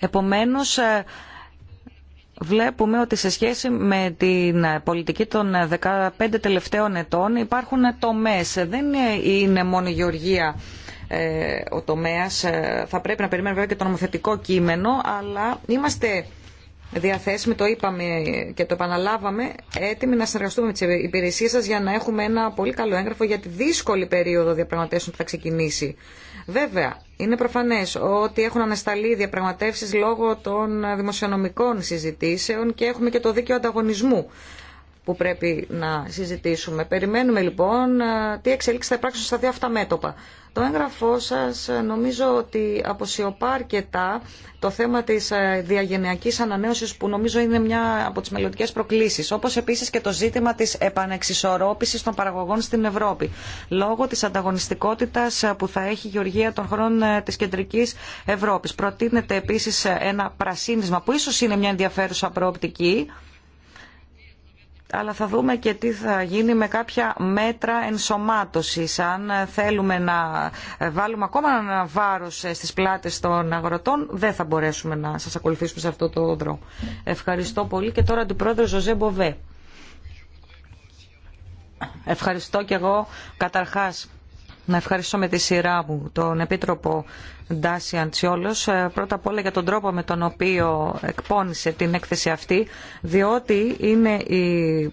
Επομένω. Ε, βλέπουμε ότι σε σχέση με την πολιτική των 15 τελευταίων ετών υπάρχουν τομές. Δεν είναι μόνο η γεωργία ε, ο τομέας. Ε, θα πρέπει να περιμένουμε βέβαια και το νομοθετικό κείμενο, αλλά είμαστε διαθέσιμοι, το είπαμε και το επαναλάβαμε, έτοιμοι να συνεργαστούμε με τις υπηρεσίες σας για να έχουμε ένα πολύ καλό έγγραφο για τη δύσκολη περίοδο διαπραγματεύσεων που θα ξεκινήσει. Βέβαια, είναι προφανές ότι έχουν ανασταλεί οι διαπραγματεύσεις λόγω των δημοσιονομικών συζητήσεων και έχουμε και το δίκαιο ανταγωνισμού που πρέπει να συζητήσουμε. Περιμένουμε λοιπόν τι εξέλιξη θα υπάρξουν στα δύο αυτά μέτωπα. Το έγγραφό σας νομίζω ότι αποσιωπά αρκετά το θέμα της διαγενειακής ανανέωσης που νομίζω είναι μια από τις μελλοντικές προκλήσεις, όπως επίσης και το ζήτημα της επανεξισορρόπησης των παραγωγών στην Ευρώπη, λόγω της ανταγωνιστικότητας που θα έχει η γεωργία των χρόνων της κεντρικής Ευρώπης. Προτείνεται επίσης ένα πρασίνισμα που ίσως είναι μια ενδιαφέρουσα προοπτική, αλλά θα δούμε και τι θα γίνει με κάποια μέτρα ενσωμάτωσης. Αν θέλουμε να βάλουμε ακόμα ένα βάρος στις πλάτες των αγροτών, δεν θα μπορέσουμε να σας ακολουθήσουμε σε αυτό το δρόμο. Ευχαριστώ πολύ και τώρα την πρόεδρο Ζωζέ Μποβέ. Ευχαριστώ και εγώ καταρχάς να ευχαριστώ με τη σειρά μου τον Επίτροπο Ντάσιαν Τσιόλο. Ε, πρώτα απ' όλα για τον τρόπο με τον οποίο εκπώνησε την έκθεση αυτή, διότι είναι η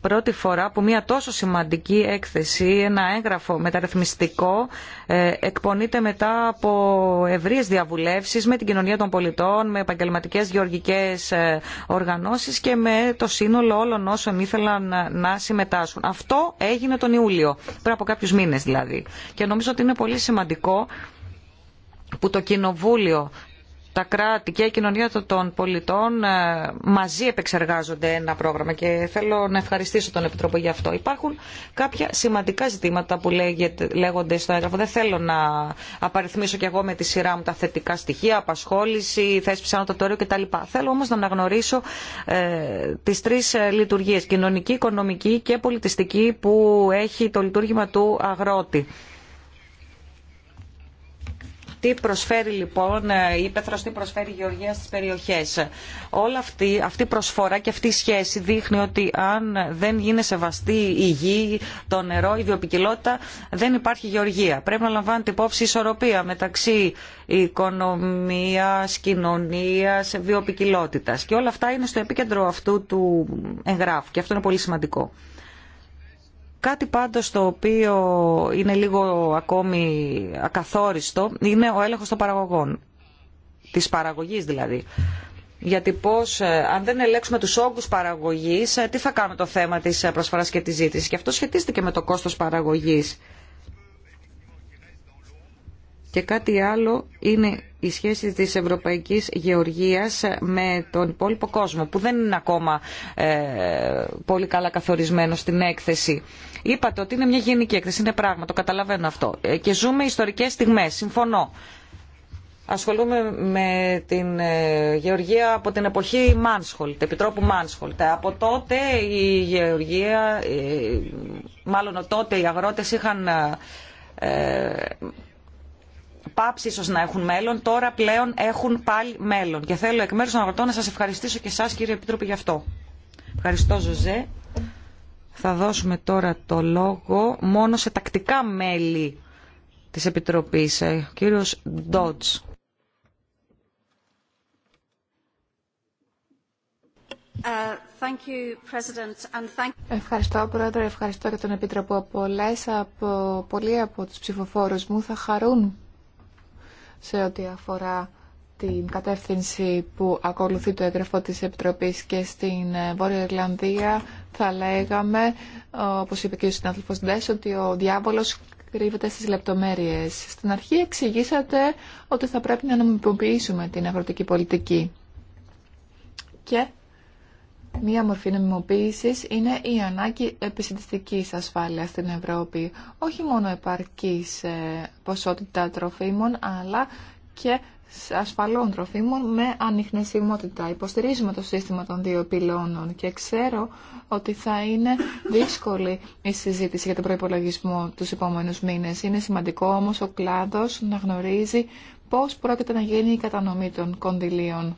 πρώτη φορά που μια τόσο σημαντική έκθεση, ένα έγγραφο μεταρρυθμιστικό, ε, εκπονείται μετά από ευρείες διαβουλεύσεις με την κοινωνία των πολιτών, με επαγγελματικές γεωργικές ε, οργανώσεις και με το σύνολο όλων όσων ήθελαν να συμμετάσχουν. Αυτό έγινε τον Ιούλιο, πριν από κάποιους μήνες δηλαδή. Και νομίζω ότι είναι πολύ σημαντικό που το Κοινοβούλιο, τα κράτη και η κοινωνία των πολιτών ε, μαζί επεξεργάζονται ένα πρόγραμμα και θέλω να ευχαριστήσω τον Επιτρόπο για αυτό. Υπάρχουν κάποια σημαντικά ζητήματα που λέγεται, λέγονται στο έγγραφο. Δεν θέλω να απαριθμίσω κι εγώ με τη σειρά μου τα θετικά στοιχεία, απασχόληση, θέση ψανοτατορίου κτλ. Θέλω όμως να αναγνωρίσω ε, τις τρεις ε, λειτουργίες, κοινωνική, οικονομική και πολιτιστική που έχει το λειτουργήμα του αγρότη. Τι προσφέρει λοιπόν ε, η Πέθρος, τι προσφέρει η Γεωργία στις περιοχές. Όλη αυτή, αυτή η προσφορά και αυτή η σχέση δείχνει ότι αν δεν γίνει σεβαστή η γη, το νερό, η βιοπικιλότητα, δεν υπάρχει γεωργία. Πρέπει να λαμβάνεται υπόψη ισορροπία μεταξύ οικονομίας, κοινωνίας, βιοπικιλότητας. Και όλα αυτά είναι στο επίκεντρο αυτού του εγγράφου και αυτό είναι πολύ σημαντικό. Κάτι πάντως το οποίο είναι λίγο ακόμη ακαθόριστο είναι ο έλεγχος των παραγωγών. Της παραγωγής δηλαδή. Γιατί πώς, ε, αν δεν ελέγξουμε τους όγκους παραγωγής, ε, τι θα κάνουμε το θέμα της ε, προσφοράς και της ζήτησης. Και αυτό σχετίστηκε με το κόστος παραγωγής. Και κάτι άλλο είναι η σχέση της Ευρωπαϊκής Γεωργίας με τον υπόλοιπο κόσμο, που δεν είναι ακόμα ε, πολύ καλά καθορισμένο στην έκθεση. Είπατε ότι είναι μια γενική έκθεση, είναι πράγμα, το καταλαβαίνω αυτό. Ε, και ζούμε ιστορικές στιγμές, συμφωνώ. Ασχολούμαι με την ε, γεωργία από την εποχή Μάνσχολτ, επιτρόπου Μάνσχολτ. Από τότε η γεωργία, μάλλον τότε οι αγρότες είχαν πάψει ίσως να έχουν μέλλον, τώρα πλέον έχουν πάλι μέλλον. Και θέλω εκ μέρους των αγροτών να σας ευχαριστήσω και εσάς κύριε Επίτροπη για αυτό. Ευχαριστώ Ζωζέ. Θα δώσουμε τώρα το λόγο μόνο σε τακτικά μέλη της Επιτροπής. Ε, κύριος Ντότζ. Ευχαριστώ, Πρόεδρε. Ευχαριστώ και τον Επίτροπο. από, πολλοί από τους ψηφοφόρους μου θα χαρούν σε ό,τι αφορά την κατεύθυνση που ακολουθεί το έγγραφο της Επιτροπής και στην ε, Βόρεια Ιρλανδία θα λέγαμε, όπως είπε και ο συνάδελφος Ντές, ότι ο διάβολος κρύβεται στις λεπτομέρειες. Στην αρχή εξηγήσατε ότι θα πρέπει να νομιμοποιήσουμε την αγροτική πολιτική. Και Μία μορφή νομιμοποίηση είναι η ανάγκη επισυντηστική ασφάλεια στην Ευρώπη. Όχι μόνο επαρκής ε, ποσότητα τροφίμων, αλλά και ασφαλών τροφίμων με ανιχνεσιμότητα. Υποστηρίζουμε το σύστημα των δύο πυλώνων και ξέρω ότι θα είναι δύσκολη η συζήτηση για τον προπολογισμό του επόμενου μήνες. Είναι σημαντικό όμω ο κλάδο να γνωρίζει πώ πρόκειται να γίνει η κατανομή των κονδυλίων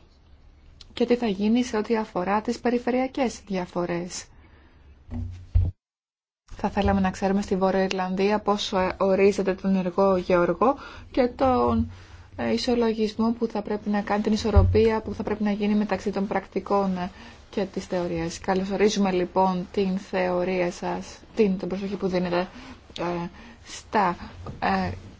και τι θα γίνει σε ό,τι αφορά τις περιφερειακές διαφορές. Θα θέλαμε να ξέρουμε στη Βόρεια Ιρλανδία πώς ε, ορίζεται τον εργό γεωργό και τον ε, ισολογισμό που θα πρέπει να κάνει, την ισορροπία που θα πρέπει να γίνει μεταξύ των πρακτικών ε, και της θεωρίας. Καλωσορίζουμε λοιπόν την θεωρία σας, την, την προσοχή που δίνετε στα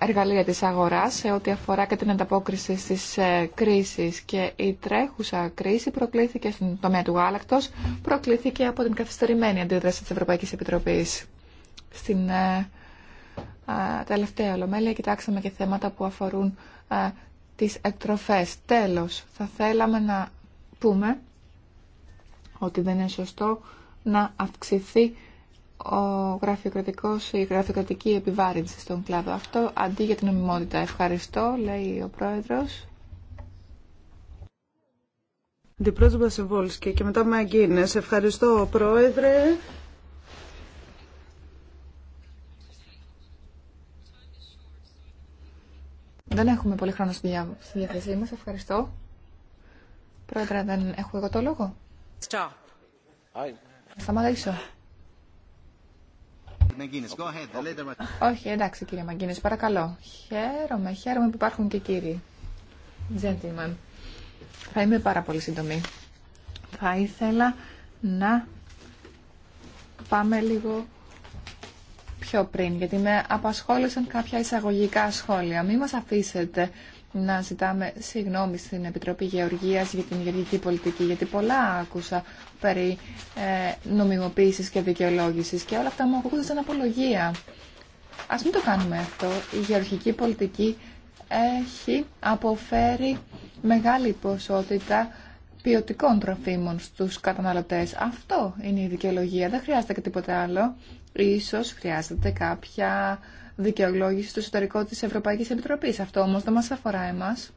εργαλεία της αγοράς σε ό,τι αφορά και την ανταπόκριση στις ε, κρίσεις και η τρέχουσα κρίση προκλήθηκε στην τομέα του γάλακτος, προκλήθηκε από την καθυστερημένη αντίδραση της Ευρωπαϊκής Επιτροπής. Στην ε, τελευταία ολομέλεια κοιτάξαμε και θέματα που αφορούν ε, τις εκτροφές. Τέλος, θα θέλαμε να πούμε ότι δεν είναι σωστό να αυξηθεί ο γραφειοκρατικός, η γραφειοκρατική επιβάρυνση στον κλάδο αυτό αντί για την νομιμότητα. Ευχαριστώ, λέει ο Πρόεδρος. και μετά Ευχαριστώ, Πρόεδρε. Δεν έχουμε πολύ χρόνο στη διάθεσή μας. Ευχαριστώ. Πρόεδρε, δεν έχω εγώ το λόγο. Stop. Σταματήσω. Όχι, εντάξει κύριε Μαγκίνε, παρακαλώ. Χαίρομαι, χαίρομαι που υπάρχουν και κύριοι. Gentlemen. Θα είμαι πάρα πολύ σύντομη. Θα ήθελα να πάμε λίγο πιο πριν, γιατί με απασχόλησαν κάποια εισαγωγικά σχόλια. Μην μας αφήσετε να ζητάμε συγγνώμη στην Επιτροπή Γεωργίας για την γεωργική πολιτική, γιατί πολλά άκουσα περί ε, νομιμοποίησης και δικαιολόγησης και όλα αυτά μου ακούγονται σαν απολογία. Ας μην το κάνουμε αυτό. Η γεωργική πολιτική έχει αποφέρει μεγάλη ποσότητα ποιοτικών τροφίμων στους καταναλωτές. Αυτό είναι η δικαιολογία. Δεν χρειάζεται και τίποτε άλλο. Ίσως χρειάζεται κάποια δικαιολόγηση στο εσωτερικό της Ευρωπαϊκής Επιτροπής. Αυτό όμως δεν μας αφορά εμάς.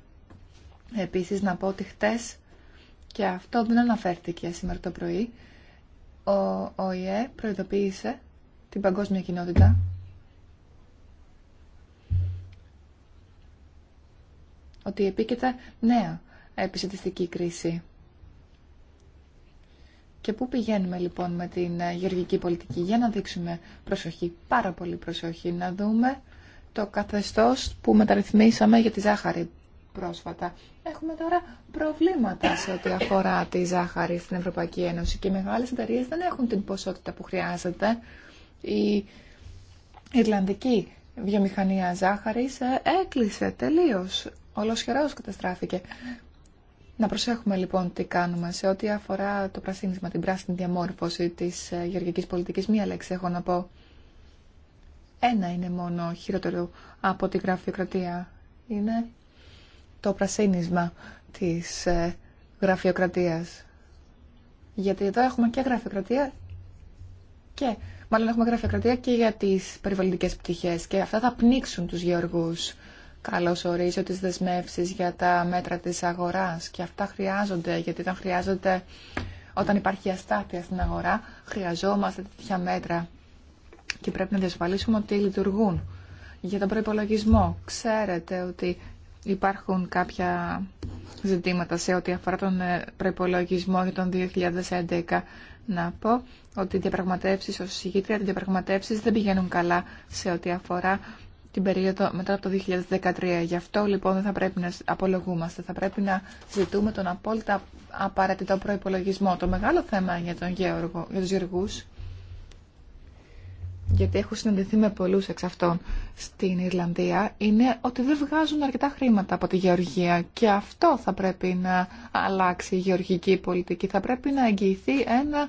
Επίσης να πω ότι χτες και αυτό δεν αναφέρθηκε σήμερα το πρωί, ο ΟΗΕ προειδοποίησε την παγκόσμια κοινότητα ότι επίκειται νέα επισκεπτική κρίση. Και πού πηγαίνουμε λοιπόν με την ε, γεωργική πολιτική για να δείξουμε προσοχή, πάρα πολύ προσοχή, να δούμε το καθεστώς που μεταρρυθμίσαμε για τη ζάχαρη πρόσφατα. Έχουμε τώρα προβλήματα σε ό,τι αφορά τη ζάχαρη στην Ευρωπαϊκή Ένωση και οι μεγάλες εταιρείε δεν έχουν την ποσότητα που χρειάζεται. Η Ιρλανδική βιομηχανία ζάχαρης ε, έκλεισε τελείως. Ολοσχερός καταστράφηκε. Να προσέχουμε λοιπόν τι κάνουμε σε ό,τι αφορά το πρασίνισμα, την πράσινη διαμόρφωση της ε, γεωργικής πολιτικής. Μία λέξη έχω να πω. Ένα είναι μόνο χειρότερο από τη γραφειοκρατία. Είναι το πρασίνισμα της ε, γραφειοκρατίας. Γιατί εδώ έχουμε και γραφειοκρατία και μάλλον έχουμε γραφειοκρατία και για τις περιβαλλοντικές πτυχές και αυτά θα πνίξουν τους γεωργούς. Καλώ ορίζω τις δεσμεύσεις για τα μέτρα της αγοράς και αυτά χρειάζονται γιατί όταν χρειάζονται όταν υπάρχει αστάθεια στην αγορά χρειαζόμαστε τέτοια μέτρα και πρέπει να διασφαλίσουμε ότι λειτουργούν. Για τον προπολογισμό, ξέρετε ότι Υπάρχουν κάποια ζητήματα σε ό,τι αφορά τον ε, προπολογισμό για τον 2011. Να πω ότι οι διαπραγματεύσει, ω συγκήτρια, οι διαπραγματεύσει δεν πηγαίνουν καλά σε ό,τι αφορά την περίοδο μετά από το 2013. Γι' αυτό λοιπόν δεν θα πρέπει να απολογούμαστε. Θα πρέπει να ζητούμε τον απόλυτα απαραίτητο προπολογισμό. Το μεγάλο θέμα για, τον Γεωργο, για τους γεωργούς γιατί έχω συναντηθεί με πολλούς εξ αυτών στην Ιρλανδία, είναι ότι δεν βγάζουν αρκετά χρήματα από τη γεωργία και αυτό θα πρέπει να αλλάξει η γεωργική πολιτική. Θα πρέπει να εγγυηθεί ένα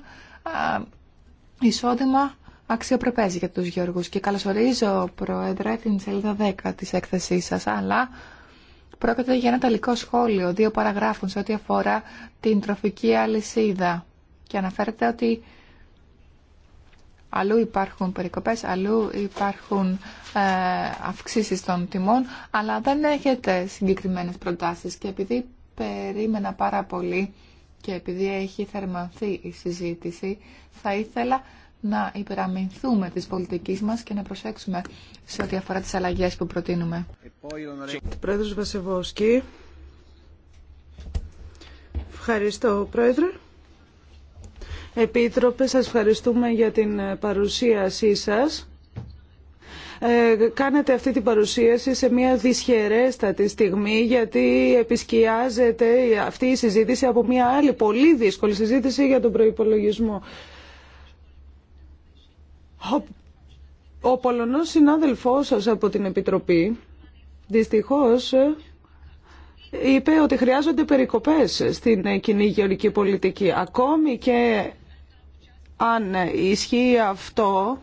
εισόδημα αξιοπρεπές για τους γεωργούς. Και καλωσορίζω, Πρόεδρε, την σελίδα 10 της έκθεσής σας, αλλά... Πρόκειται για ένα τελικό σχόλιο, δύο παραγράφων σε ό,τι αφορά την τροφική αλυσίδα. Και αναφέρεται ότι Αλλού υπάρχουν περικοπές, αλλού υπάρχουν ε, αυξήσεις των τιμών, αλλά δεν έχετε συγκεκριμένες προτάσεις. Και επειδή περίμενα πάρα πολύ και επειδή έχει θερμανθεί η συζήτηση, θα ήθελα να υπεραμεινθούμε της πολιτικής μας και να προσέξουμε σε ό,τι αφορά τις αλλαγές που προτείνουμε. Πρόεδρος Βασεβόσκη. Ευχαριστώ, Πρόεδρε. Επίτροπε, σας ευχαριστούμε για την παρουσίασή σας. Ε, κάνετε αυτή την παρουσίαση σε μια δυσχερέστατη στιγμή γιατί επισκιάζεται αυτή η συζήτηση από μια άλλη πολύ δύσκολη συζήτηση για τον προϋπολογισμό. Ο, ο Πολωνός συνάδελφός σας από την Επιτροπή δυστυχώς είπε ότι χρειάζονται περικοπές στην κοινή γεωρική πολιτική. Ακόμη και αν ισχύει αυτό,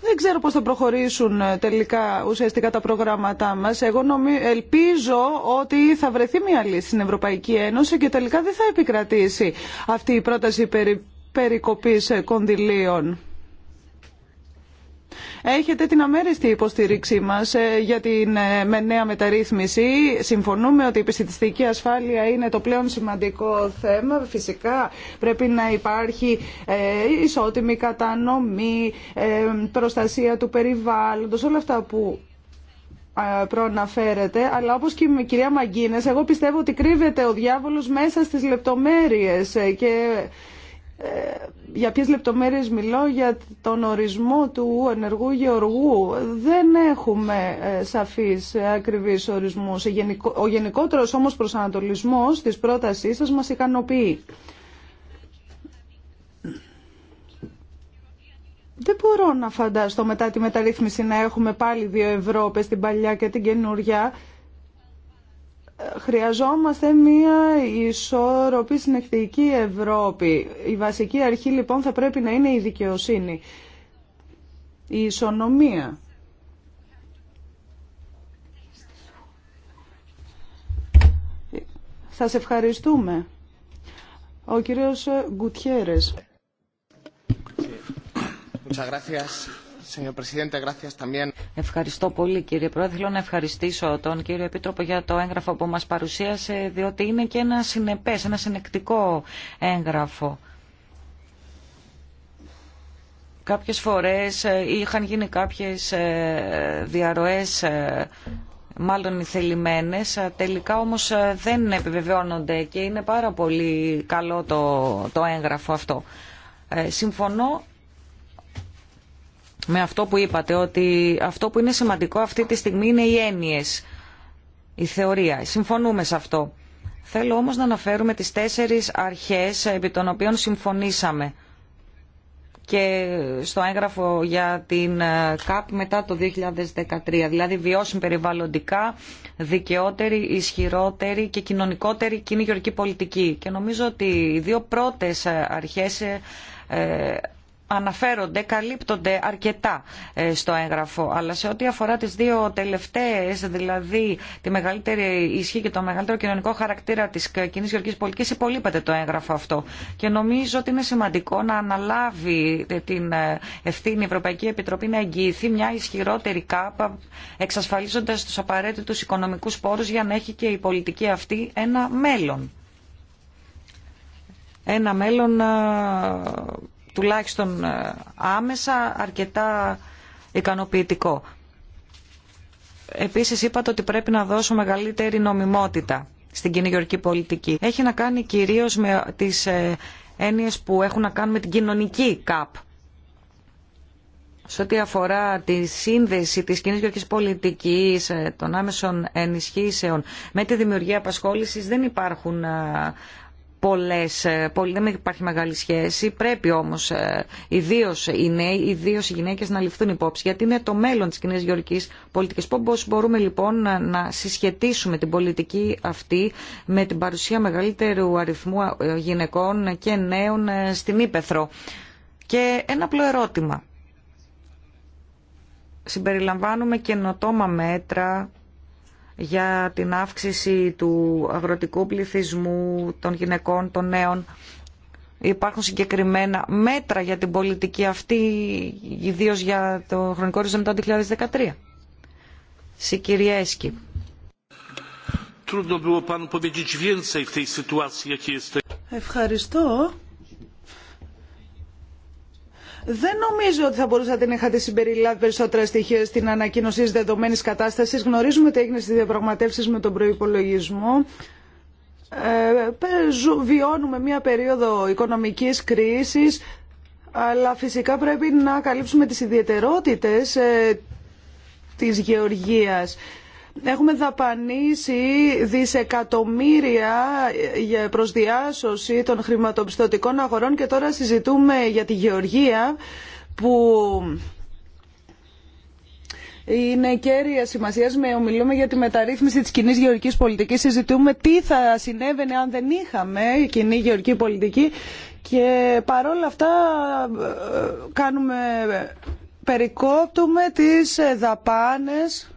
δεν ξέρω πώς θα προχωρήσουν τελικά ουσιαστικά τα προγράμματά μας. Εγώ νομίζω ελπίζω ότι θα βρεθεί μια λύση στην Ευρωπαϊκή Ένωση και τελικά δεν θα επικρατήσει αυτή η πρόταση περί περικοπής κονδυλίων. Έχετε την αμέριστη υποστήριξή μας ε, για την ε, με νέα μεταρρύθμιση. Συμφωνούμε ότι η επιστημιστική ασφάλεια είναι το πλέον σημαντικό θέμα. Φυσικά πρέπει να υπάρχει ε, ισότιμη κατανομή, προστασία του περιβάλλοντος, όλα αυτά που προαναφέρεται, αλλά όπως και η κυρία Μαγκίνες, εγώ πιστεύω ότι κρύβεται ο διάβολος μέσα στις λεπτομέρειες και ε, για ποιες λεπτομέρειες μιλώ για τον ορισμό του ενεργού γεωργού. Δεν έχουμε ε, σαφείς ε, ακριβείς ορισμούς. Ο γενικότερος όμως προσανατολισμός της πρότασής σας μας ικανοποιεί. Δεν μπορώ να φανταστώ μετά τη μεταρρύθμιση να έχουμε πάλι δύο Ευρώπες, την παλιά και την καινούρια χρειαζόμαστε μια ισορροπή στην Ευρώπη. Η βασική αρχή λοιπόν θα πρέπει να είναι η δικαιοσύνη, η ισονομία. Θα ευχαριστούμε. Ο κύριος Γκουτιέρες. Muchas gracias. Ευχαριστώ πολύ κύριε Πρόεδρε. Θέλω να ευχαριστήσω τον κύριο Επίτροπο για το έγγραφο που μας παρουσίασε, διότι είναι και ένα συνεπές, ένα συνεκτικό έγγραφο. Κάποιες φορές ε, είχαν γίνει κάποιες ε, διαρροές ε, μάλλον οι τελικά όμως δεν επιβεβαιώνονται και είναι πάρα πολύ καλό το, το έγγραφο αυτό. Συμφωνώ με αυτό που είπατε, ότι αυτό που είναι σημαντικό αυτή τη στιγμή είναι οι έννοιες, η θεωρία. Συμφωνούμε σε αυτό. Θέλω όμως να αναφέρουμε τις τέσσερις αρχές επί των οποίων συμφωνήσαμε και στο έγγραφο για την ε, ΚΑΠ μετά το 2013. Δηλαδή βιώσιμη περιβαλλοντικά, δικαιότερη, ισχυρότερη και κοινωνικότερη κοινή γεωργική πολιτική. Και νομίζω ότι οι δύο πρώτες ε, αρχές ε, αναφέρονται, καλύπτονται αρκετά ε, στο έγγραφο. Αλλά σε ό,τι αφορά τις δύο τελευταίες, δηλαδή τη μεγαλύτερη ισχύ και το μεγαλύτερο κοινωνικό χαρακτήρα της κοινή γεωργικής πολιτικής, υπολείπεται το έγγραφο αυτό. Και νομίζω ότι είναι σημαντικό να αναλάβει την ε, ευθύνη η Ευρωπαϊκή Επιτροπή να εγγυηθεί μια ισχυρότερη ΚΑΠΑ, εξασφαλίζοντας τους απαραίτητους οικονομικούς πόρους για να έχει και η πολιτική αυτή ένα μέλλον. Ένα μέλλον ε, τουλάχιστον ε, άμεσα αρκετά ικανοποιητικό. Επίσης είπατε ότι πρέπει να δώσουμε μεγαλύτερη νομιμότητα στην κοινή πολιτική. Έχει να κάνει κυρίως με τις ε, έννοιες που έχουν να κάνουν με την κοινωνική ΚΑΠ. Σε ό,τι αφορά τη σύνδεση της κοινή γεωργικής πολιτικής ε, των άμεσων ενισχύσεων με τη δημιουργία απασχόλησης δεν υπάρχουν πολλές, ε, πολλές, δεν υπάρχει μεγάλη σχέση. Πρέπει όμως ε, ιδίω οι νέοι, ιδίω οι γυναίκες να ληφθούν υπόψη, γιατί είναι το μέλλον της κοινή γεωργικής πολιτικής. Πώς μπορούμε λοιπόν να, να συσχετίσουμε την πολιτική αυτή με την παρουσία μεγαλύτερου αριθμού ε, γυναικών και νέων στην Ήπεθρο. Και ένα απλό ερώτημα. Συμπεριλαμβάνουμε καινοτόμα μέτρα για την αύξηση του αγροτικού πληθυσμού, των γυναικών, των νέων. Υπάρχουν συγκεκριμένα μέτρα για την πολιτική αυτή, ιδίως για το χρονικό μετά το 2013. Σικυριέσκη. Ευχαριστώ. Δεν νομίζω ότι θα μπορούσατε να είχατε συμπεριλάβει περισσότερα στοιχεία στην ανακοίνωση τη δεδομένη κατάσταση. Γνωρίζουμε τι έγινε στι διαπραγματεύσει με τον προπολογισμό. Ε, βιώνουμε μια περίοδο οικονομικής κρίσης αλλά φυσικά πρέπει να καλύψουμε τις ιδιαιτερότητες ε, της γεωργίας. Έχουμε δαπανίσει δισεκατομμύρια προς διάσωση των χρηματοπιστωτικών αγορών και τώρα συζητούμε για τη γεωργία που είναι κέρια σημασία. Με ομιλούμε για τη μεταρρύθμιση τη κοινή γεωργική πολιτική. Συζητούμε τι θα συνέβαινε αν δεν είχαμε κοινή γεωργική πολιτική. Και παρόλα αυτά ε, κάνουμε, ε, περικόπτουμε τις ε, δαπάνες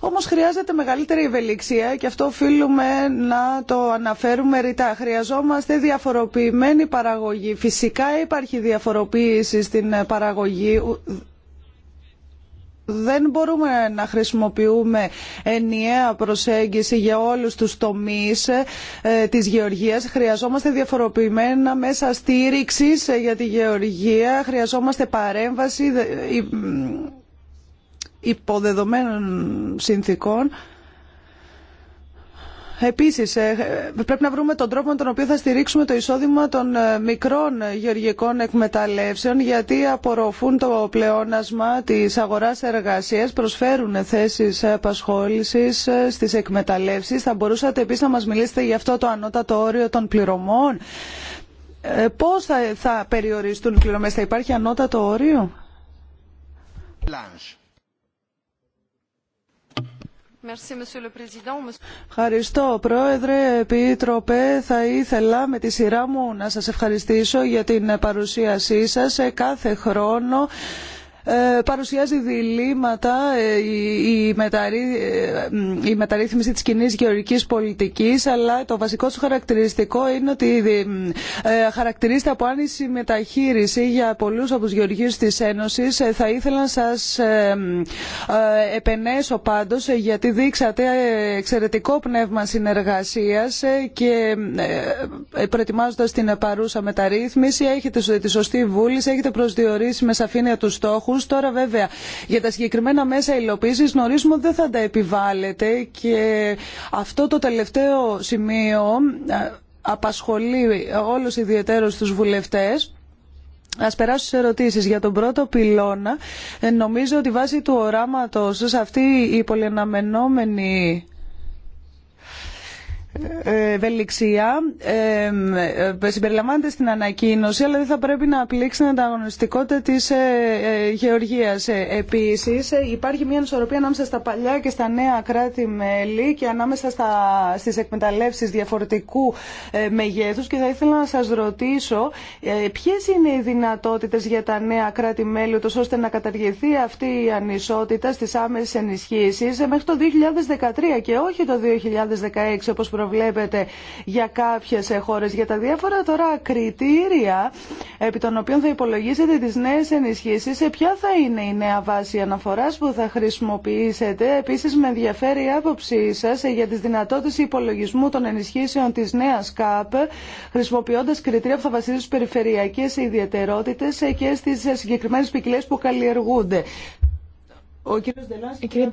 Όμως χρειάζεται μεγαλύτερη ευελιξία και αυτό οφείλουμε να το αναφέρουμε ρητά. Χρειαζόμαστε διαφοροποιημένη παραγωγή. Φυσικά υπάρχει διαφοροποίηση στην παραγωγή δεν μπορούμε να χρησιμοποιούμε ενιαία προσέγγιση για όλους τους τομείς ε, της γεωργίας. Χρειαζόμαστε διαφοροποιημένα μέσα στήριξης ε, για τη γεωργία. Χρειαζόμαστε παρέμβαση ε, υποδεδομένων συνθήκων. Επίσης, ε, πρέπει να βρούμε τον τρόπο με τον οποίο θα στηρίξουμε το εισόδημα των ε, μικρών γεωργικών εκμεταλλεύσεων, γιατί απορροφούν το πλεόνασμα της αγοράς εργασίας, προσφέρουν θέσεις απασχόλησης ε, στις εκμεταλλεύσεις. Θα μπορούσατε επίσης να μας μιλήσετε για αυτό το ανώτατο όριο των πληρωμών. Πώς θα, θα περιοριστούν οι πληρωμές, θα υπάρχει ανώτατο όριο. Ευχαριστώ Πρόεδρε, Επίτροπε. Θα ήθελα με τη σειρά μου να σας ευχαριστήσω για την παρουσίασή σας κάθε χρόνο. Ε, παρουσιάζει διλήμματα ε, ε, η μεταρρύθμιση της κοινή γεωργικής πολιτικής αλλά το βασικό σου χαρακτηριστικό είναι ότι χαρακτηρίζεται από άνηση μεταχείριση για πολλούς από τους γεωργίους της Ένωσης. Θα ήθελα να σας επενέσω πάντως γιατί δείξατε εξαιρετικό πνεύμα συνεργασίας και προετοιμάζοντας την παρούσα μεταρρύθμιση έχετε τη σωστή βούληση, έχετε προσδιορίσει με σαφήνεια τους στόχους Τώρα βέβαια για τα συγκεκριμένα μέσα υλοποίηση γνωρίζουμε ότι δεν θα τα επιβάλλεται και αυτό το τελευταίο σημείο ε, απασχολεί όλους ιδιαίτερως τους βουλευτές. Ας περάσω στι ερωτήσεις. Για τον πρώτο πυλώνα, ε, νομίζω ότι βάσει του οράματος αυτή η πολυαναμενόμενη ευελιξία ε, συμπεριλαμβάνεται στην ανακοίνωση αλλά δεν θα πρέπει να απλήξει την ανταγωνιστικότητα της ε, ε γεωργίας. Ε, επίσης ε, υπάρχει μια ανισορροπία ανάμεσα στα παλιά και στα νέα κράτη-μέλη και ανάμεσα στα, στις εκμεταλλεύσεις διαφορετικού μεγέθους και θα ήθελα να σας ρωτήσω ποιες είναι οι δυνατότητες για τα νέα κράτη-μέλη ώστε να καταργηθεί αυτή η ανισότητα στις άμεσες ενισχύσεις μέχρι το 2013 και όχι το 2016 όπως προβλέπετε για κάποιες ε, χώρες, για τα διάφορα τώρα κριτήρια επί των οποίων θα υπολογίσετε τις νέες ενισχύσεις, ποια θα είναι η νέα βάση αναφοράς που θα χρησιμοποιήσετε. Επίσης με ενδιαφέρει η άποψή σας ε, για τις δυνατότητες υπολογισμού των ενισχύσεων της νέας ΚΑΠ, χρησιμοποιώντας κριτήρια που θα βασίζουν στις περιφερειακές ιδιαιτερότητες ε, και στις συγκεκριμένες ποικιλίε που καλλιεργούνται. Ο κύριος Δελάς... Κύριε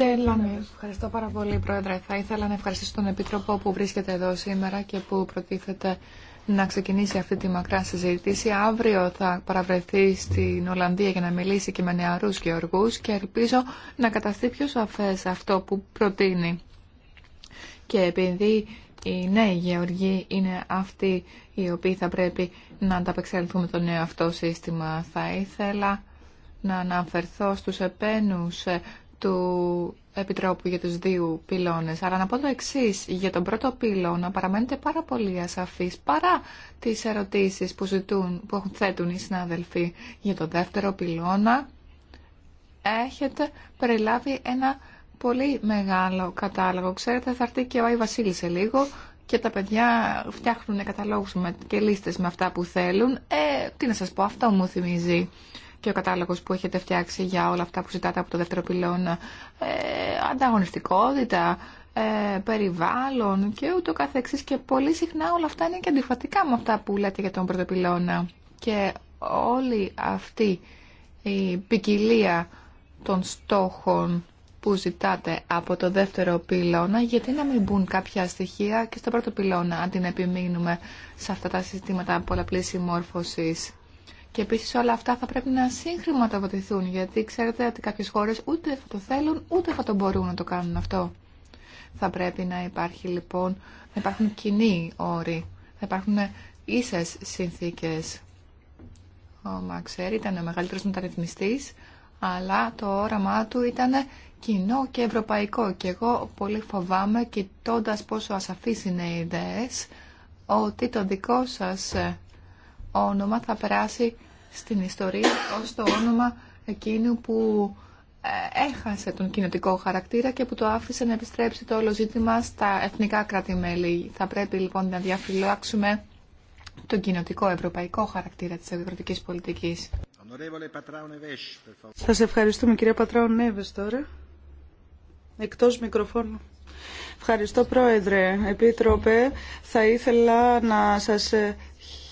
ευχαριστώ πάρα πολύ, Πρόεδρε. Θα ήθελα να ευχαριστήσω τον Επίτροπο που βρίσκεται εδώ σήμερα και που προτίθεται να ξεκινήσει αυτή τη μακρά συζήτηση. Αύριο θα παραβρεθεί στην Ολλανδία για να μιλήσει και με νεαρούς γεωργούς και ελπίζω να καταστεί πιο σαφέ αυτό που προτείνει. Και επειδή οι νέοι γεωργοί είναι αυτοί οι οποίοι θα πρέπει να ανταπεξέλθουν με το νέο αυτό σύστημα, θα ήθελα να αναφερθώ στους επένους ε, του Επιτρόπου για τους δύο πυλώνες. Αλλά να πω το εξή για τον πρώτο πυλώνα παραμένετε πάρα πολύ ασαφείς παρά τις ερωτήσεις που, ζητούν, που θέτουν οι συνάδελφοι. Για τον δεύτερο πυλώνα έχετε περιλάβει ένα πολύ μεγάλο κατάλογο. Ξέρετε, θα έρθει και ο Άι Βασίλη σε λίγο και τα παιδιά φτιάχνουν καταλόγους και λίστες με αυτά που θέλουν. Ε, τι να σας πω, αυτό μου θυμίζει και ο κατάλογος που έχετε φτιάξει για όλα αυτά που ζητάτε από το δεύτερο πυλώνα, ε, ανταγωνιστικότητα, ε, περιβάλλον και ούτω καθεξής και πολύ συχνά όλα αυτά είναι και αντιφατικά με αυτά που λέτε για τον πρώτο πυλώνα και όλη αυτή η ποικιλία των στόχων που ζητάτε από το δεύτερο πυλώνα, γιατί να μην μπουν κάποια στοιχεία και στο πρώτο πυλώνα, αντί να επιμείνουμε σε αυτά τα συστήματα πολλαπλής συμμόρφωσης. Και επίση όλα αυτά θα πρέπει να συγχρηματοδοτηθούν, γιατί ξέρετε ότι κάποιε χώρε ούτε θα το θέλουν, ούτε θα το μπορούν να το κάνουν αυτό. Θα πρέπει να υπάρχει λοιπόν, να υπάρχουν κοινοί όροι, να υπάρχουν ίσε συνθήκε. Ο Μαξέρ ήταν ο μεγαλύτερο μεταρρυθμιστή, αλλά το όραμά του ήταν κοινό και ευρωπαϊκό. Και εγώ πολύ φοβάμαι, κοιτώντα πόσο ασαφεί είναι οι ιδέες, ότι το δικό σα όνομα θα περάσει στην ιστορία ως το όνομα εκείνου που ε, έχασε τον κοινοτικό χαρακτήρα και που το άφησε να επιστρέψει το όλο ζήτημα στα εθνικά κράτη-μέλη. Θα πρέπει λοιπόν να διαφυλάξουμε τον κοινοτικό ευρωπαϊκό χαρακτήρα της ευρωπαϊκής πολιτικής. Σας ευχαριστούμε κυρία Πατράου Νέβες τώρα. Εκτός μικροφώνου. Ευχαριστώ Πρόεδρε. Επίτροπε, θα ήθελα να σας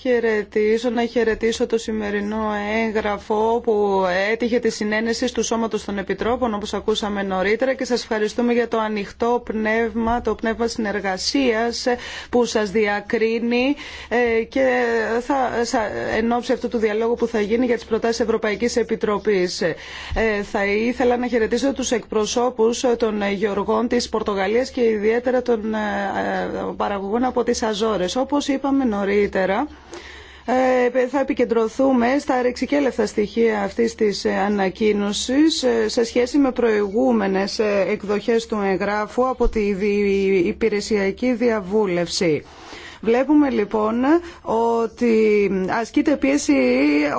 χαιρετήσω, να χαιρετήσω το σημερινό έγγραφο που έτυχε τη συνένεση του Σώματος των Επιτρόπων όπως ακούσαμε νωρίτερα και σας ευχαριστούμε για το ανοιχτό πνεύμα, το πνεύμα συνεργασίας που σας διακρίνει ε, και θα ενόψει αυτού του διαλόγου που θα γίνει για τις προτάσεις Ευρωπαϊκής Επιτροπής. Ε, θα ήθελα να χαιρετήσω τους εκπροσώπους των γεωργών της Πορτογαλίας και ιδιαίτερα των ε, παραγωγών από τις Αζόρες. Όπως είπαμε νωρίτερα, ε, θα επικεντρωθούμε στα ρεξικέλευτα στοιχεία αυτής της ε, ανακοίνωσης ε, σε σχέση με προηγούμενες εκδοχές του εγγράφου από τη υπηρεσιακή διαβούλευση. Βλέπουμε λοιπόν ότι ασκείται πίεση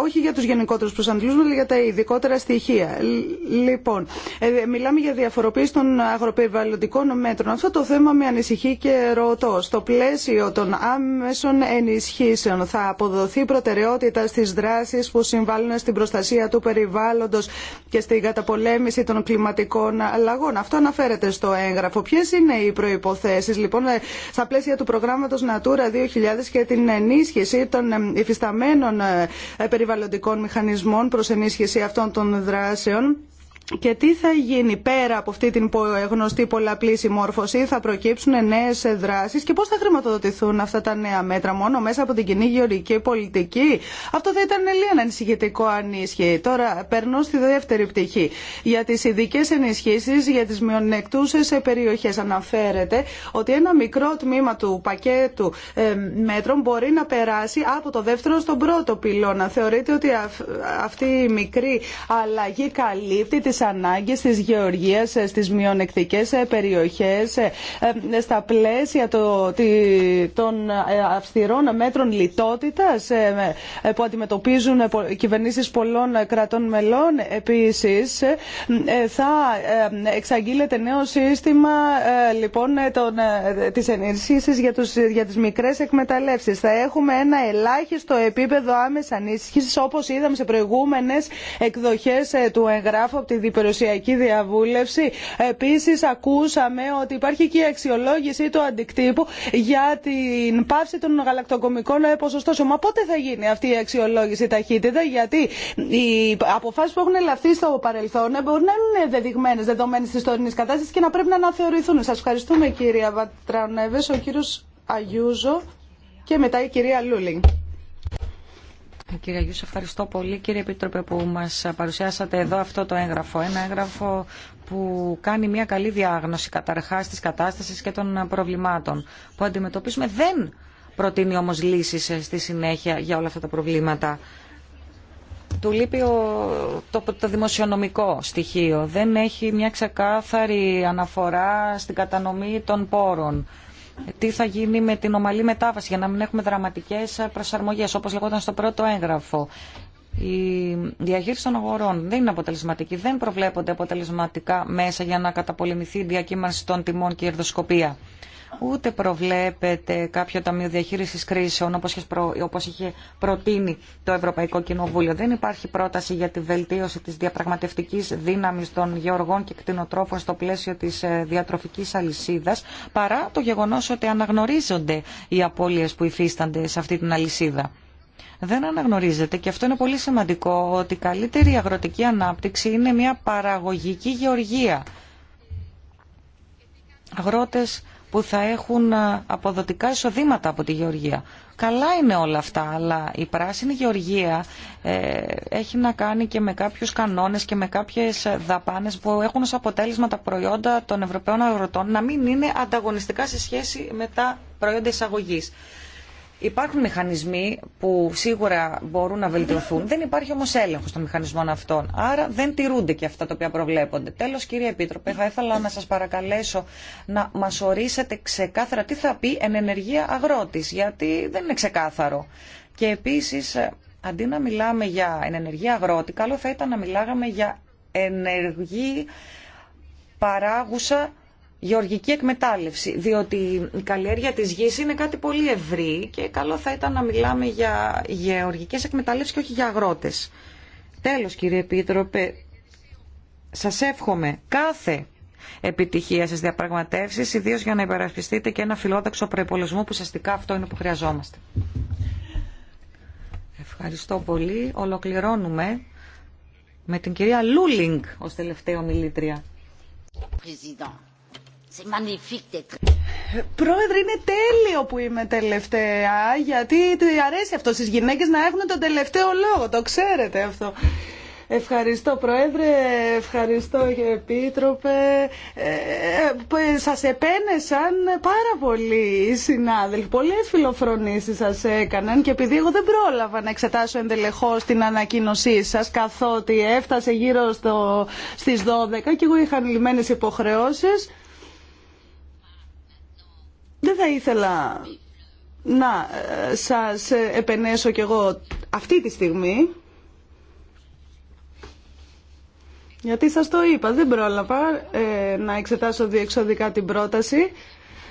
όχι για τους γενικότερους προσανατολισμούς, αλλά για τα ειδικότερα στοιχεία. Λοιπόν, ε, μιλάμε για διαφοροποίηση των αγροπεριβαλλοντικών μέτρων. Αυτό το θέμα με ανησυχεί και ρωτώ. Στο πλαίσιο των άμεσων ενισχύσεων θα αποδοθεί προτεραιότητα στις δράσεις που συμβάλλουν στην προστασία του περιβάλλοντος και στην καταπολέμηση των κλιματικών αλλαγών. Αυτό αναφέρεται στο έγγραφο. Ποιες είναι οι προϋποθέσεις λοιπόν ε, στα πλαίσια του προγράμματος Natura Natura 2000 και την ενίσχυση των υφισταμένων ε, ε, περιβαλλοντικών μηχανισμών προς ενίσχυση αυτών των δράσεων και τι θα γίνει πέρα από αυτή την γνωστή πολλαπλή συμμόρφωση, θα προκύψουν νέε δράσει και πώ θα χρηματοδοτηθούν αυτά τα νέα μέτρα, μόνο μέσα από την κοινή γεωργική πολιτική. Αυτό θα ήταν λίγο ανησυχητικό αν ίσχυε. Τώρα περνώ στη δεύτερη πτυχή. Για τι ειδικέ ενισχύσει, για τι μειονεκτούσε περιοχέ. Αναφέρεται ότι ένα μικρό τμήμα του πακέτου ε, μέτρων μπορεί να περάσει από το δεύτερο στον πρώτο πυλώνα. Θεωρείται ότι αυτή η μικρή αλλαγή καλύπτει τις ανάγκες της γεωργίας ε, στις μειονεκτικές ε, περιοχές ε, στα πλαίσια των αυστηρών μέτρων λιτότητας που αντιμετωπίζουν κυβερνήσεις πολλών κρατών μελών. Επίσης θα εξαγγείλεται νέο σύστημα λοιπόν των, της ενίσχυσης για, για τις μικρές εκμεταλλεύσεις. Θα έχουμε ένα ελάχιστο επίπεδο άμεσα ενίσχυσης όπως είδαμε σε προηγούμενες εκδοχές του εγγράφου διπεροσιακή διαβούλευση. Επίση ακούσαμε ότι υπάρχει και η αξιολόγηση του αντικτύπου για την πάυση των γαλακτοκομικών ποσοστώσεων. Μα πότε θα γίνει αυτή η αξιολόγηση ταχύτητα γιατί οι αποφάσει που έχουν ελαφθεί στο παρελθόν μπορεί να είναι δεδειγμένε δεδομένε τη τωρινή κατάσταση και να πρέπει να αναθεωρηθούν. Σα ευχαριστούμε κυρία Βατρανέβε, ο κύριο Αγιούζο και μετά η κυρία Λούλινγκ. Κύριε Γιούς, ευχαριστώ πολύ. Κύριε Επίτροπε που μας παρουσιάσατε εδώ αυτό το έγγραφο. Ένα έγγραφο που κάνει μια καλή διάγνωση καταρχάς της κατάστασης και των προβλημάτων που αντιμετωπίζουμε. Δεν προτείνει όμως λύσεις ε, στη συνέχεια για όλα αυτά τα προβλήματα. Του λείπει το, το δημοσιονομικό στοιχείο. Δεν έχει μια ξεκάθαρη αναφορά στην κατανομή των πόρων τι θα γίνει με την ομαλή μετάβαση για να μην έχουμε δραματικές προσαρμογές όπως λεγόταν στο πρώτο έγγραφο η διαχείριση των αγορών δεν είναι αποτελεσματική, δεν προβλέπονται αποτελεσματικά μέσα για να καταπολεμηθεί η διακύμανση των τιμών και η ερδοσκοπία. Ούτε προβλέπεται κάποιο ταμείο διαχείριση κρίσεων όπω είχε προτείνει το Ευρωπαϊκό Κοινοβούλιο. Δεν υπάρχει πρόταση για τη βελτίωση τη διαπραγματευτική δύναμη των γεωργών και κτηνοτρόφων στο πλαίσιο τη ε, διατροφική αλυσίδα, παρά το γεγονό ότι αναγνωρίζονται οι απώλειε που υφίστανται σε αυτή την αλυσίδα δεν αναγνωρίζεται και αυτό είναι πολύ σημαντικό ότι η καλύτερη αγροτική ανάπτυξη είναι μια παραγωγική γεωργία. Αγρότες που θα έχουν αποδοτικά εισοδήματα από τη γεωργία. Καλά είναι όλα αυτά, αλλά η πράσινη γεωργία ε, έχει να κάνει και με κάποιους κανόνες και με κάποιες ε, δαπάνες που έχουν ως αποτέλεσμα τα προϊόντα των Ευρωπαίων αγροτών να μην είναι ανταγωνιστικά σε σχέση με τα προϊόντα εισαγωγής. Υπάρχουν μηχανισμοί που σίγουρα μπορούν να βελτιωθούν. Δεν υπάρχει όμω έλεγχο των μηχανισμών αυτών. Άρα δεν τηρούνται και αυτά τα οποία προβλέπονται. Τέλο, κύριε Επίτροπε, θα ήθελα να σα παρακαλέσω να μα ορίσετε ξεκάθαρα τι θα πει εν ενεργεία αγρότη, γιατί δεν είναι ξεκάθαρο. Και επίση, αντί να μιλάμε για εν ενεργεία αγρότη, καλό θα ήταν να μιλάγαμε για ενεργή παράγουσα γεωργική εκμετάλλευση, διότι η καλλιέργεια της γης είναι κάτι πολύ ευρύ και καλό θα ήταν να μιλάμε για γεωργικές εκμετάλλευσεις και όχι για αγρότες. Τέλος κύριε Επίτροπε, σας εύχομαι κάθε επιτυχία στις διαπραγματεύσεις, ιδίως για να υπερασπιστείτε και ένα φιλόδοξο προπολογισμό που ουσιαστικά αυτό είναι που χρειαζόμαστε. Ευχαριστώ πολύ. Ολοκληρώνουμε με την κυρία Λούλινγκ ως τελευταία ομιλήτρια. President. Πρόεδρε, είναι τέλειο που είμαι τελευταία, γιατί αρέσει αυτό στις γυναίκες να έχουν τον τελευταίο λόγο, το ξέρετε αυτό. Ευχαριστώ Πρόεδρε, ευχαριστώ Επίτροπε. Ε, ε, ε σας επένεσαν πάρα πολύ οι συνάδελφοι. Πολλές φιλοφρονήσεις σας έκαναν και επειδή εγώ δεν πρόλαβα να εξετάσω εντελεχώς την ανακοίνωσή σας καθότι έφτασε γύρω στο, στις 12 και εγώ είχα λυμμένες υποχρεώσεις. Δεν θα ήθελα να ε, σας επενέσω κι εγώ αυτή τη στιγμή. Γιατί σας το είπα, δεν πρόλαβα ε, να εξετάσω διεξοδικά την πρόταση.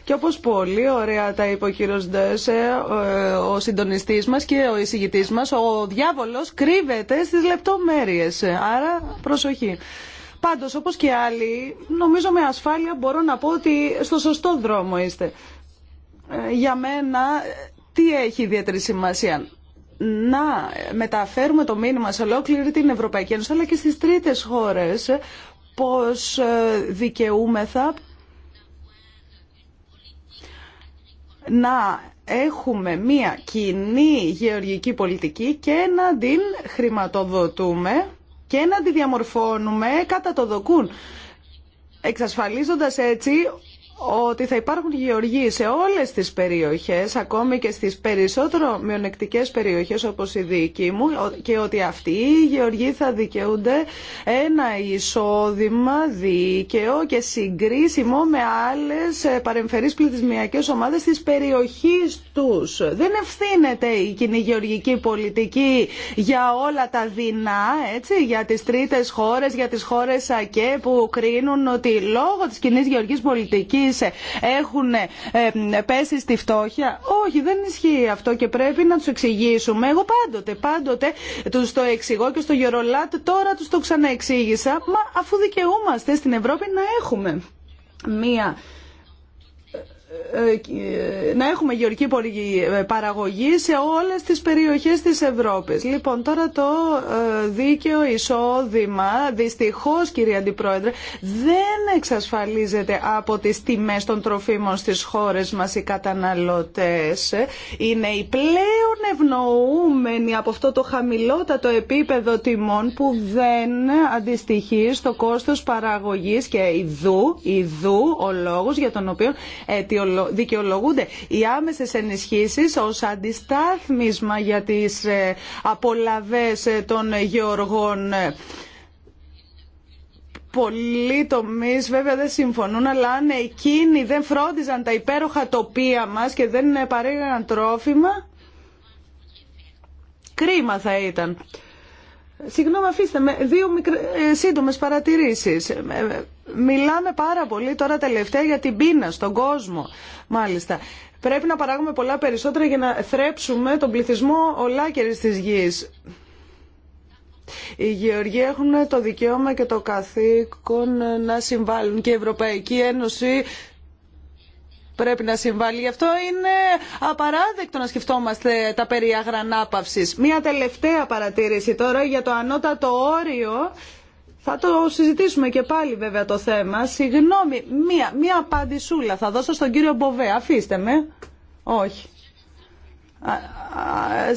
Και όπως πολύ ωραία τα είπε ο κύριος Ντέσε, ε, ο συντονιστής μας και ο εισηγητής μας, ο διάβολος κρύβεται στις λεπτομέρειες. Άρα προσοχή. Πάντως, όπως και άλλοι, νομίζω με ασφάλεια μπορώ να πω ότι στο σωστό δρόμο είστε. Ε, για μένα τι έχει ιδιαίτερη σημασία. Να μεταφέρουμε το μήνυμα σε ολόκληρη την Ευρωπαϊκή Ένωση αλλά και στις τρίτες χώρες πως ε, δικαιούμεθα να έχουμε μία κοινή γεωργική πολιτική και να την χρηματοδοτούμε και να τη διαμορφώνουμε κατά το δοκούν, εξασφαλίζοντας έτσι ότι θα υπάρχουν γεωργοί σε όλες τις περιοχές, ακόμη και στις περισσότερο μειονεκτικές περιοχές όπως η δική μου και ότι αυτοί οι γεωργοί θα δικαιούνται ένα εισόδημα δίκαιο και συγκρίσιμο με άλλες ε, παρεμφερείς πληθυσμιακές ομάδες της περιοχής τους. Δεν ευθύνεται η κοινή γεωργική πολιτική για όλα τα δεινά, έτσι, για τις τρίτες χώρες, για τις χώρες ΑΚΕ που κρίνουν ότι λόγω της κοινή γεωργικής πολιτικής έχουν ε, πέσει στη φτώχεια. Όχι, δεν ισχύει αυτό και πρέπει να του εξηγήσουμε. Εγώ πάντοτε, πάντοτε του το εξηγώ και στο Γερολάτ τώρα του το ξαναεξήγησα. Μα αφού δικαιούμαστε στην Ευρώπη να έχουμε μία ε, να έχουμε γεωργική ε, παραγωγή σε όλες τις περιοχές της Ευρώπης. Λοιπόν, τώρα το ε, δίκαιο εισόδημα, δυστυχώς κύριε Αντιπρόεδρε, δεν εξασφαλίζεται από τις τιμές των τροφίμων στις χώρες μας οι καταναλωτές. Είναι οι πλέον ευνοούμενοι από αυτό το χαμηλότατο επίπεδο τιμών που δεν αντιστοιχεί στο κόστος παραγωγής και ιδού, ο λόγος για τον οποίο δικαιολογούνται οι άμεσες ενισχύσεις ως αντιστάθμισμα για τις ε, απολαβές ε, των γεωργών. Πολλοί τομεί βέβαια δεν συμφωνούν, αλλά αν εκείνοι δεν φρόντιζαν τα υπέροχα τοπία μας και δεν παρήγαγαν τρόφιμα, κρίμα θα ήταν. Συγγνώμη, αφήστε με, δύο σύντομε σύντομες παρατηρήσεις. Ε, ε, μιλάμε πάρα πολύ τώρα τελευταία για την πείνα στον κόσμο, μάλιστα. Πρέπει να παράγουμε πολλά περισσότερα για να θρέψουμε τον πληθυσμό ολάκερης της γης. Οι Γεωργοί έχουν το δικαίωμα και το καθήκον να συμβάλλουν και η Ευρωπαϊκή Ένωση πρέπει να συμβάλλει. Γι' αυτό είναι απαράδεκτο να σκεφτόμαστε τα περί αγρανάπαυσης. Μία τελευταία παρατήρηση τώρα για το ανώτατο όριο. Θα το συζητήσουμε και πάλι βέβαια το θέμα. Συγγνώμη, μία, μία απαντησούλα θα δώσω στον κύριο Μποβέ. Αφήστε με. Όχι.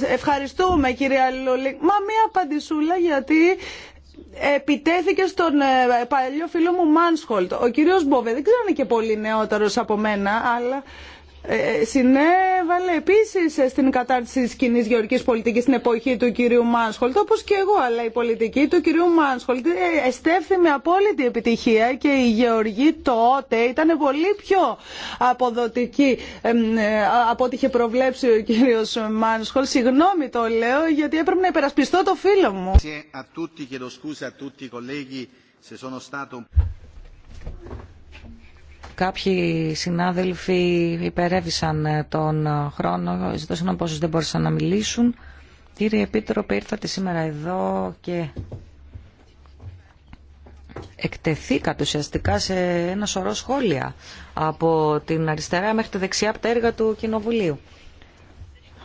Ευχαριστούμε κύριε Αλλούλη. Μα μία απαντησούλα γιατί επιτέθηκε στον ε, παλιό φίλο μου Μάνσχολτ. Ο κύριος Μπόβε δεν ξέρω αν είναι και πολύ νεότερος από μένα, αλλά ε, ε, συνέβαλε επίση ε, στην κατάρτιση τη κοινή γεωργική πολιτική στην εποχή του κυρίου Μάνσχολτ, όπω και εγώ, αλλά η πολιτική του κυρίου Μάνσχολτ εστέφθη με απόλυτη επιτυχία και η γεωργή τότε ήταν πολύ πιο αποδοτική από ό,τι είχε προβλέψει ο κύριο Μάνσχολτ. Συγγνώμη το λέω, γιατί έπρεπε να υπερασπιστώ το φίλο μου. Κάποιοι συνάδελφοι υπερέβησαν ε, τον ε, χρόνο, ζητώσαν από όσους δεν μπορούσαν να μιλήσουν. Κύριε Επίτροπε, ήρθατε σήμερα εδώ και εκτεθήκατε ουσιαστικά σε ένα σωρό σχόλια από την αριστερά μέχρι τη δεξιά από τα έργα του Κοινοβουλίου.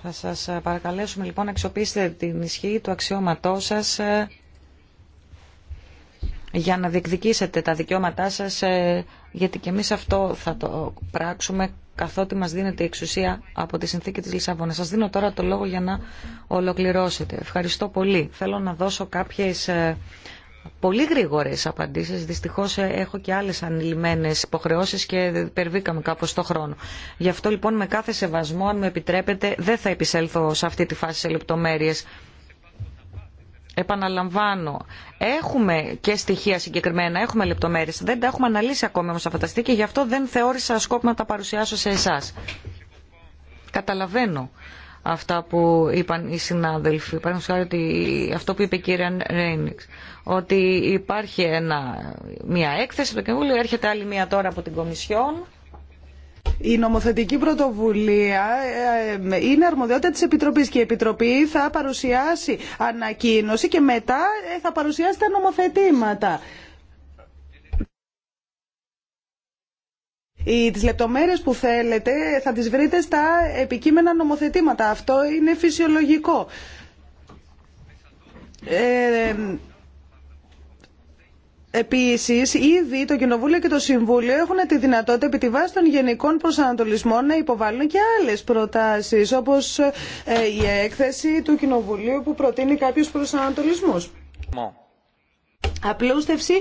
Θα σας ε, παρακαλέσουμε λοιπόν να αξιοποιήσετε την ισχύ του αξιώματός σας για να διεκδικήσετε τα δικαιώματά σας, ε, γιατί και εμείς αυτό θα το πράξουμε καθότι μας δίνεται η εξουσία από τη συνθήκη της Λισαβόνας. Σας δίνω τώρα το λόγο για να ολοκληρώσετε. Ευχαριστώ πολύ. Θέλω να δώσω κάποιες ε, πολύ γρήγορες απαντήσεις. Δυστυχώς ε, έχω και άλλες ανηλυμένες υποχρεώσεις και υπερβήκαμε κάπως το χρόνο. Γι' αυτό λοιπόν με κάθε σεβασμό, αν μου επιτρέπετε, δεν θα επισέλθω σε αυτή τη φάση σε λεπτομέρειες επαναλαμβάνω, έχουμε και στοιχεία συγκεκριμένα, έχουμε λεπτομέρειες, δεν τα έχουμε αναλύσει ακόμα όμως αυτά τα και γι' αυτό δεν θεώρησα σκόπιμα να τα παρουσιάσω σε εσάς. Καταλαβαίνω αυτά που είπαν οι συνάδελφοι. Παραδείγματο ότι αυτό που είπε η κυρία Ρέινιξ, ότι υπάρχει ένα, μια έκθεση από το έρχεται άλλη μια τώρα από την Κομισιόν η νομοθετική πρωτοβουλία ε, ε, είναι αρμοδιότητα της Επιτροπής και η Επιτροπή θα παρουσιάσει ανακοίνωση και μετά ε, θα παρουσιάσει τα νομοθετήματα. Τις λεπτομέρειες που θέλετε θα τις βρείτε στα επικείμενα νομοθετήματα. Αυτό είναι φυσιολογικό. Επίση, ήδη το Κοινοβούλιο και το Συμβούλιο έχουν τη δυνατότητα επί τη βάση των γενικών προσανατολισμών να υποβάλουν και άλλε προτάσει, όπω ε, η έκθεση του Κοινοβουλίου που προτείνει κάποιου προσανατολισμού. Απλούστευση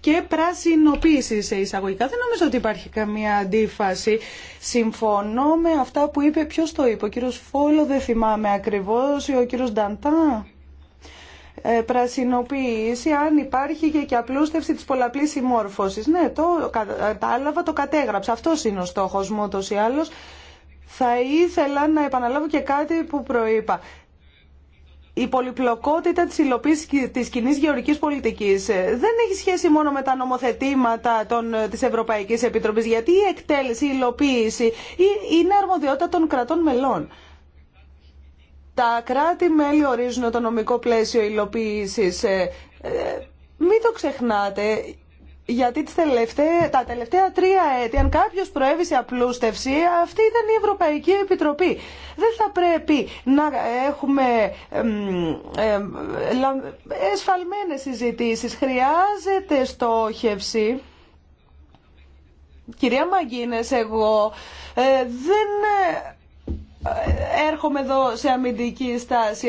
και πράσινοποίηση σε εισαγωγικά. Δεν νομίζω ότι υπάρχει καμία αντίφαση. Συμφωνώ με αυτά που είπε. Ποιο το είπε, ο κύριο Φόλο, δεν θυμάμαι ακριβώ, ή ο κύριο Νταντά. Ε, πρασινοποίηση αν υπάρχει και, και απλούστευση της πολλαπλής συμμόρφωσης. Ναι, το κατάλαβα, το κατέγραψα. Αυτός είναι ο στόχος μου Η πολυπλοκότητα της υλοποίησης της κοινή γεωρικής πολιτικής ε, δεν έχει σχέση μόνο με τα νομοθετήματα των, ε, της Ευρωπαϊκής Επιτροπής, γιατί η εκτέλεση, η υλοποίηση είναι αρμοδιότητα των κρατών μελών. Τα κράτη-μέλη ορίζουν το νομικό πλαίσιο υλοποίησης. Ε, ε, μην το ξεχνάτε, γιατί τις τα τελευταία τρία έτη, αν κάποιο προέβησε σε απλούστευση, αυτή ήταν η Ευρωπαϊκή Επιτροπή. Δεν θα πρέπει να έχουμε ε, συζητήσει. εσφαλμένες συζητήσεις. Χρειάζεται στόχευση. Κυρία Μαγκίνες, εγώ ε, δεν έρχομαι εδώ σε αμυντική στάση.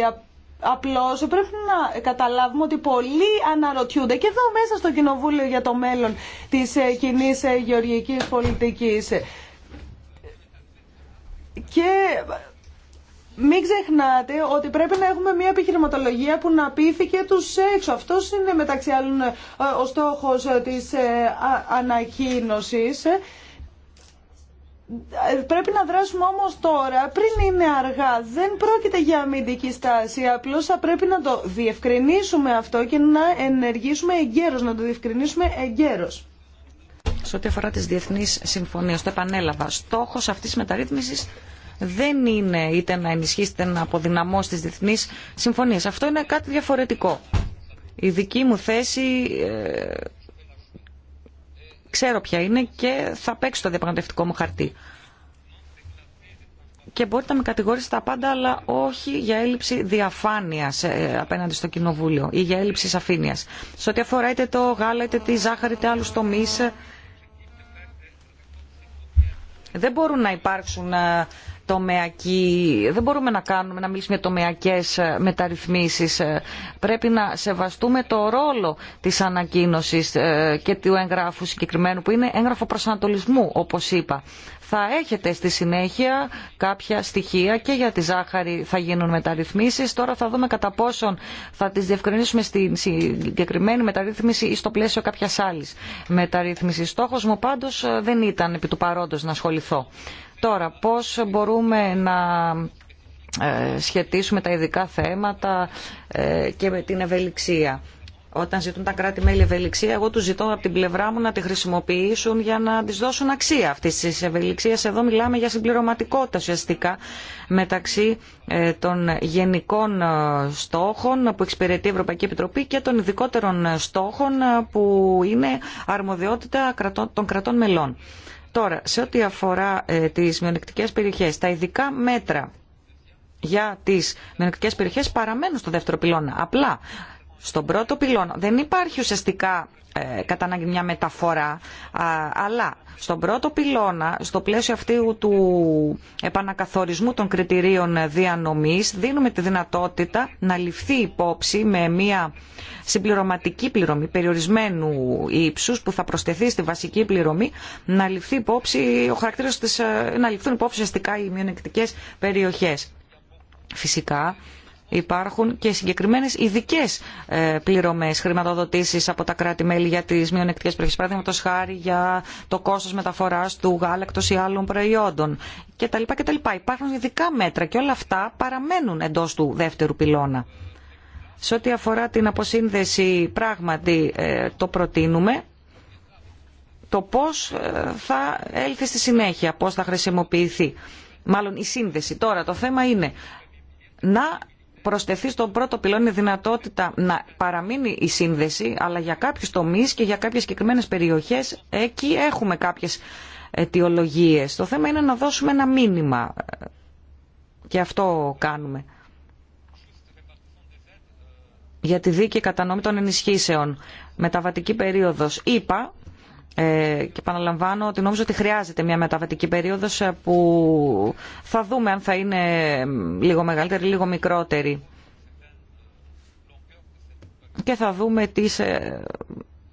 Απλώ πρέπει να καταλάβουμε ότι πολλοί αναρωτιούνται και εδώ μέσα στο Κοινοβούλιο για το μέλλον της ε, κοινή ε, γεωργική πολιτική. Και μην ξεχνάτε ότι πρέπει να έχουμε μια επιχειρηματολογία που να πείθηκε τους έξω. Αυτό είναι μεταξύ άλλων ε, ο στόχος της ανακοίνωσης. Πρέπει να δράσουμε όμως τώρα, πριν είναι αργά. Δεν πρόκειται για αμυντική στάση, απλώς θα πρέπει να το διευκρινίσουμε αυτό και να ενεργήσουμε εγκαίρως, να το διευκρινίσουμε εγκαίρως. Σε ό,τι αφορά τις διεθνείς συμφωνίες, το επανέλαβα, στόχος αυτής της μεταρρύθμισης δεν είναι είτε να ενισχύσετε να αποδυναμώσει τις διεθνείς συμφωνίες. Αυτό είναι κάτι διαφορετικό. Η δική μου θέση ε, ξέρω ποια είναι και θα παίξω το διαπραγματευτικό μου χαρτί. Και μπορείτε να με κατηγορήσετε τα πάντα, αλλά όχι για έλλειψη διαφάνεια ε, απέναντι στο Κοινοβούλιο ή για έλλειψη σαφήνεια. Σε ό,τι αφορά είτε το γάλα, είτε τη ζάχαρη, είτε άλλου τομεί, ε, δεν μπορούν να υπάρξουν ε, τομεακή, δεν μπορούμε να κάνουμε, να μιλήσουμε για τομεακές ε, μεταρρυθμίσεις. Ε. Πρέπει να σεβαστούμε το ρόλο της ανακοίνωσης ε, και του εγγράφου συγκεκριμένου που είναι έγγραφο προσανατολισμού όπως είπα. Θα έχετε στη συνέχεια κάποια στοιχεία και για τη ζάχαρη θα γίνουν μεταρρυθμίσεις. Τώρα θα δούμε κατά πόσον θα τις διευκρινίσουμε στην συγκεκριμένη μεταρρύθμιση ή στο πλαίσιο κάποιας άλλης μεταρρύθμισης. Στόχος μου πάντως δεν ήταν επί του παρόντος να ασχοληθώ Τώρα, πώς μπορούμε να ε, σχετίσουμε τα ειδικά θέματα ε, και με την ευελιξία. Όταν ζητούν τα κράτη-μέλη ευελιξία, εγώ του ζητώ από την πλευρά μου να τη χρησιμοποιήσουν για να τη δώσουν αξία αυτή τη ευελιξία. Εδώ μιλάμε για συμπληρωματικότητα ουσιαστικά μεταξύ ε, των γενικών στόχων που εξυπηρετεί η Ευρωπαϊκή Επιτροπή και των ειδικότερων στόχων που είναι αρμοδιότητα των κρατών μελών. Τώρα, σε ό,τι αφορά ε, τις μειονεκτικές περιοχές, τα ειδικά μέτρα για τις μειονεκτικές περιοχές παραμένουν στο δεύτερο πυλώνα. Απλά στον πρώτο πυλώνα δεν υπάρχει ουσιαστικά ε, κατά ανάγκη μια μεταφορά, αλλά στον πρώτο πυλώνα, στο πλαίσιο αυτού του επανακαθορισμού των κριτηρίων διανομής, δίνουμε τη δυνατότητα να ληφθεί υπόψη με μια συμπληρωματική πληρωμή περιορισμένου ύψους που θα προσθεθεί στη βασική πληρωμή, να ληφθεί υπόψη ο της, ε, να ληφθούν υπόψη ουσιαστικά οι μειονεκτικές περιοχές. Φυσικά, υπάρχουν και συγκεκριμένες ειδικέ ε, πληρωμές χρηματοδοτήσεις από τα κράτη-μέλη για τις μειονεκτικές περιοχές, παραδείγματος χάρη για το κόστος μεταφοράς του γάλακτος ή άλλων προϊόντων κτλ. κτλ. Υπάρχουν ειδικά μέτρα και όλα αυτά παραμένουν εντός του δεύτερου πυλώνα. Σε ό,τι αφορά την αποσύνδεση πράγματι ε, το προτείνουμε το πώς ε, θα έλθει στη συνέχεια, πώς θα χρησιμοποιηθεί. Μάλλον η σύνδεση. Τώρα το θέμα είναι να προστεθεί στον πρώτο πυλόν η δυνατότητα να παραμείνει η σύνδεση, αλλά για κάποιου τομείς και για κάποιε συγκεκριμένε περιοχές εκεί έχουμε κάποιες αιτιολογίες. Το θέμα είναι να δώσουμε ένα μήνυμα και αυτό κάνουμε. Για τη δίκαιη κατανομή των ενισχύσεων. Μεταβατική περίοδος. Είπα ε, και επαναλαμβάνω ότι νομίζω ότι χρειάζεται μια μεταβατική περίοδος ε, που θα δούμε αν θα είναι λίγο μεγαλύτερη, λίγο μικρότερη. Και θα δούμε τις ε,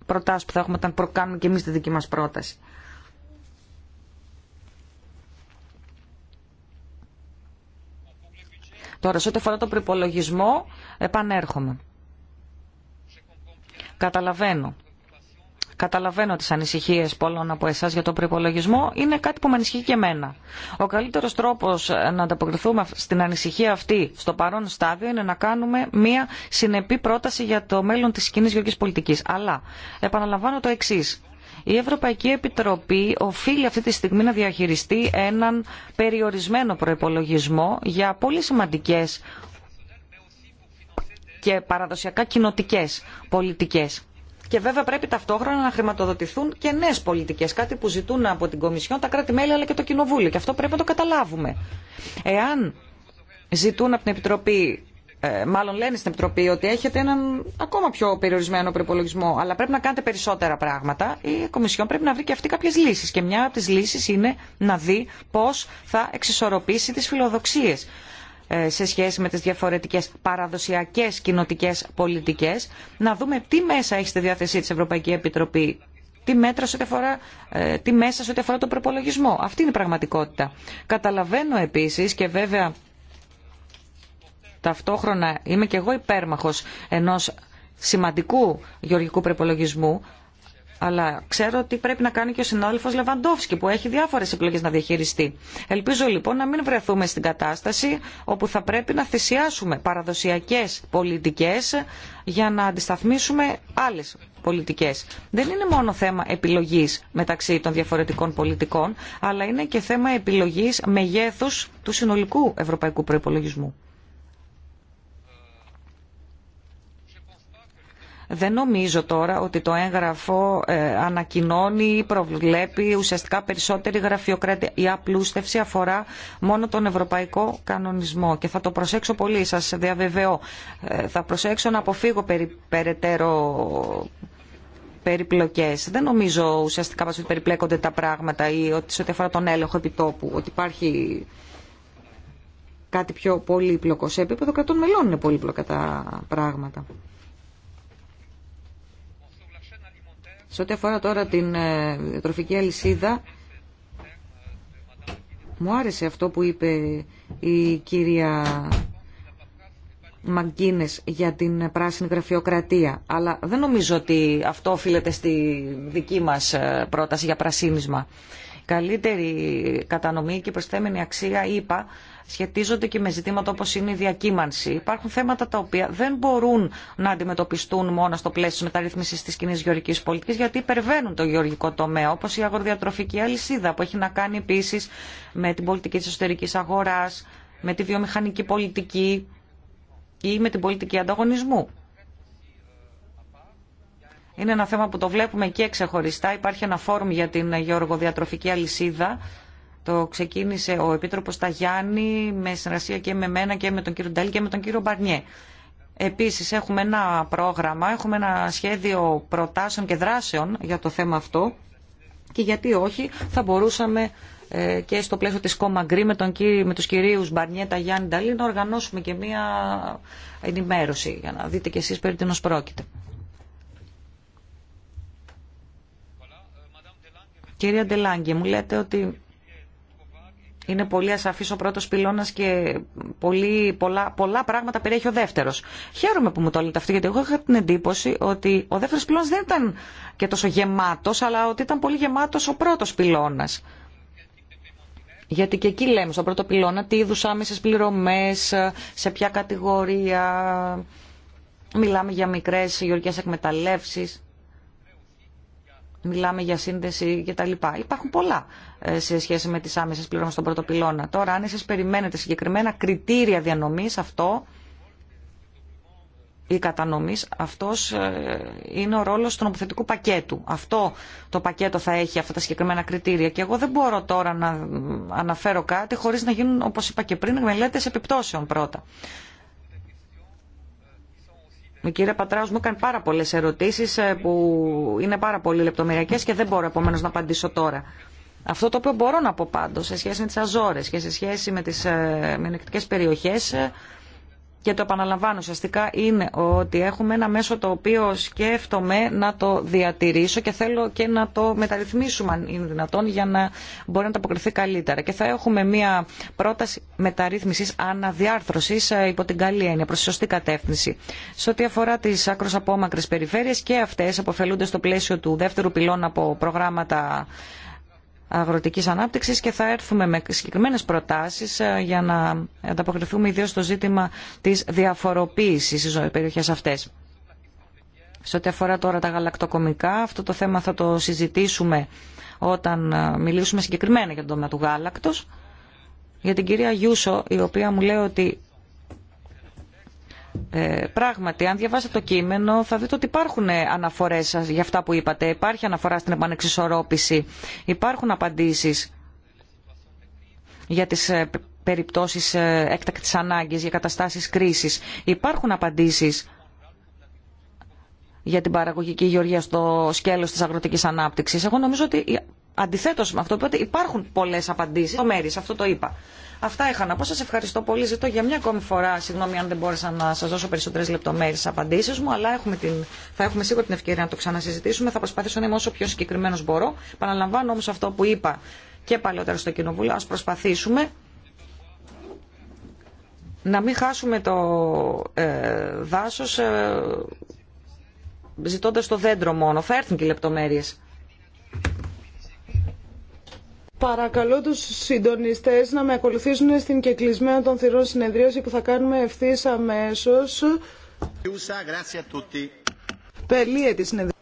προτάσεις που θα έχουμε όταν προκάνουμε και εμείς τη δική μας πρόταση. Τώρα, σε ό,τι αφορά τον προπολογισμό, επανέρχομαι. Καταλαβαίνω Καταλαβαίνω τι ανησυχίε πολλών από εσά για τον προπολογισμό. Είναι κάτι που με ανησυχεί και εμένα. Ο καλύτερο τρόπο να ανταποκριθούμε στην ανησυχία αυτή στο παρόν στάδιο είναι να κάνουμε μια συνεπή πρόταση για το μέλλον τη κοινή γεωργική πολιτική. Αλλά επαναλαμβάνω το εξή. Η Ευρωπαϊκή Επιτροπή οφείλει αυτή τη στιγμή να διαχειριστεί έναν περιορισμένο προπολογισμό για πολύ σημαντικέ και παραδοσιακά κοινοτικέ πολιτικές και βέβαια πρέπει ταυτόχρονα να χρηματοδοτηθούν και νέε πολιτικέ. Κάτι που ζητούν από την Κομισιόν τα κράτη-μέλη αλλά και το Κοινοβούλιο. Και αυτό πρέπει να το καταλάβουμε. Εάν ζητούν από την Επιτροπή, ε, μάλλον λένε στην Επιτροπή ότι έχετε έναν ακόμα πιο περιορισμένο προπολογισμό, αλλά πρέπει να κάνετε περισσότερα πράγματα, η Κομισιόν πρέπει να βρει και αυτή κάποιε λύσει. Και μια από τι λύσει είναι να δει πώ θα εξισορροπήσει τι φιλοδοξίε ε, σε σχέση με τις διαφορετικές παραδοσιακές κοινοτικέ πολιτικές, να δούμε τι μέσα έχει στη διάθεσή της Ευρωπαϊκή Επιτροπή, τι, μέτρα σε ε, τι μέσα σε ό,τι αφορά τον προπολογισμό. Αυτή είναι η πραγματικότητα. Καταλαβαίνω επίσης και βέβαια ταυτόχρονα είμαι και εγώ υπέρμαχος ενός σημαντικού γεωργικού προπολογισμού, αλλά ξέρω ότι πρέπει να κάνει και ο συνάδελφο Λεβαντόφσκι που έχει διάφορε επιλογέ να διαχειριστεί. Ελπίζω λοιπόν να μην βρεθούμε στην κατάσταση όπου θα πρέπει να θυσιάσουμε παραδοσιακέ πολιτικέ για να αντισταθμίσουμε άλλε πολιτικέ. Δεν είναι μόνο θέμα επιλογή μεταξύ των διαφορετικών πολιτικών, αλλά είναι και θέμα επιλογή μεγέθου του συνολικού ευρωπαϊκού προπολογισμού. Δεν νομίζω τώρα ότι το έγγραφο ε, ανακοινώνει ή προβλέπει ουσιαστικά περισσότερη γραφειοκρατία. Η απλούστευση αφορά μόνο τον ευρωπαϊκό κανονισμό και θα το προσέξω πολύ, σας διαβεβαιώ. Ε, θα προσέξω να αποφύγω περι, περαιτέρω περιπλοκές. Δεν νομίζω ουσιαστικά ότι περιπλέκονται τα πράγματα ή ότι σε ό,τι αφορά τον έλεγχο επιτόπου, ότι υπάρχει κάτι πιο πολύπλοκο. Σε επίπεδο κρατών μελών είναι πολύπλοκα τα πράγματα. Σε ό,τι αφορά τώρα την ε, τροφική αλυσίδα, μου άρεσε αυτό που είπε η κυρία Μαγκίνες για την πράσινη γραφειοκρατία. Αλλά δεν νομίζω ότι αυτό οφείλεται στη δική μας ε, πρόταση για πρασίνισμα. Καλύτερη κατανομή και προσθέμενη αξία, είπα, σχετίζονται και με ζητήματα όπω είναι η διακύμανση. Υπάρχουν θέματα τα οποία δεν μπορούν να αντιμετωπιστούν μόνο στο πλαίσιο της μεταρρύθμισης της κοινή γεωργικής πολιτική γιατί υπερβαίνουν το γεωργικό τομέα όπω η αγροδιατροφική αλυσίδα που έχει να κάνει επίση με την πολιτική τη εσωτερική αγορά, με τη βιομηχανική πολιτική ή με την πολιτική ανταγωνισμού. Είναι ένα θέμα που το βλέπουμε και ξεχωριστά. Υπάρχει ένα φόρουμ για την γεωργοδιατροφική αλυσίδα το ξεκίνησε ο Επίτροπος Ταγιάννη με συνεργασία και με μένα και με τον κύριο Νταλή και με τον κύριο Μπαρνιέ. Επίσης έχουμε ένα πρόγραμμα, έχουμε ένα σχέδιο προτάσεων και δράσεων για το θέμα αυτό και γιατί όχι θα μπορούσαμε ε, και στο πλαίσιο της Γκρι με, τον με τους κυρίους Μπαρνιέ, Γιάννη Νταλή να οργανώσουμε και μία ενημέρωση για να δείτε και εσείς περί τίνος πρόκειται. Κυρία μου λέτε ότι είναι πολύ ασαφή ο πρώτο πυλώνα και πολύ, πολλά, πράγματα περιέχει ο δεύτερος. Χαίρομαι που μου το λέτε αυτό, γιατί εγώ είχα την εντύπωση ότι ο δεύτερος πυλώνα δεν ήταν και τόσο γεμάτο, αλλά ότι ήταν πολύ γεμάτο ο πρώτος πυλώνα. Γιατί και εκεί λέμε στον πρώτο πυλώνα τι είδου άμεσε πληρωμέ, σε ποια κατηγορία. Μιλάμε για μικρέ γεωργικέ εκμεταλλεύσει μιλάμε για σύνδεση κτλ. Υπάρχουν πολλά ε, σε σχέση με τις άμεσες πληρώμες στον πρώτο πυλώνα. Τώρα, αν εσείς περιμένετε συγκεκριμένα κριτήρια διανομής, αυτό ή κατανομής, αυτός ε, είναι ο ρόλος του νομοθετικού πακέτου. Αυτό το πακέτο θα έχει αυτά τα συγκεκριμένα κριτήρια και εγώ δεν μπορώ τώρα να αναφέρω κάτι χωρί να γίνουν, όπω είπα και πριν, μελέτε επιπτώσεων πρώτα. Ο ε, κύριε Πατράου μου έκανε πάρα πολλέ ερωτήσει ε, που είναι πάρα πολύ λεπτομεριακέ και δεν μπορώ επομένω να απαντήσω τώρα. Αυτό το οποίο μπορώ να πω πάντω σε σχέση με τι Αζόρε και σε σχέση με τι ε, μειονεκτικέ περιοχέ και το επαναλαμβάνω ουσιαστικά είναι ότι έχουμε ένα μέσο το οποίο σκέφτομαι να το διατηρήσω και θέλω και να το μεταρρυθμίσουμε αν είναι δυνατόν για να μπορεί να τα αποκριθεί καλύτερα. Και θα έχουμε μια πρόταση μεταρρύθμισης αναδιάρθρωσης ε, υπό την καλή έννοια προς σωστή κατεύθυνση. Σε ό,τι αφορά τις άκρως απόμακρες περιφέρειες και αυτές αποφελούνται στο πλαίσιο του δεύτερου πυλών από προγράμματα αγροτικής ανάπτυξης και θα έρθουμε με συγκεκριμένες προτάσεις ε, για να ανταποκριθούμε ιδίως στο ζήτημα της διαφοροποίησης στις περιοχές αυτές. Σε ό,τι αφορά τώρα τα γαλακτοκομικά, αυτό το θέμα θα το συζητήσουμε όταν ε, μιλήσουμε συγκεκριμένα για τον τομέα του γάλακτος. Για την κυρία Γιούσο, η οποία μου λέει ότι ε, πράγματι, αν διαβάσετε το κείμενο θα δείτε ότι υπάρχουν αναφορές για αυτά που είπατε. Υπάρχει αναφορά στην επανεξισορρόπηση. Υπάρχουν απαντήσεις για τις ε, περιπτώσεις ε, έκτακτης ανάγκης, για καταστάσεις κρίσης. Υπάρχουν απαντήσεις για την παραγωγική γεωργία στο σκέλος της αγροτικής ανάπτυξης. Εγώ νομίζω ότι αντιθέτως με αυτό που είπατε υπάρχουν πολλές απαντήσεις. Το αυτό το είπα. Αυτά είχα να πω. Σα ευχαριστώ πολύ. Ζητώ για μια ακόμη φορά, συγγνώμη αν δεν μπόρεσα να σα δώσω περισσότερε λεπτομέρειε στι απαντήσει μου, αλλά έχουμε την... θα έχουμε σίγουρα την ευκαιρία να το ξανασυζητήσουμε. Θα προσπαθήσω να είμαι όσο πιο συγκεκριμένο μπορώ. Παναλαμβάνω όμω αυτό που είπα και παλαιότερα στο Κοινοβούλιο. Α προσπαθήσουμε να μην χάσουμε το ε, δάσος ε, το δέντρο μόνο. Θα έρθουν και οι λεπτομέρειε. Παρακαλώ τους συντονιστές να με ακολουθήσουν στην κεκλεισμένα των θυρών συνεδρίωση που θα κάνουμε ευθύς αμέσως. Πελίε τη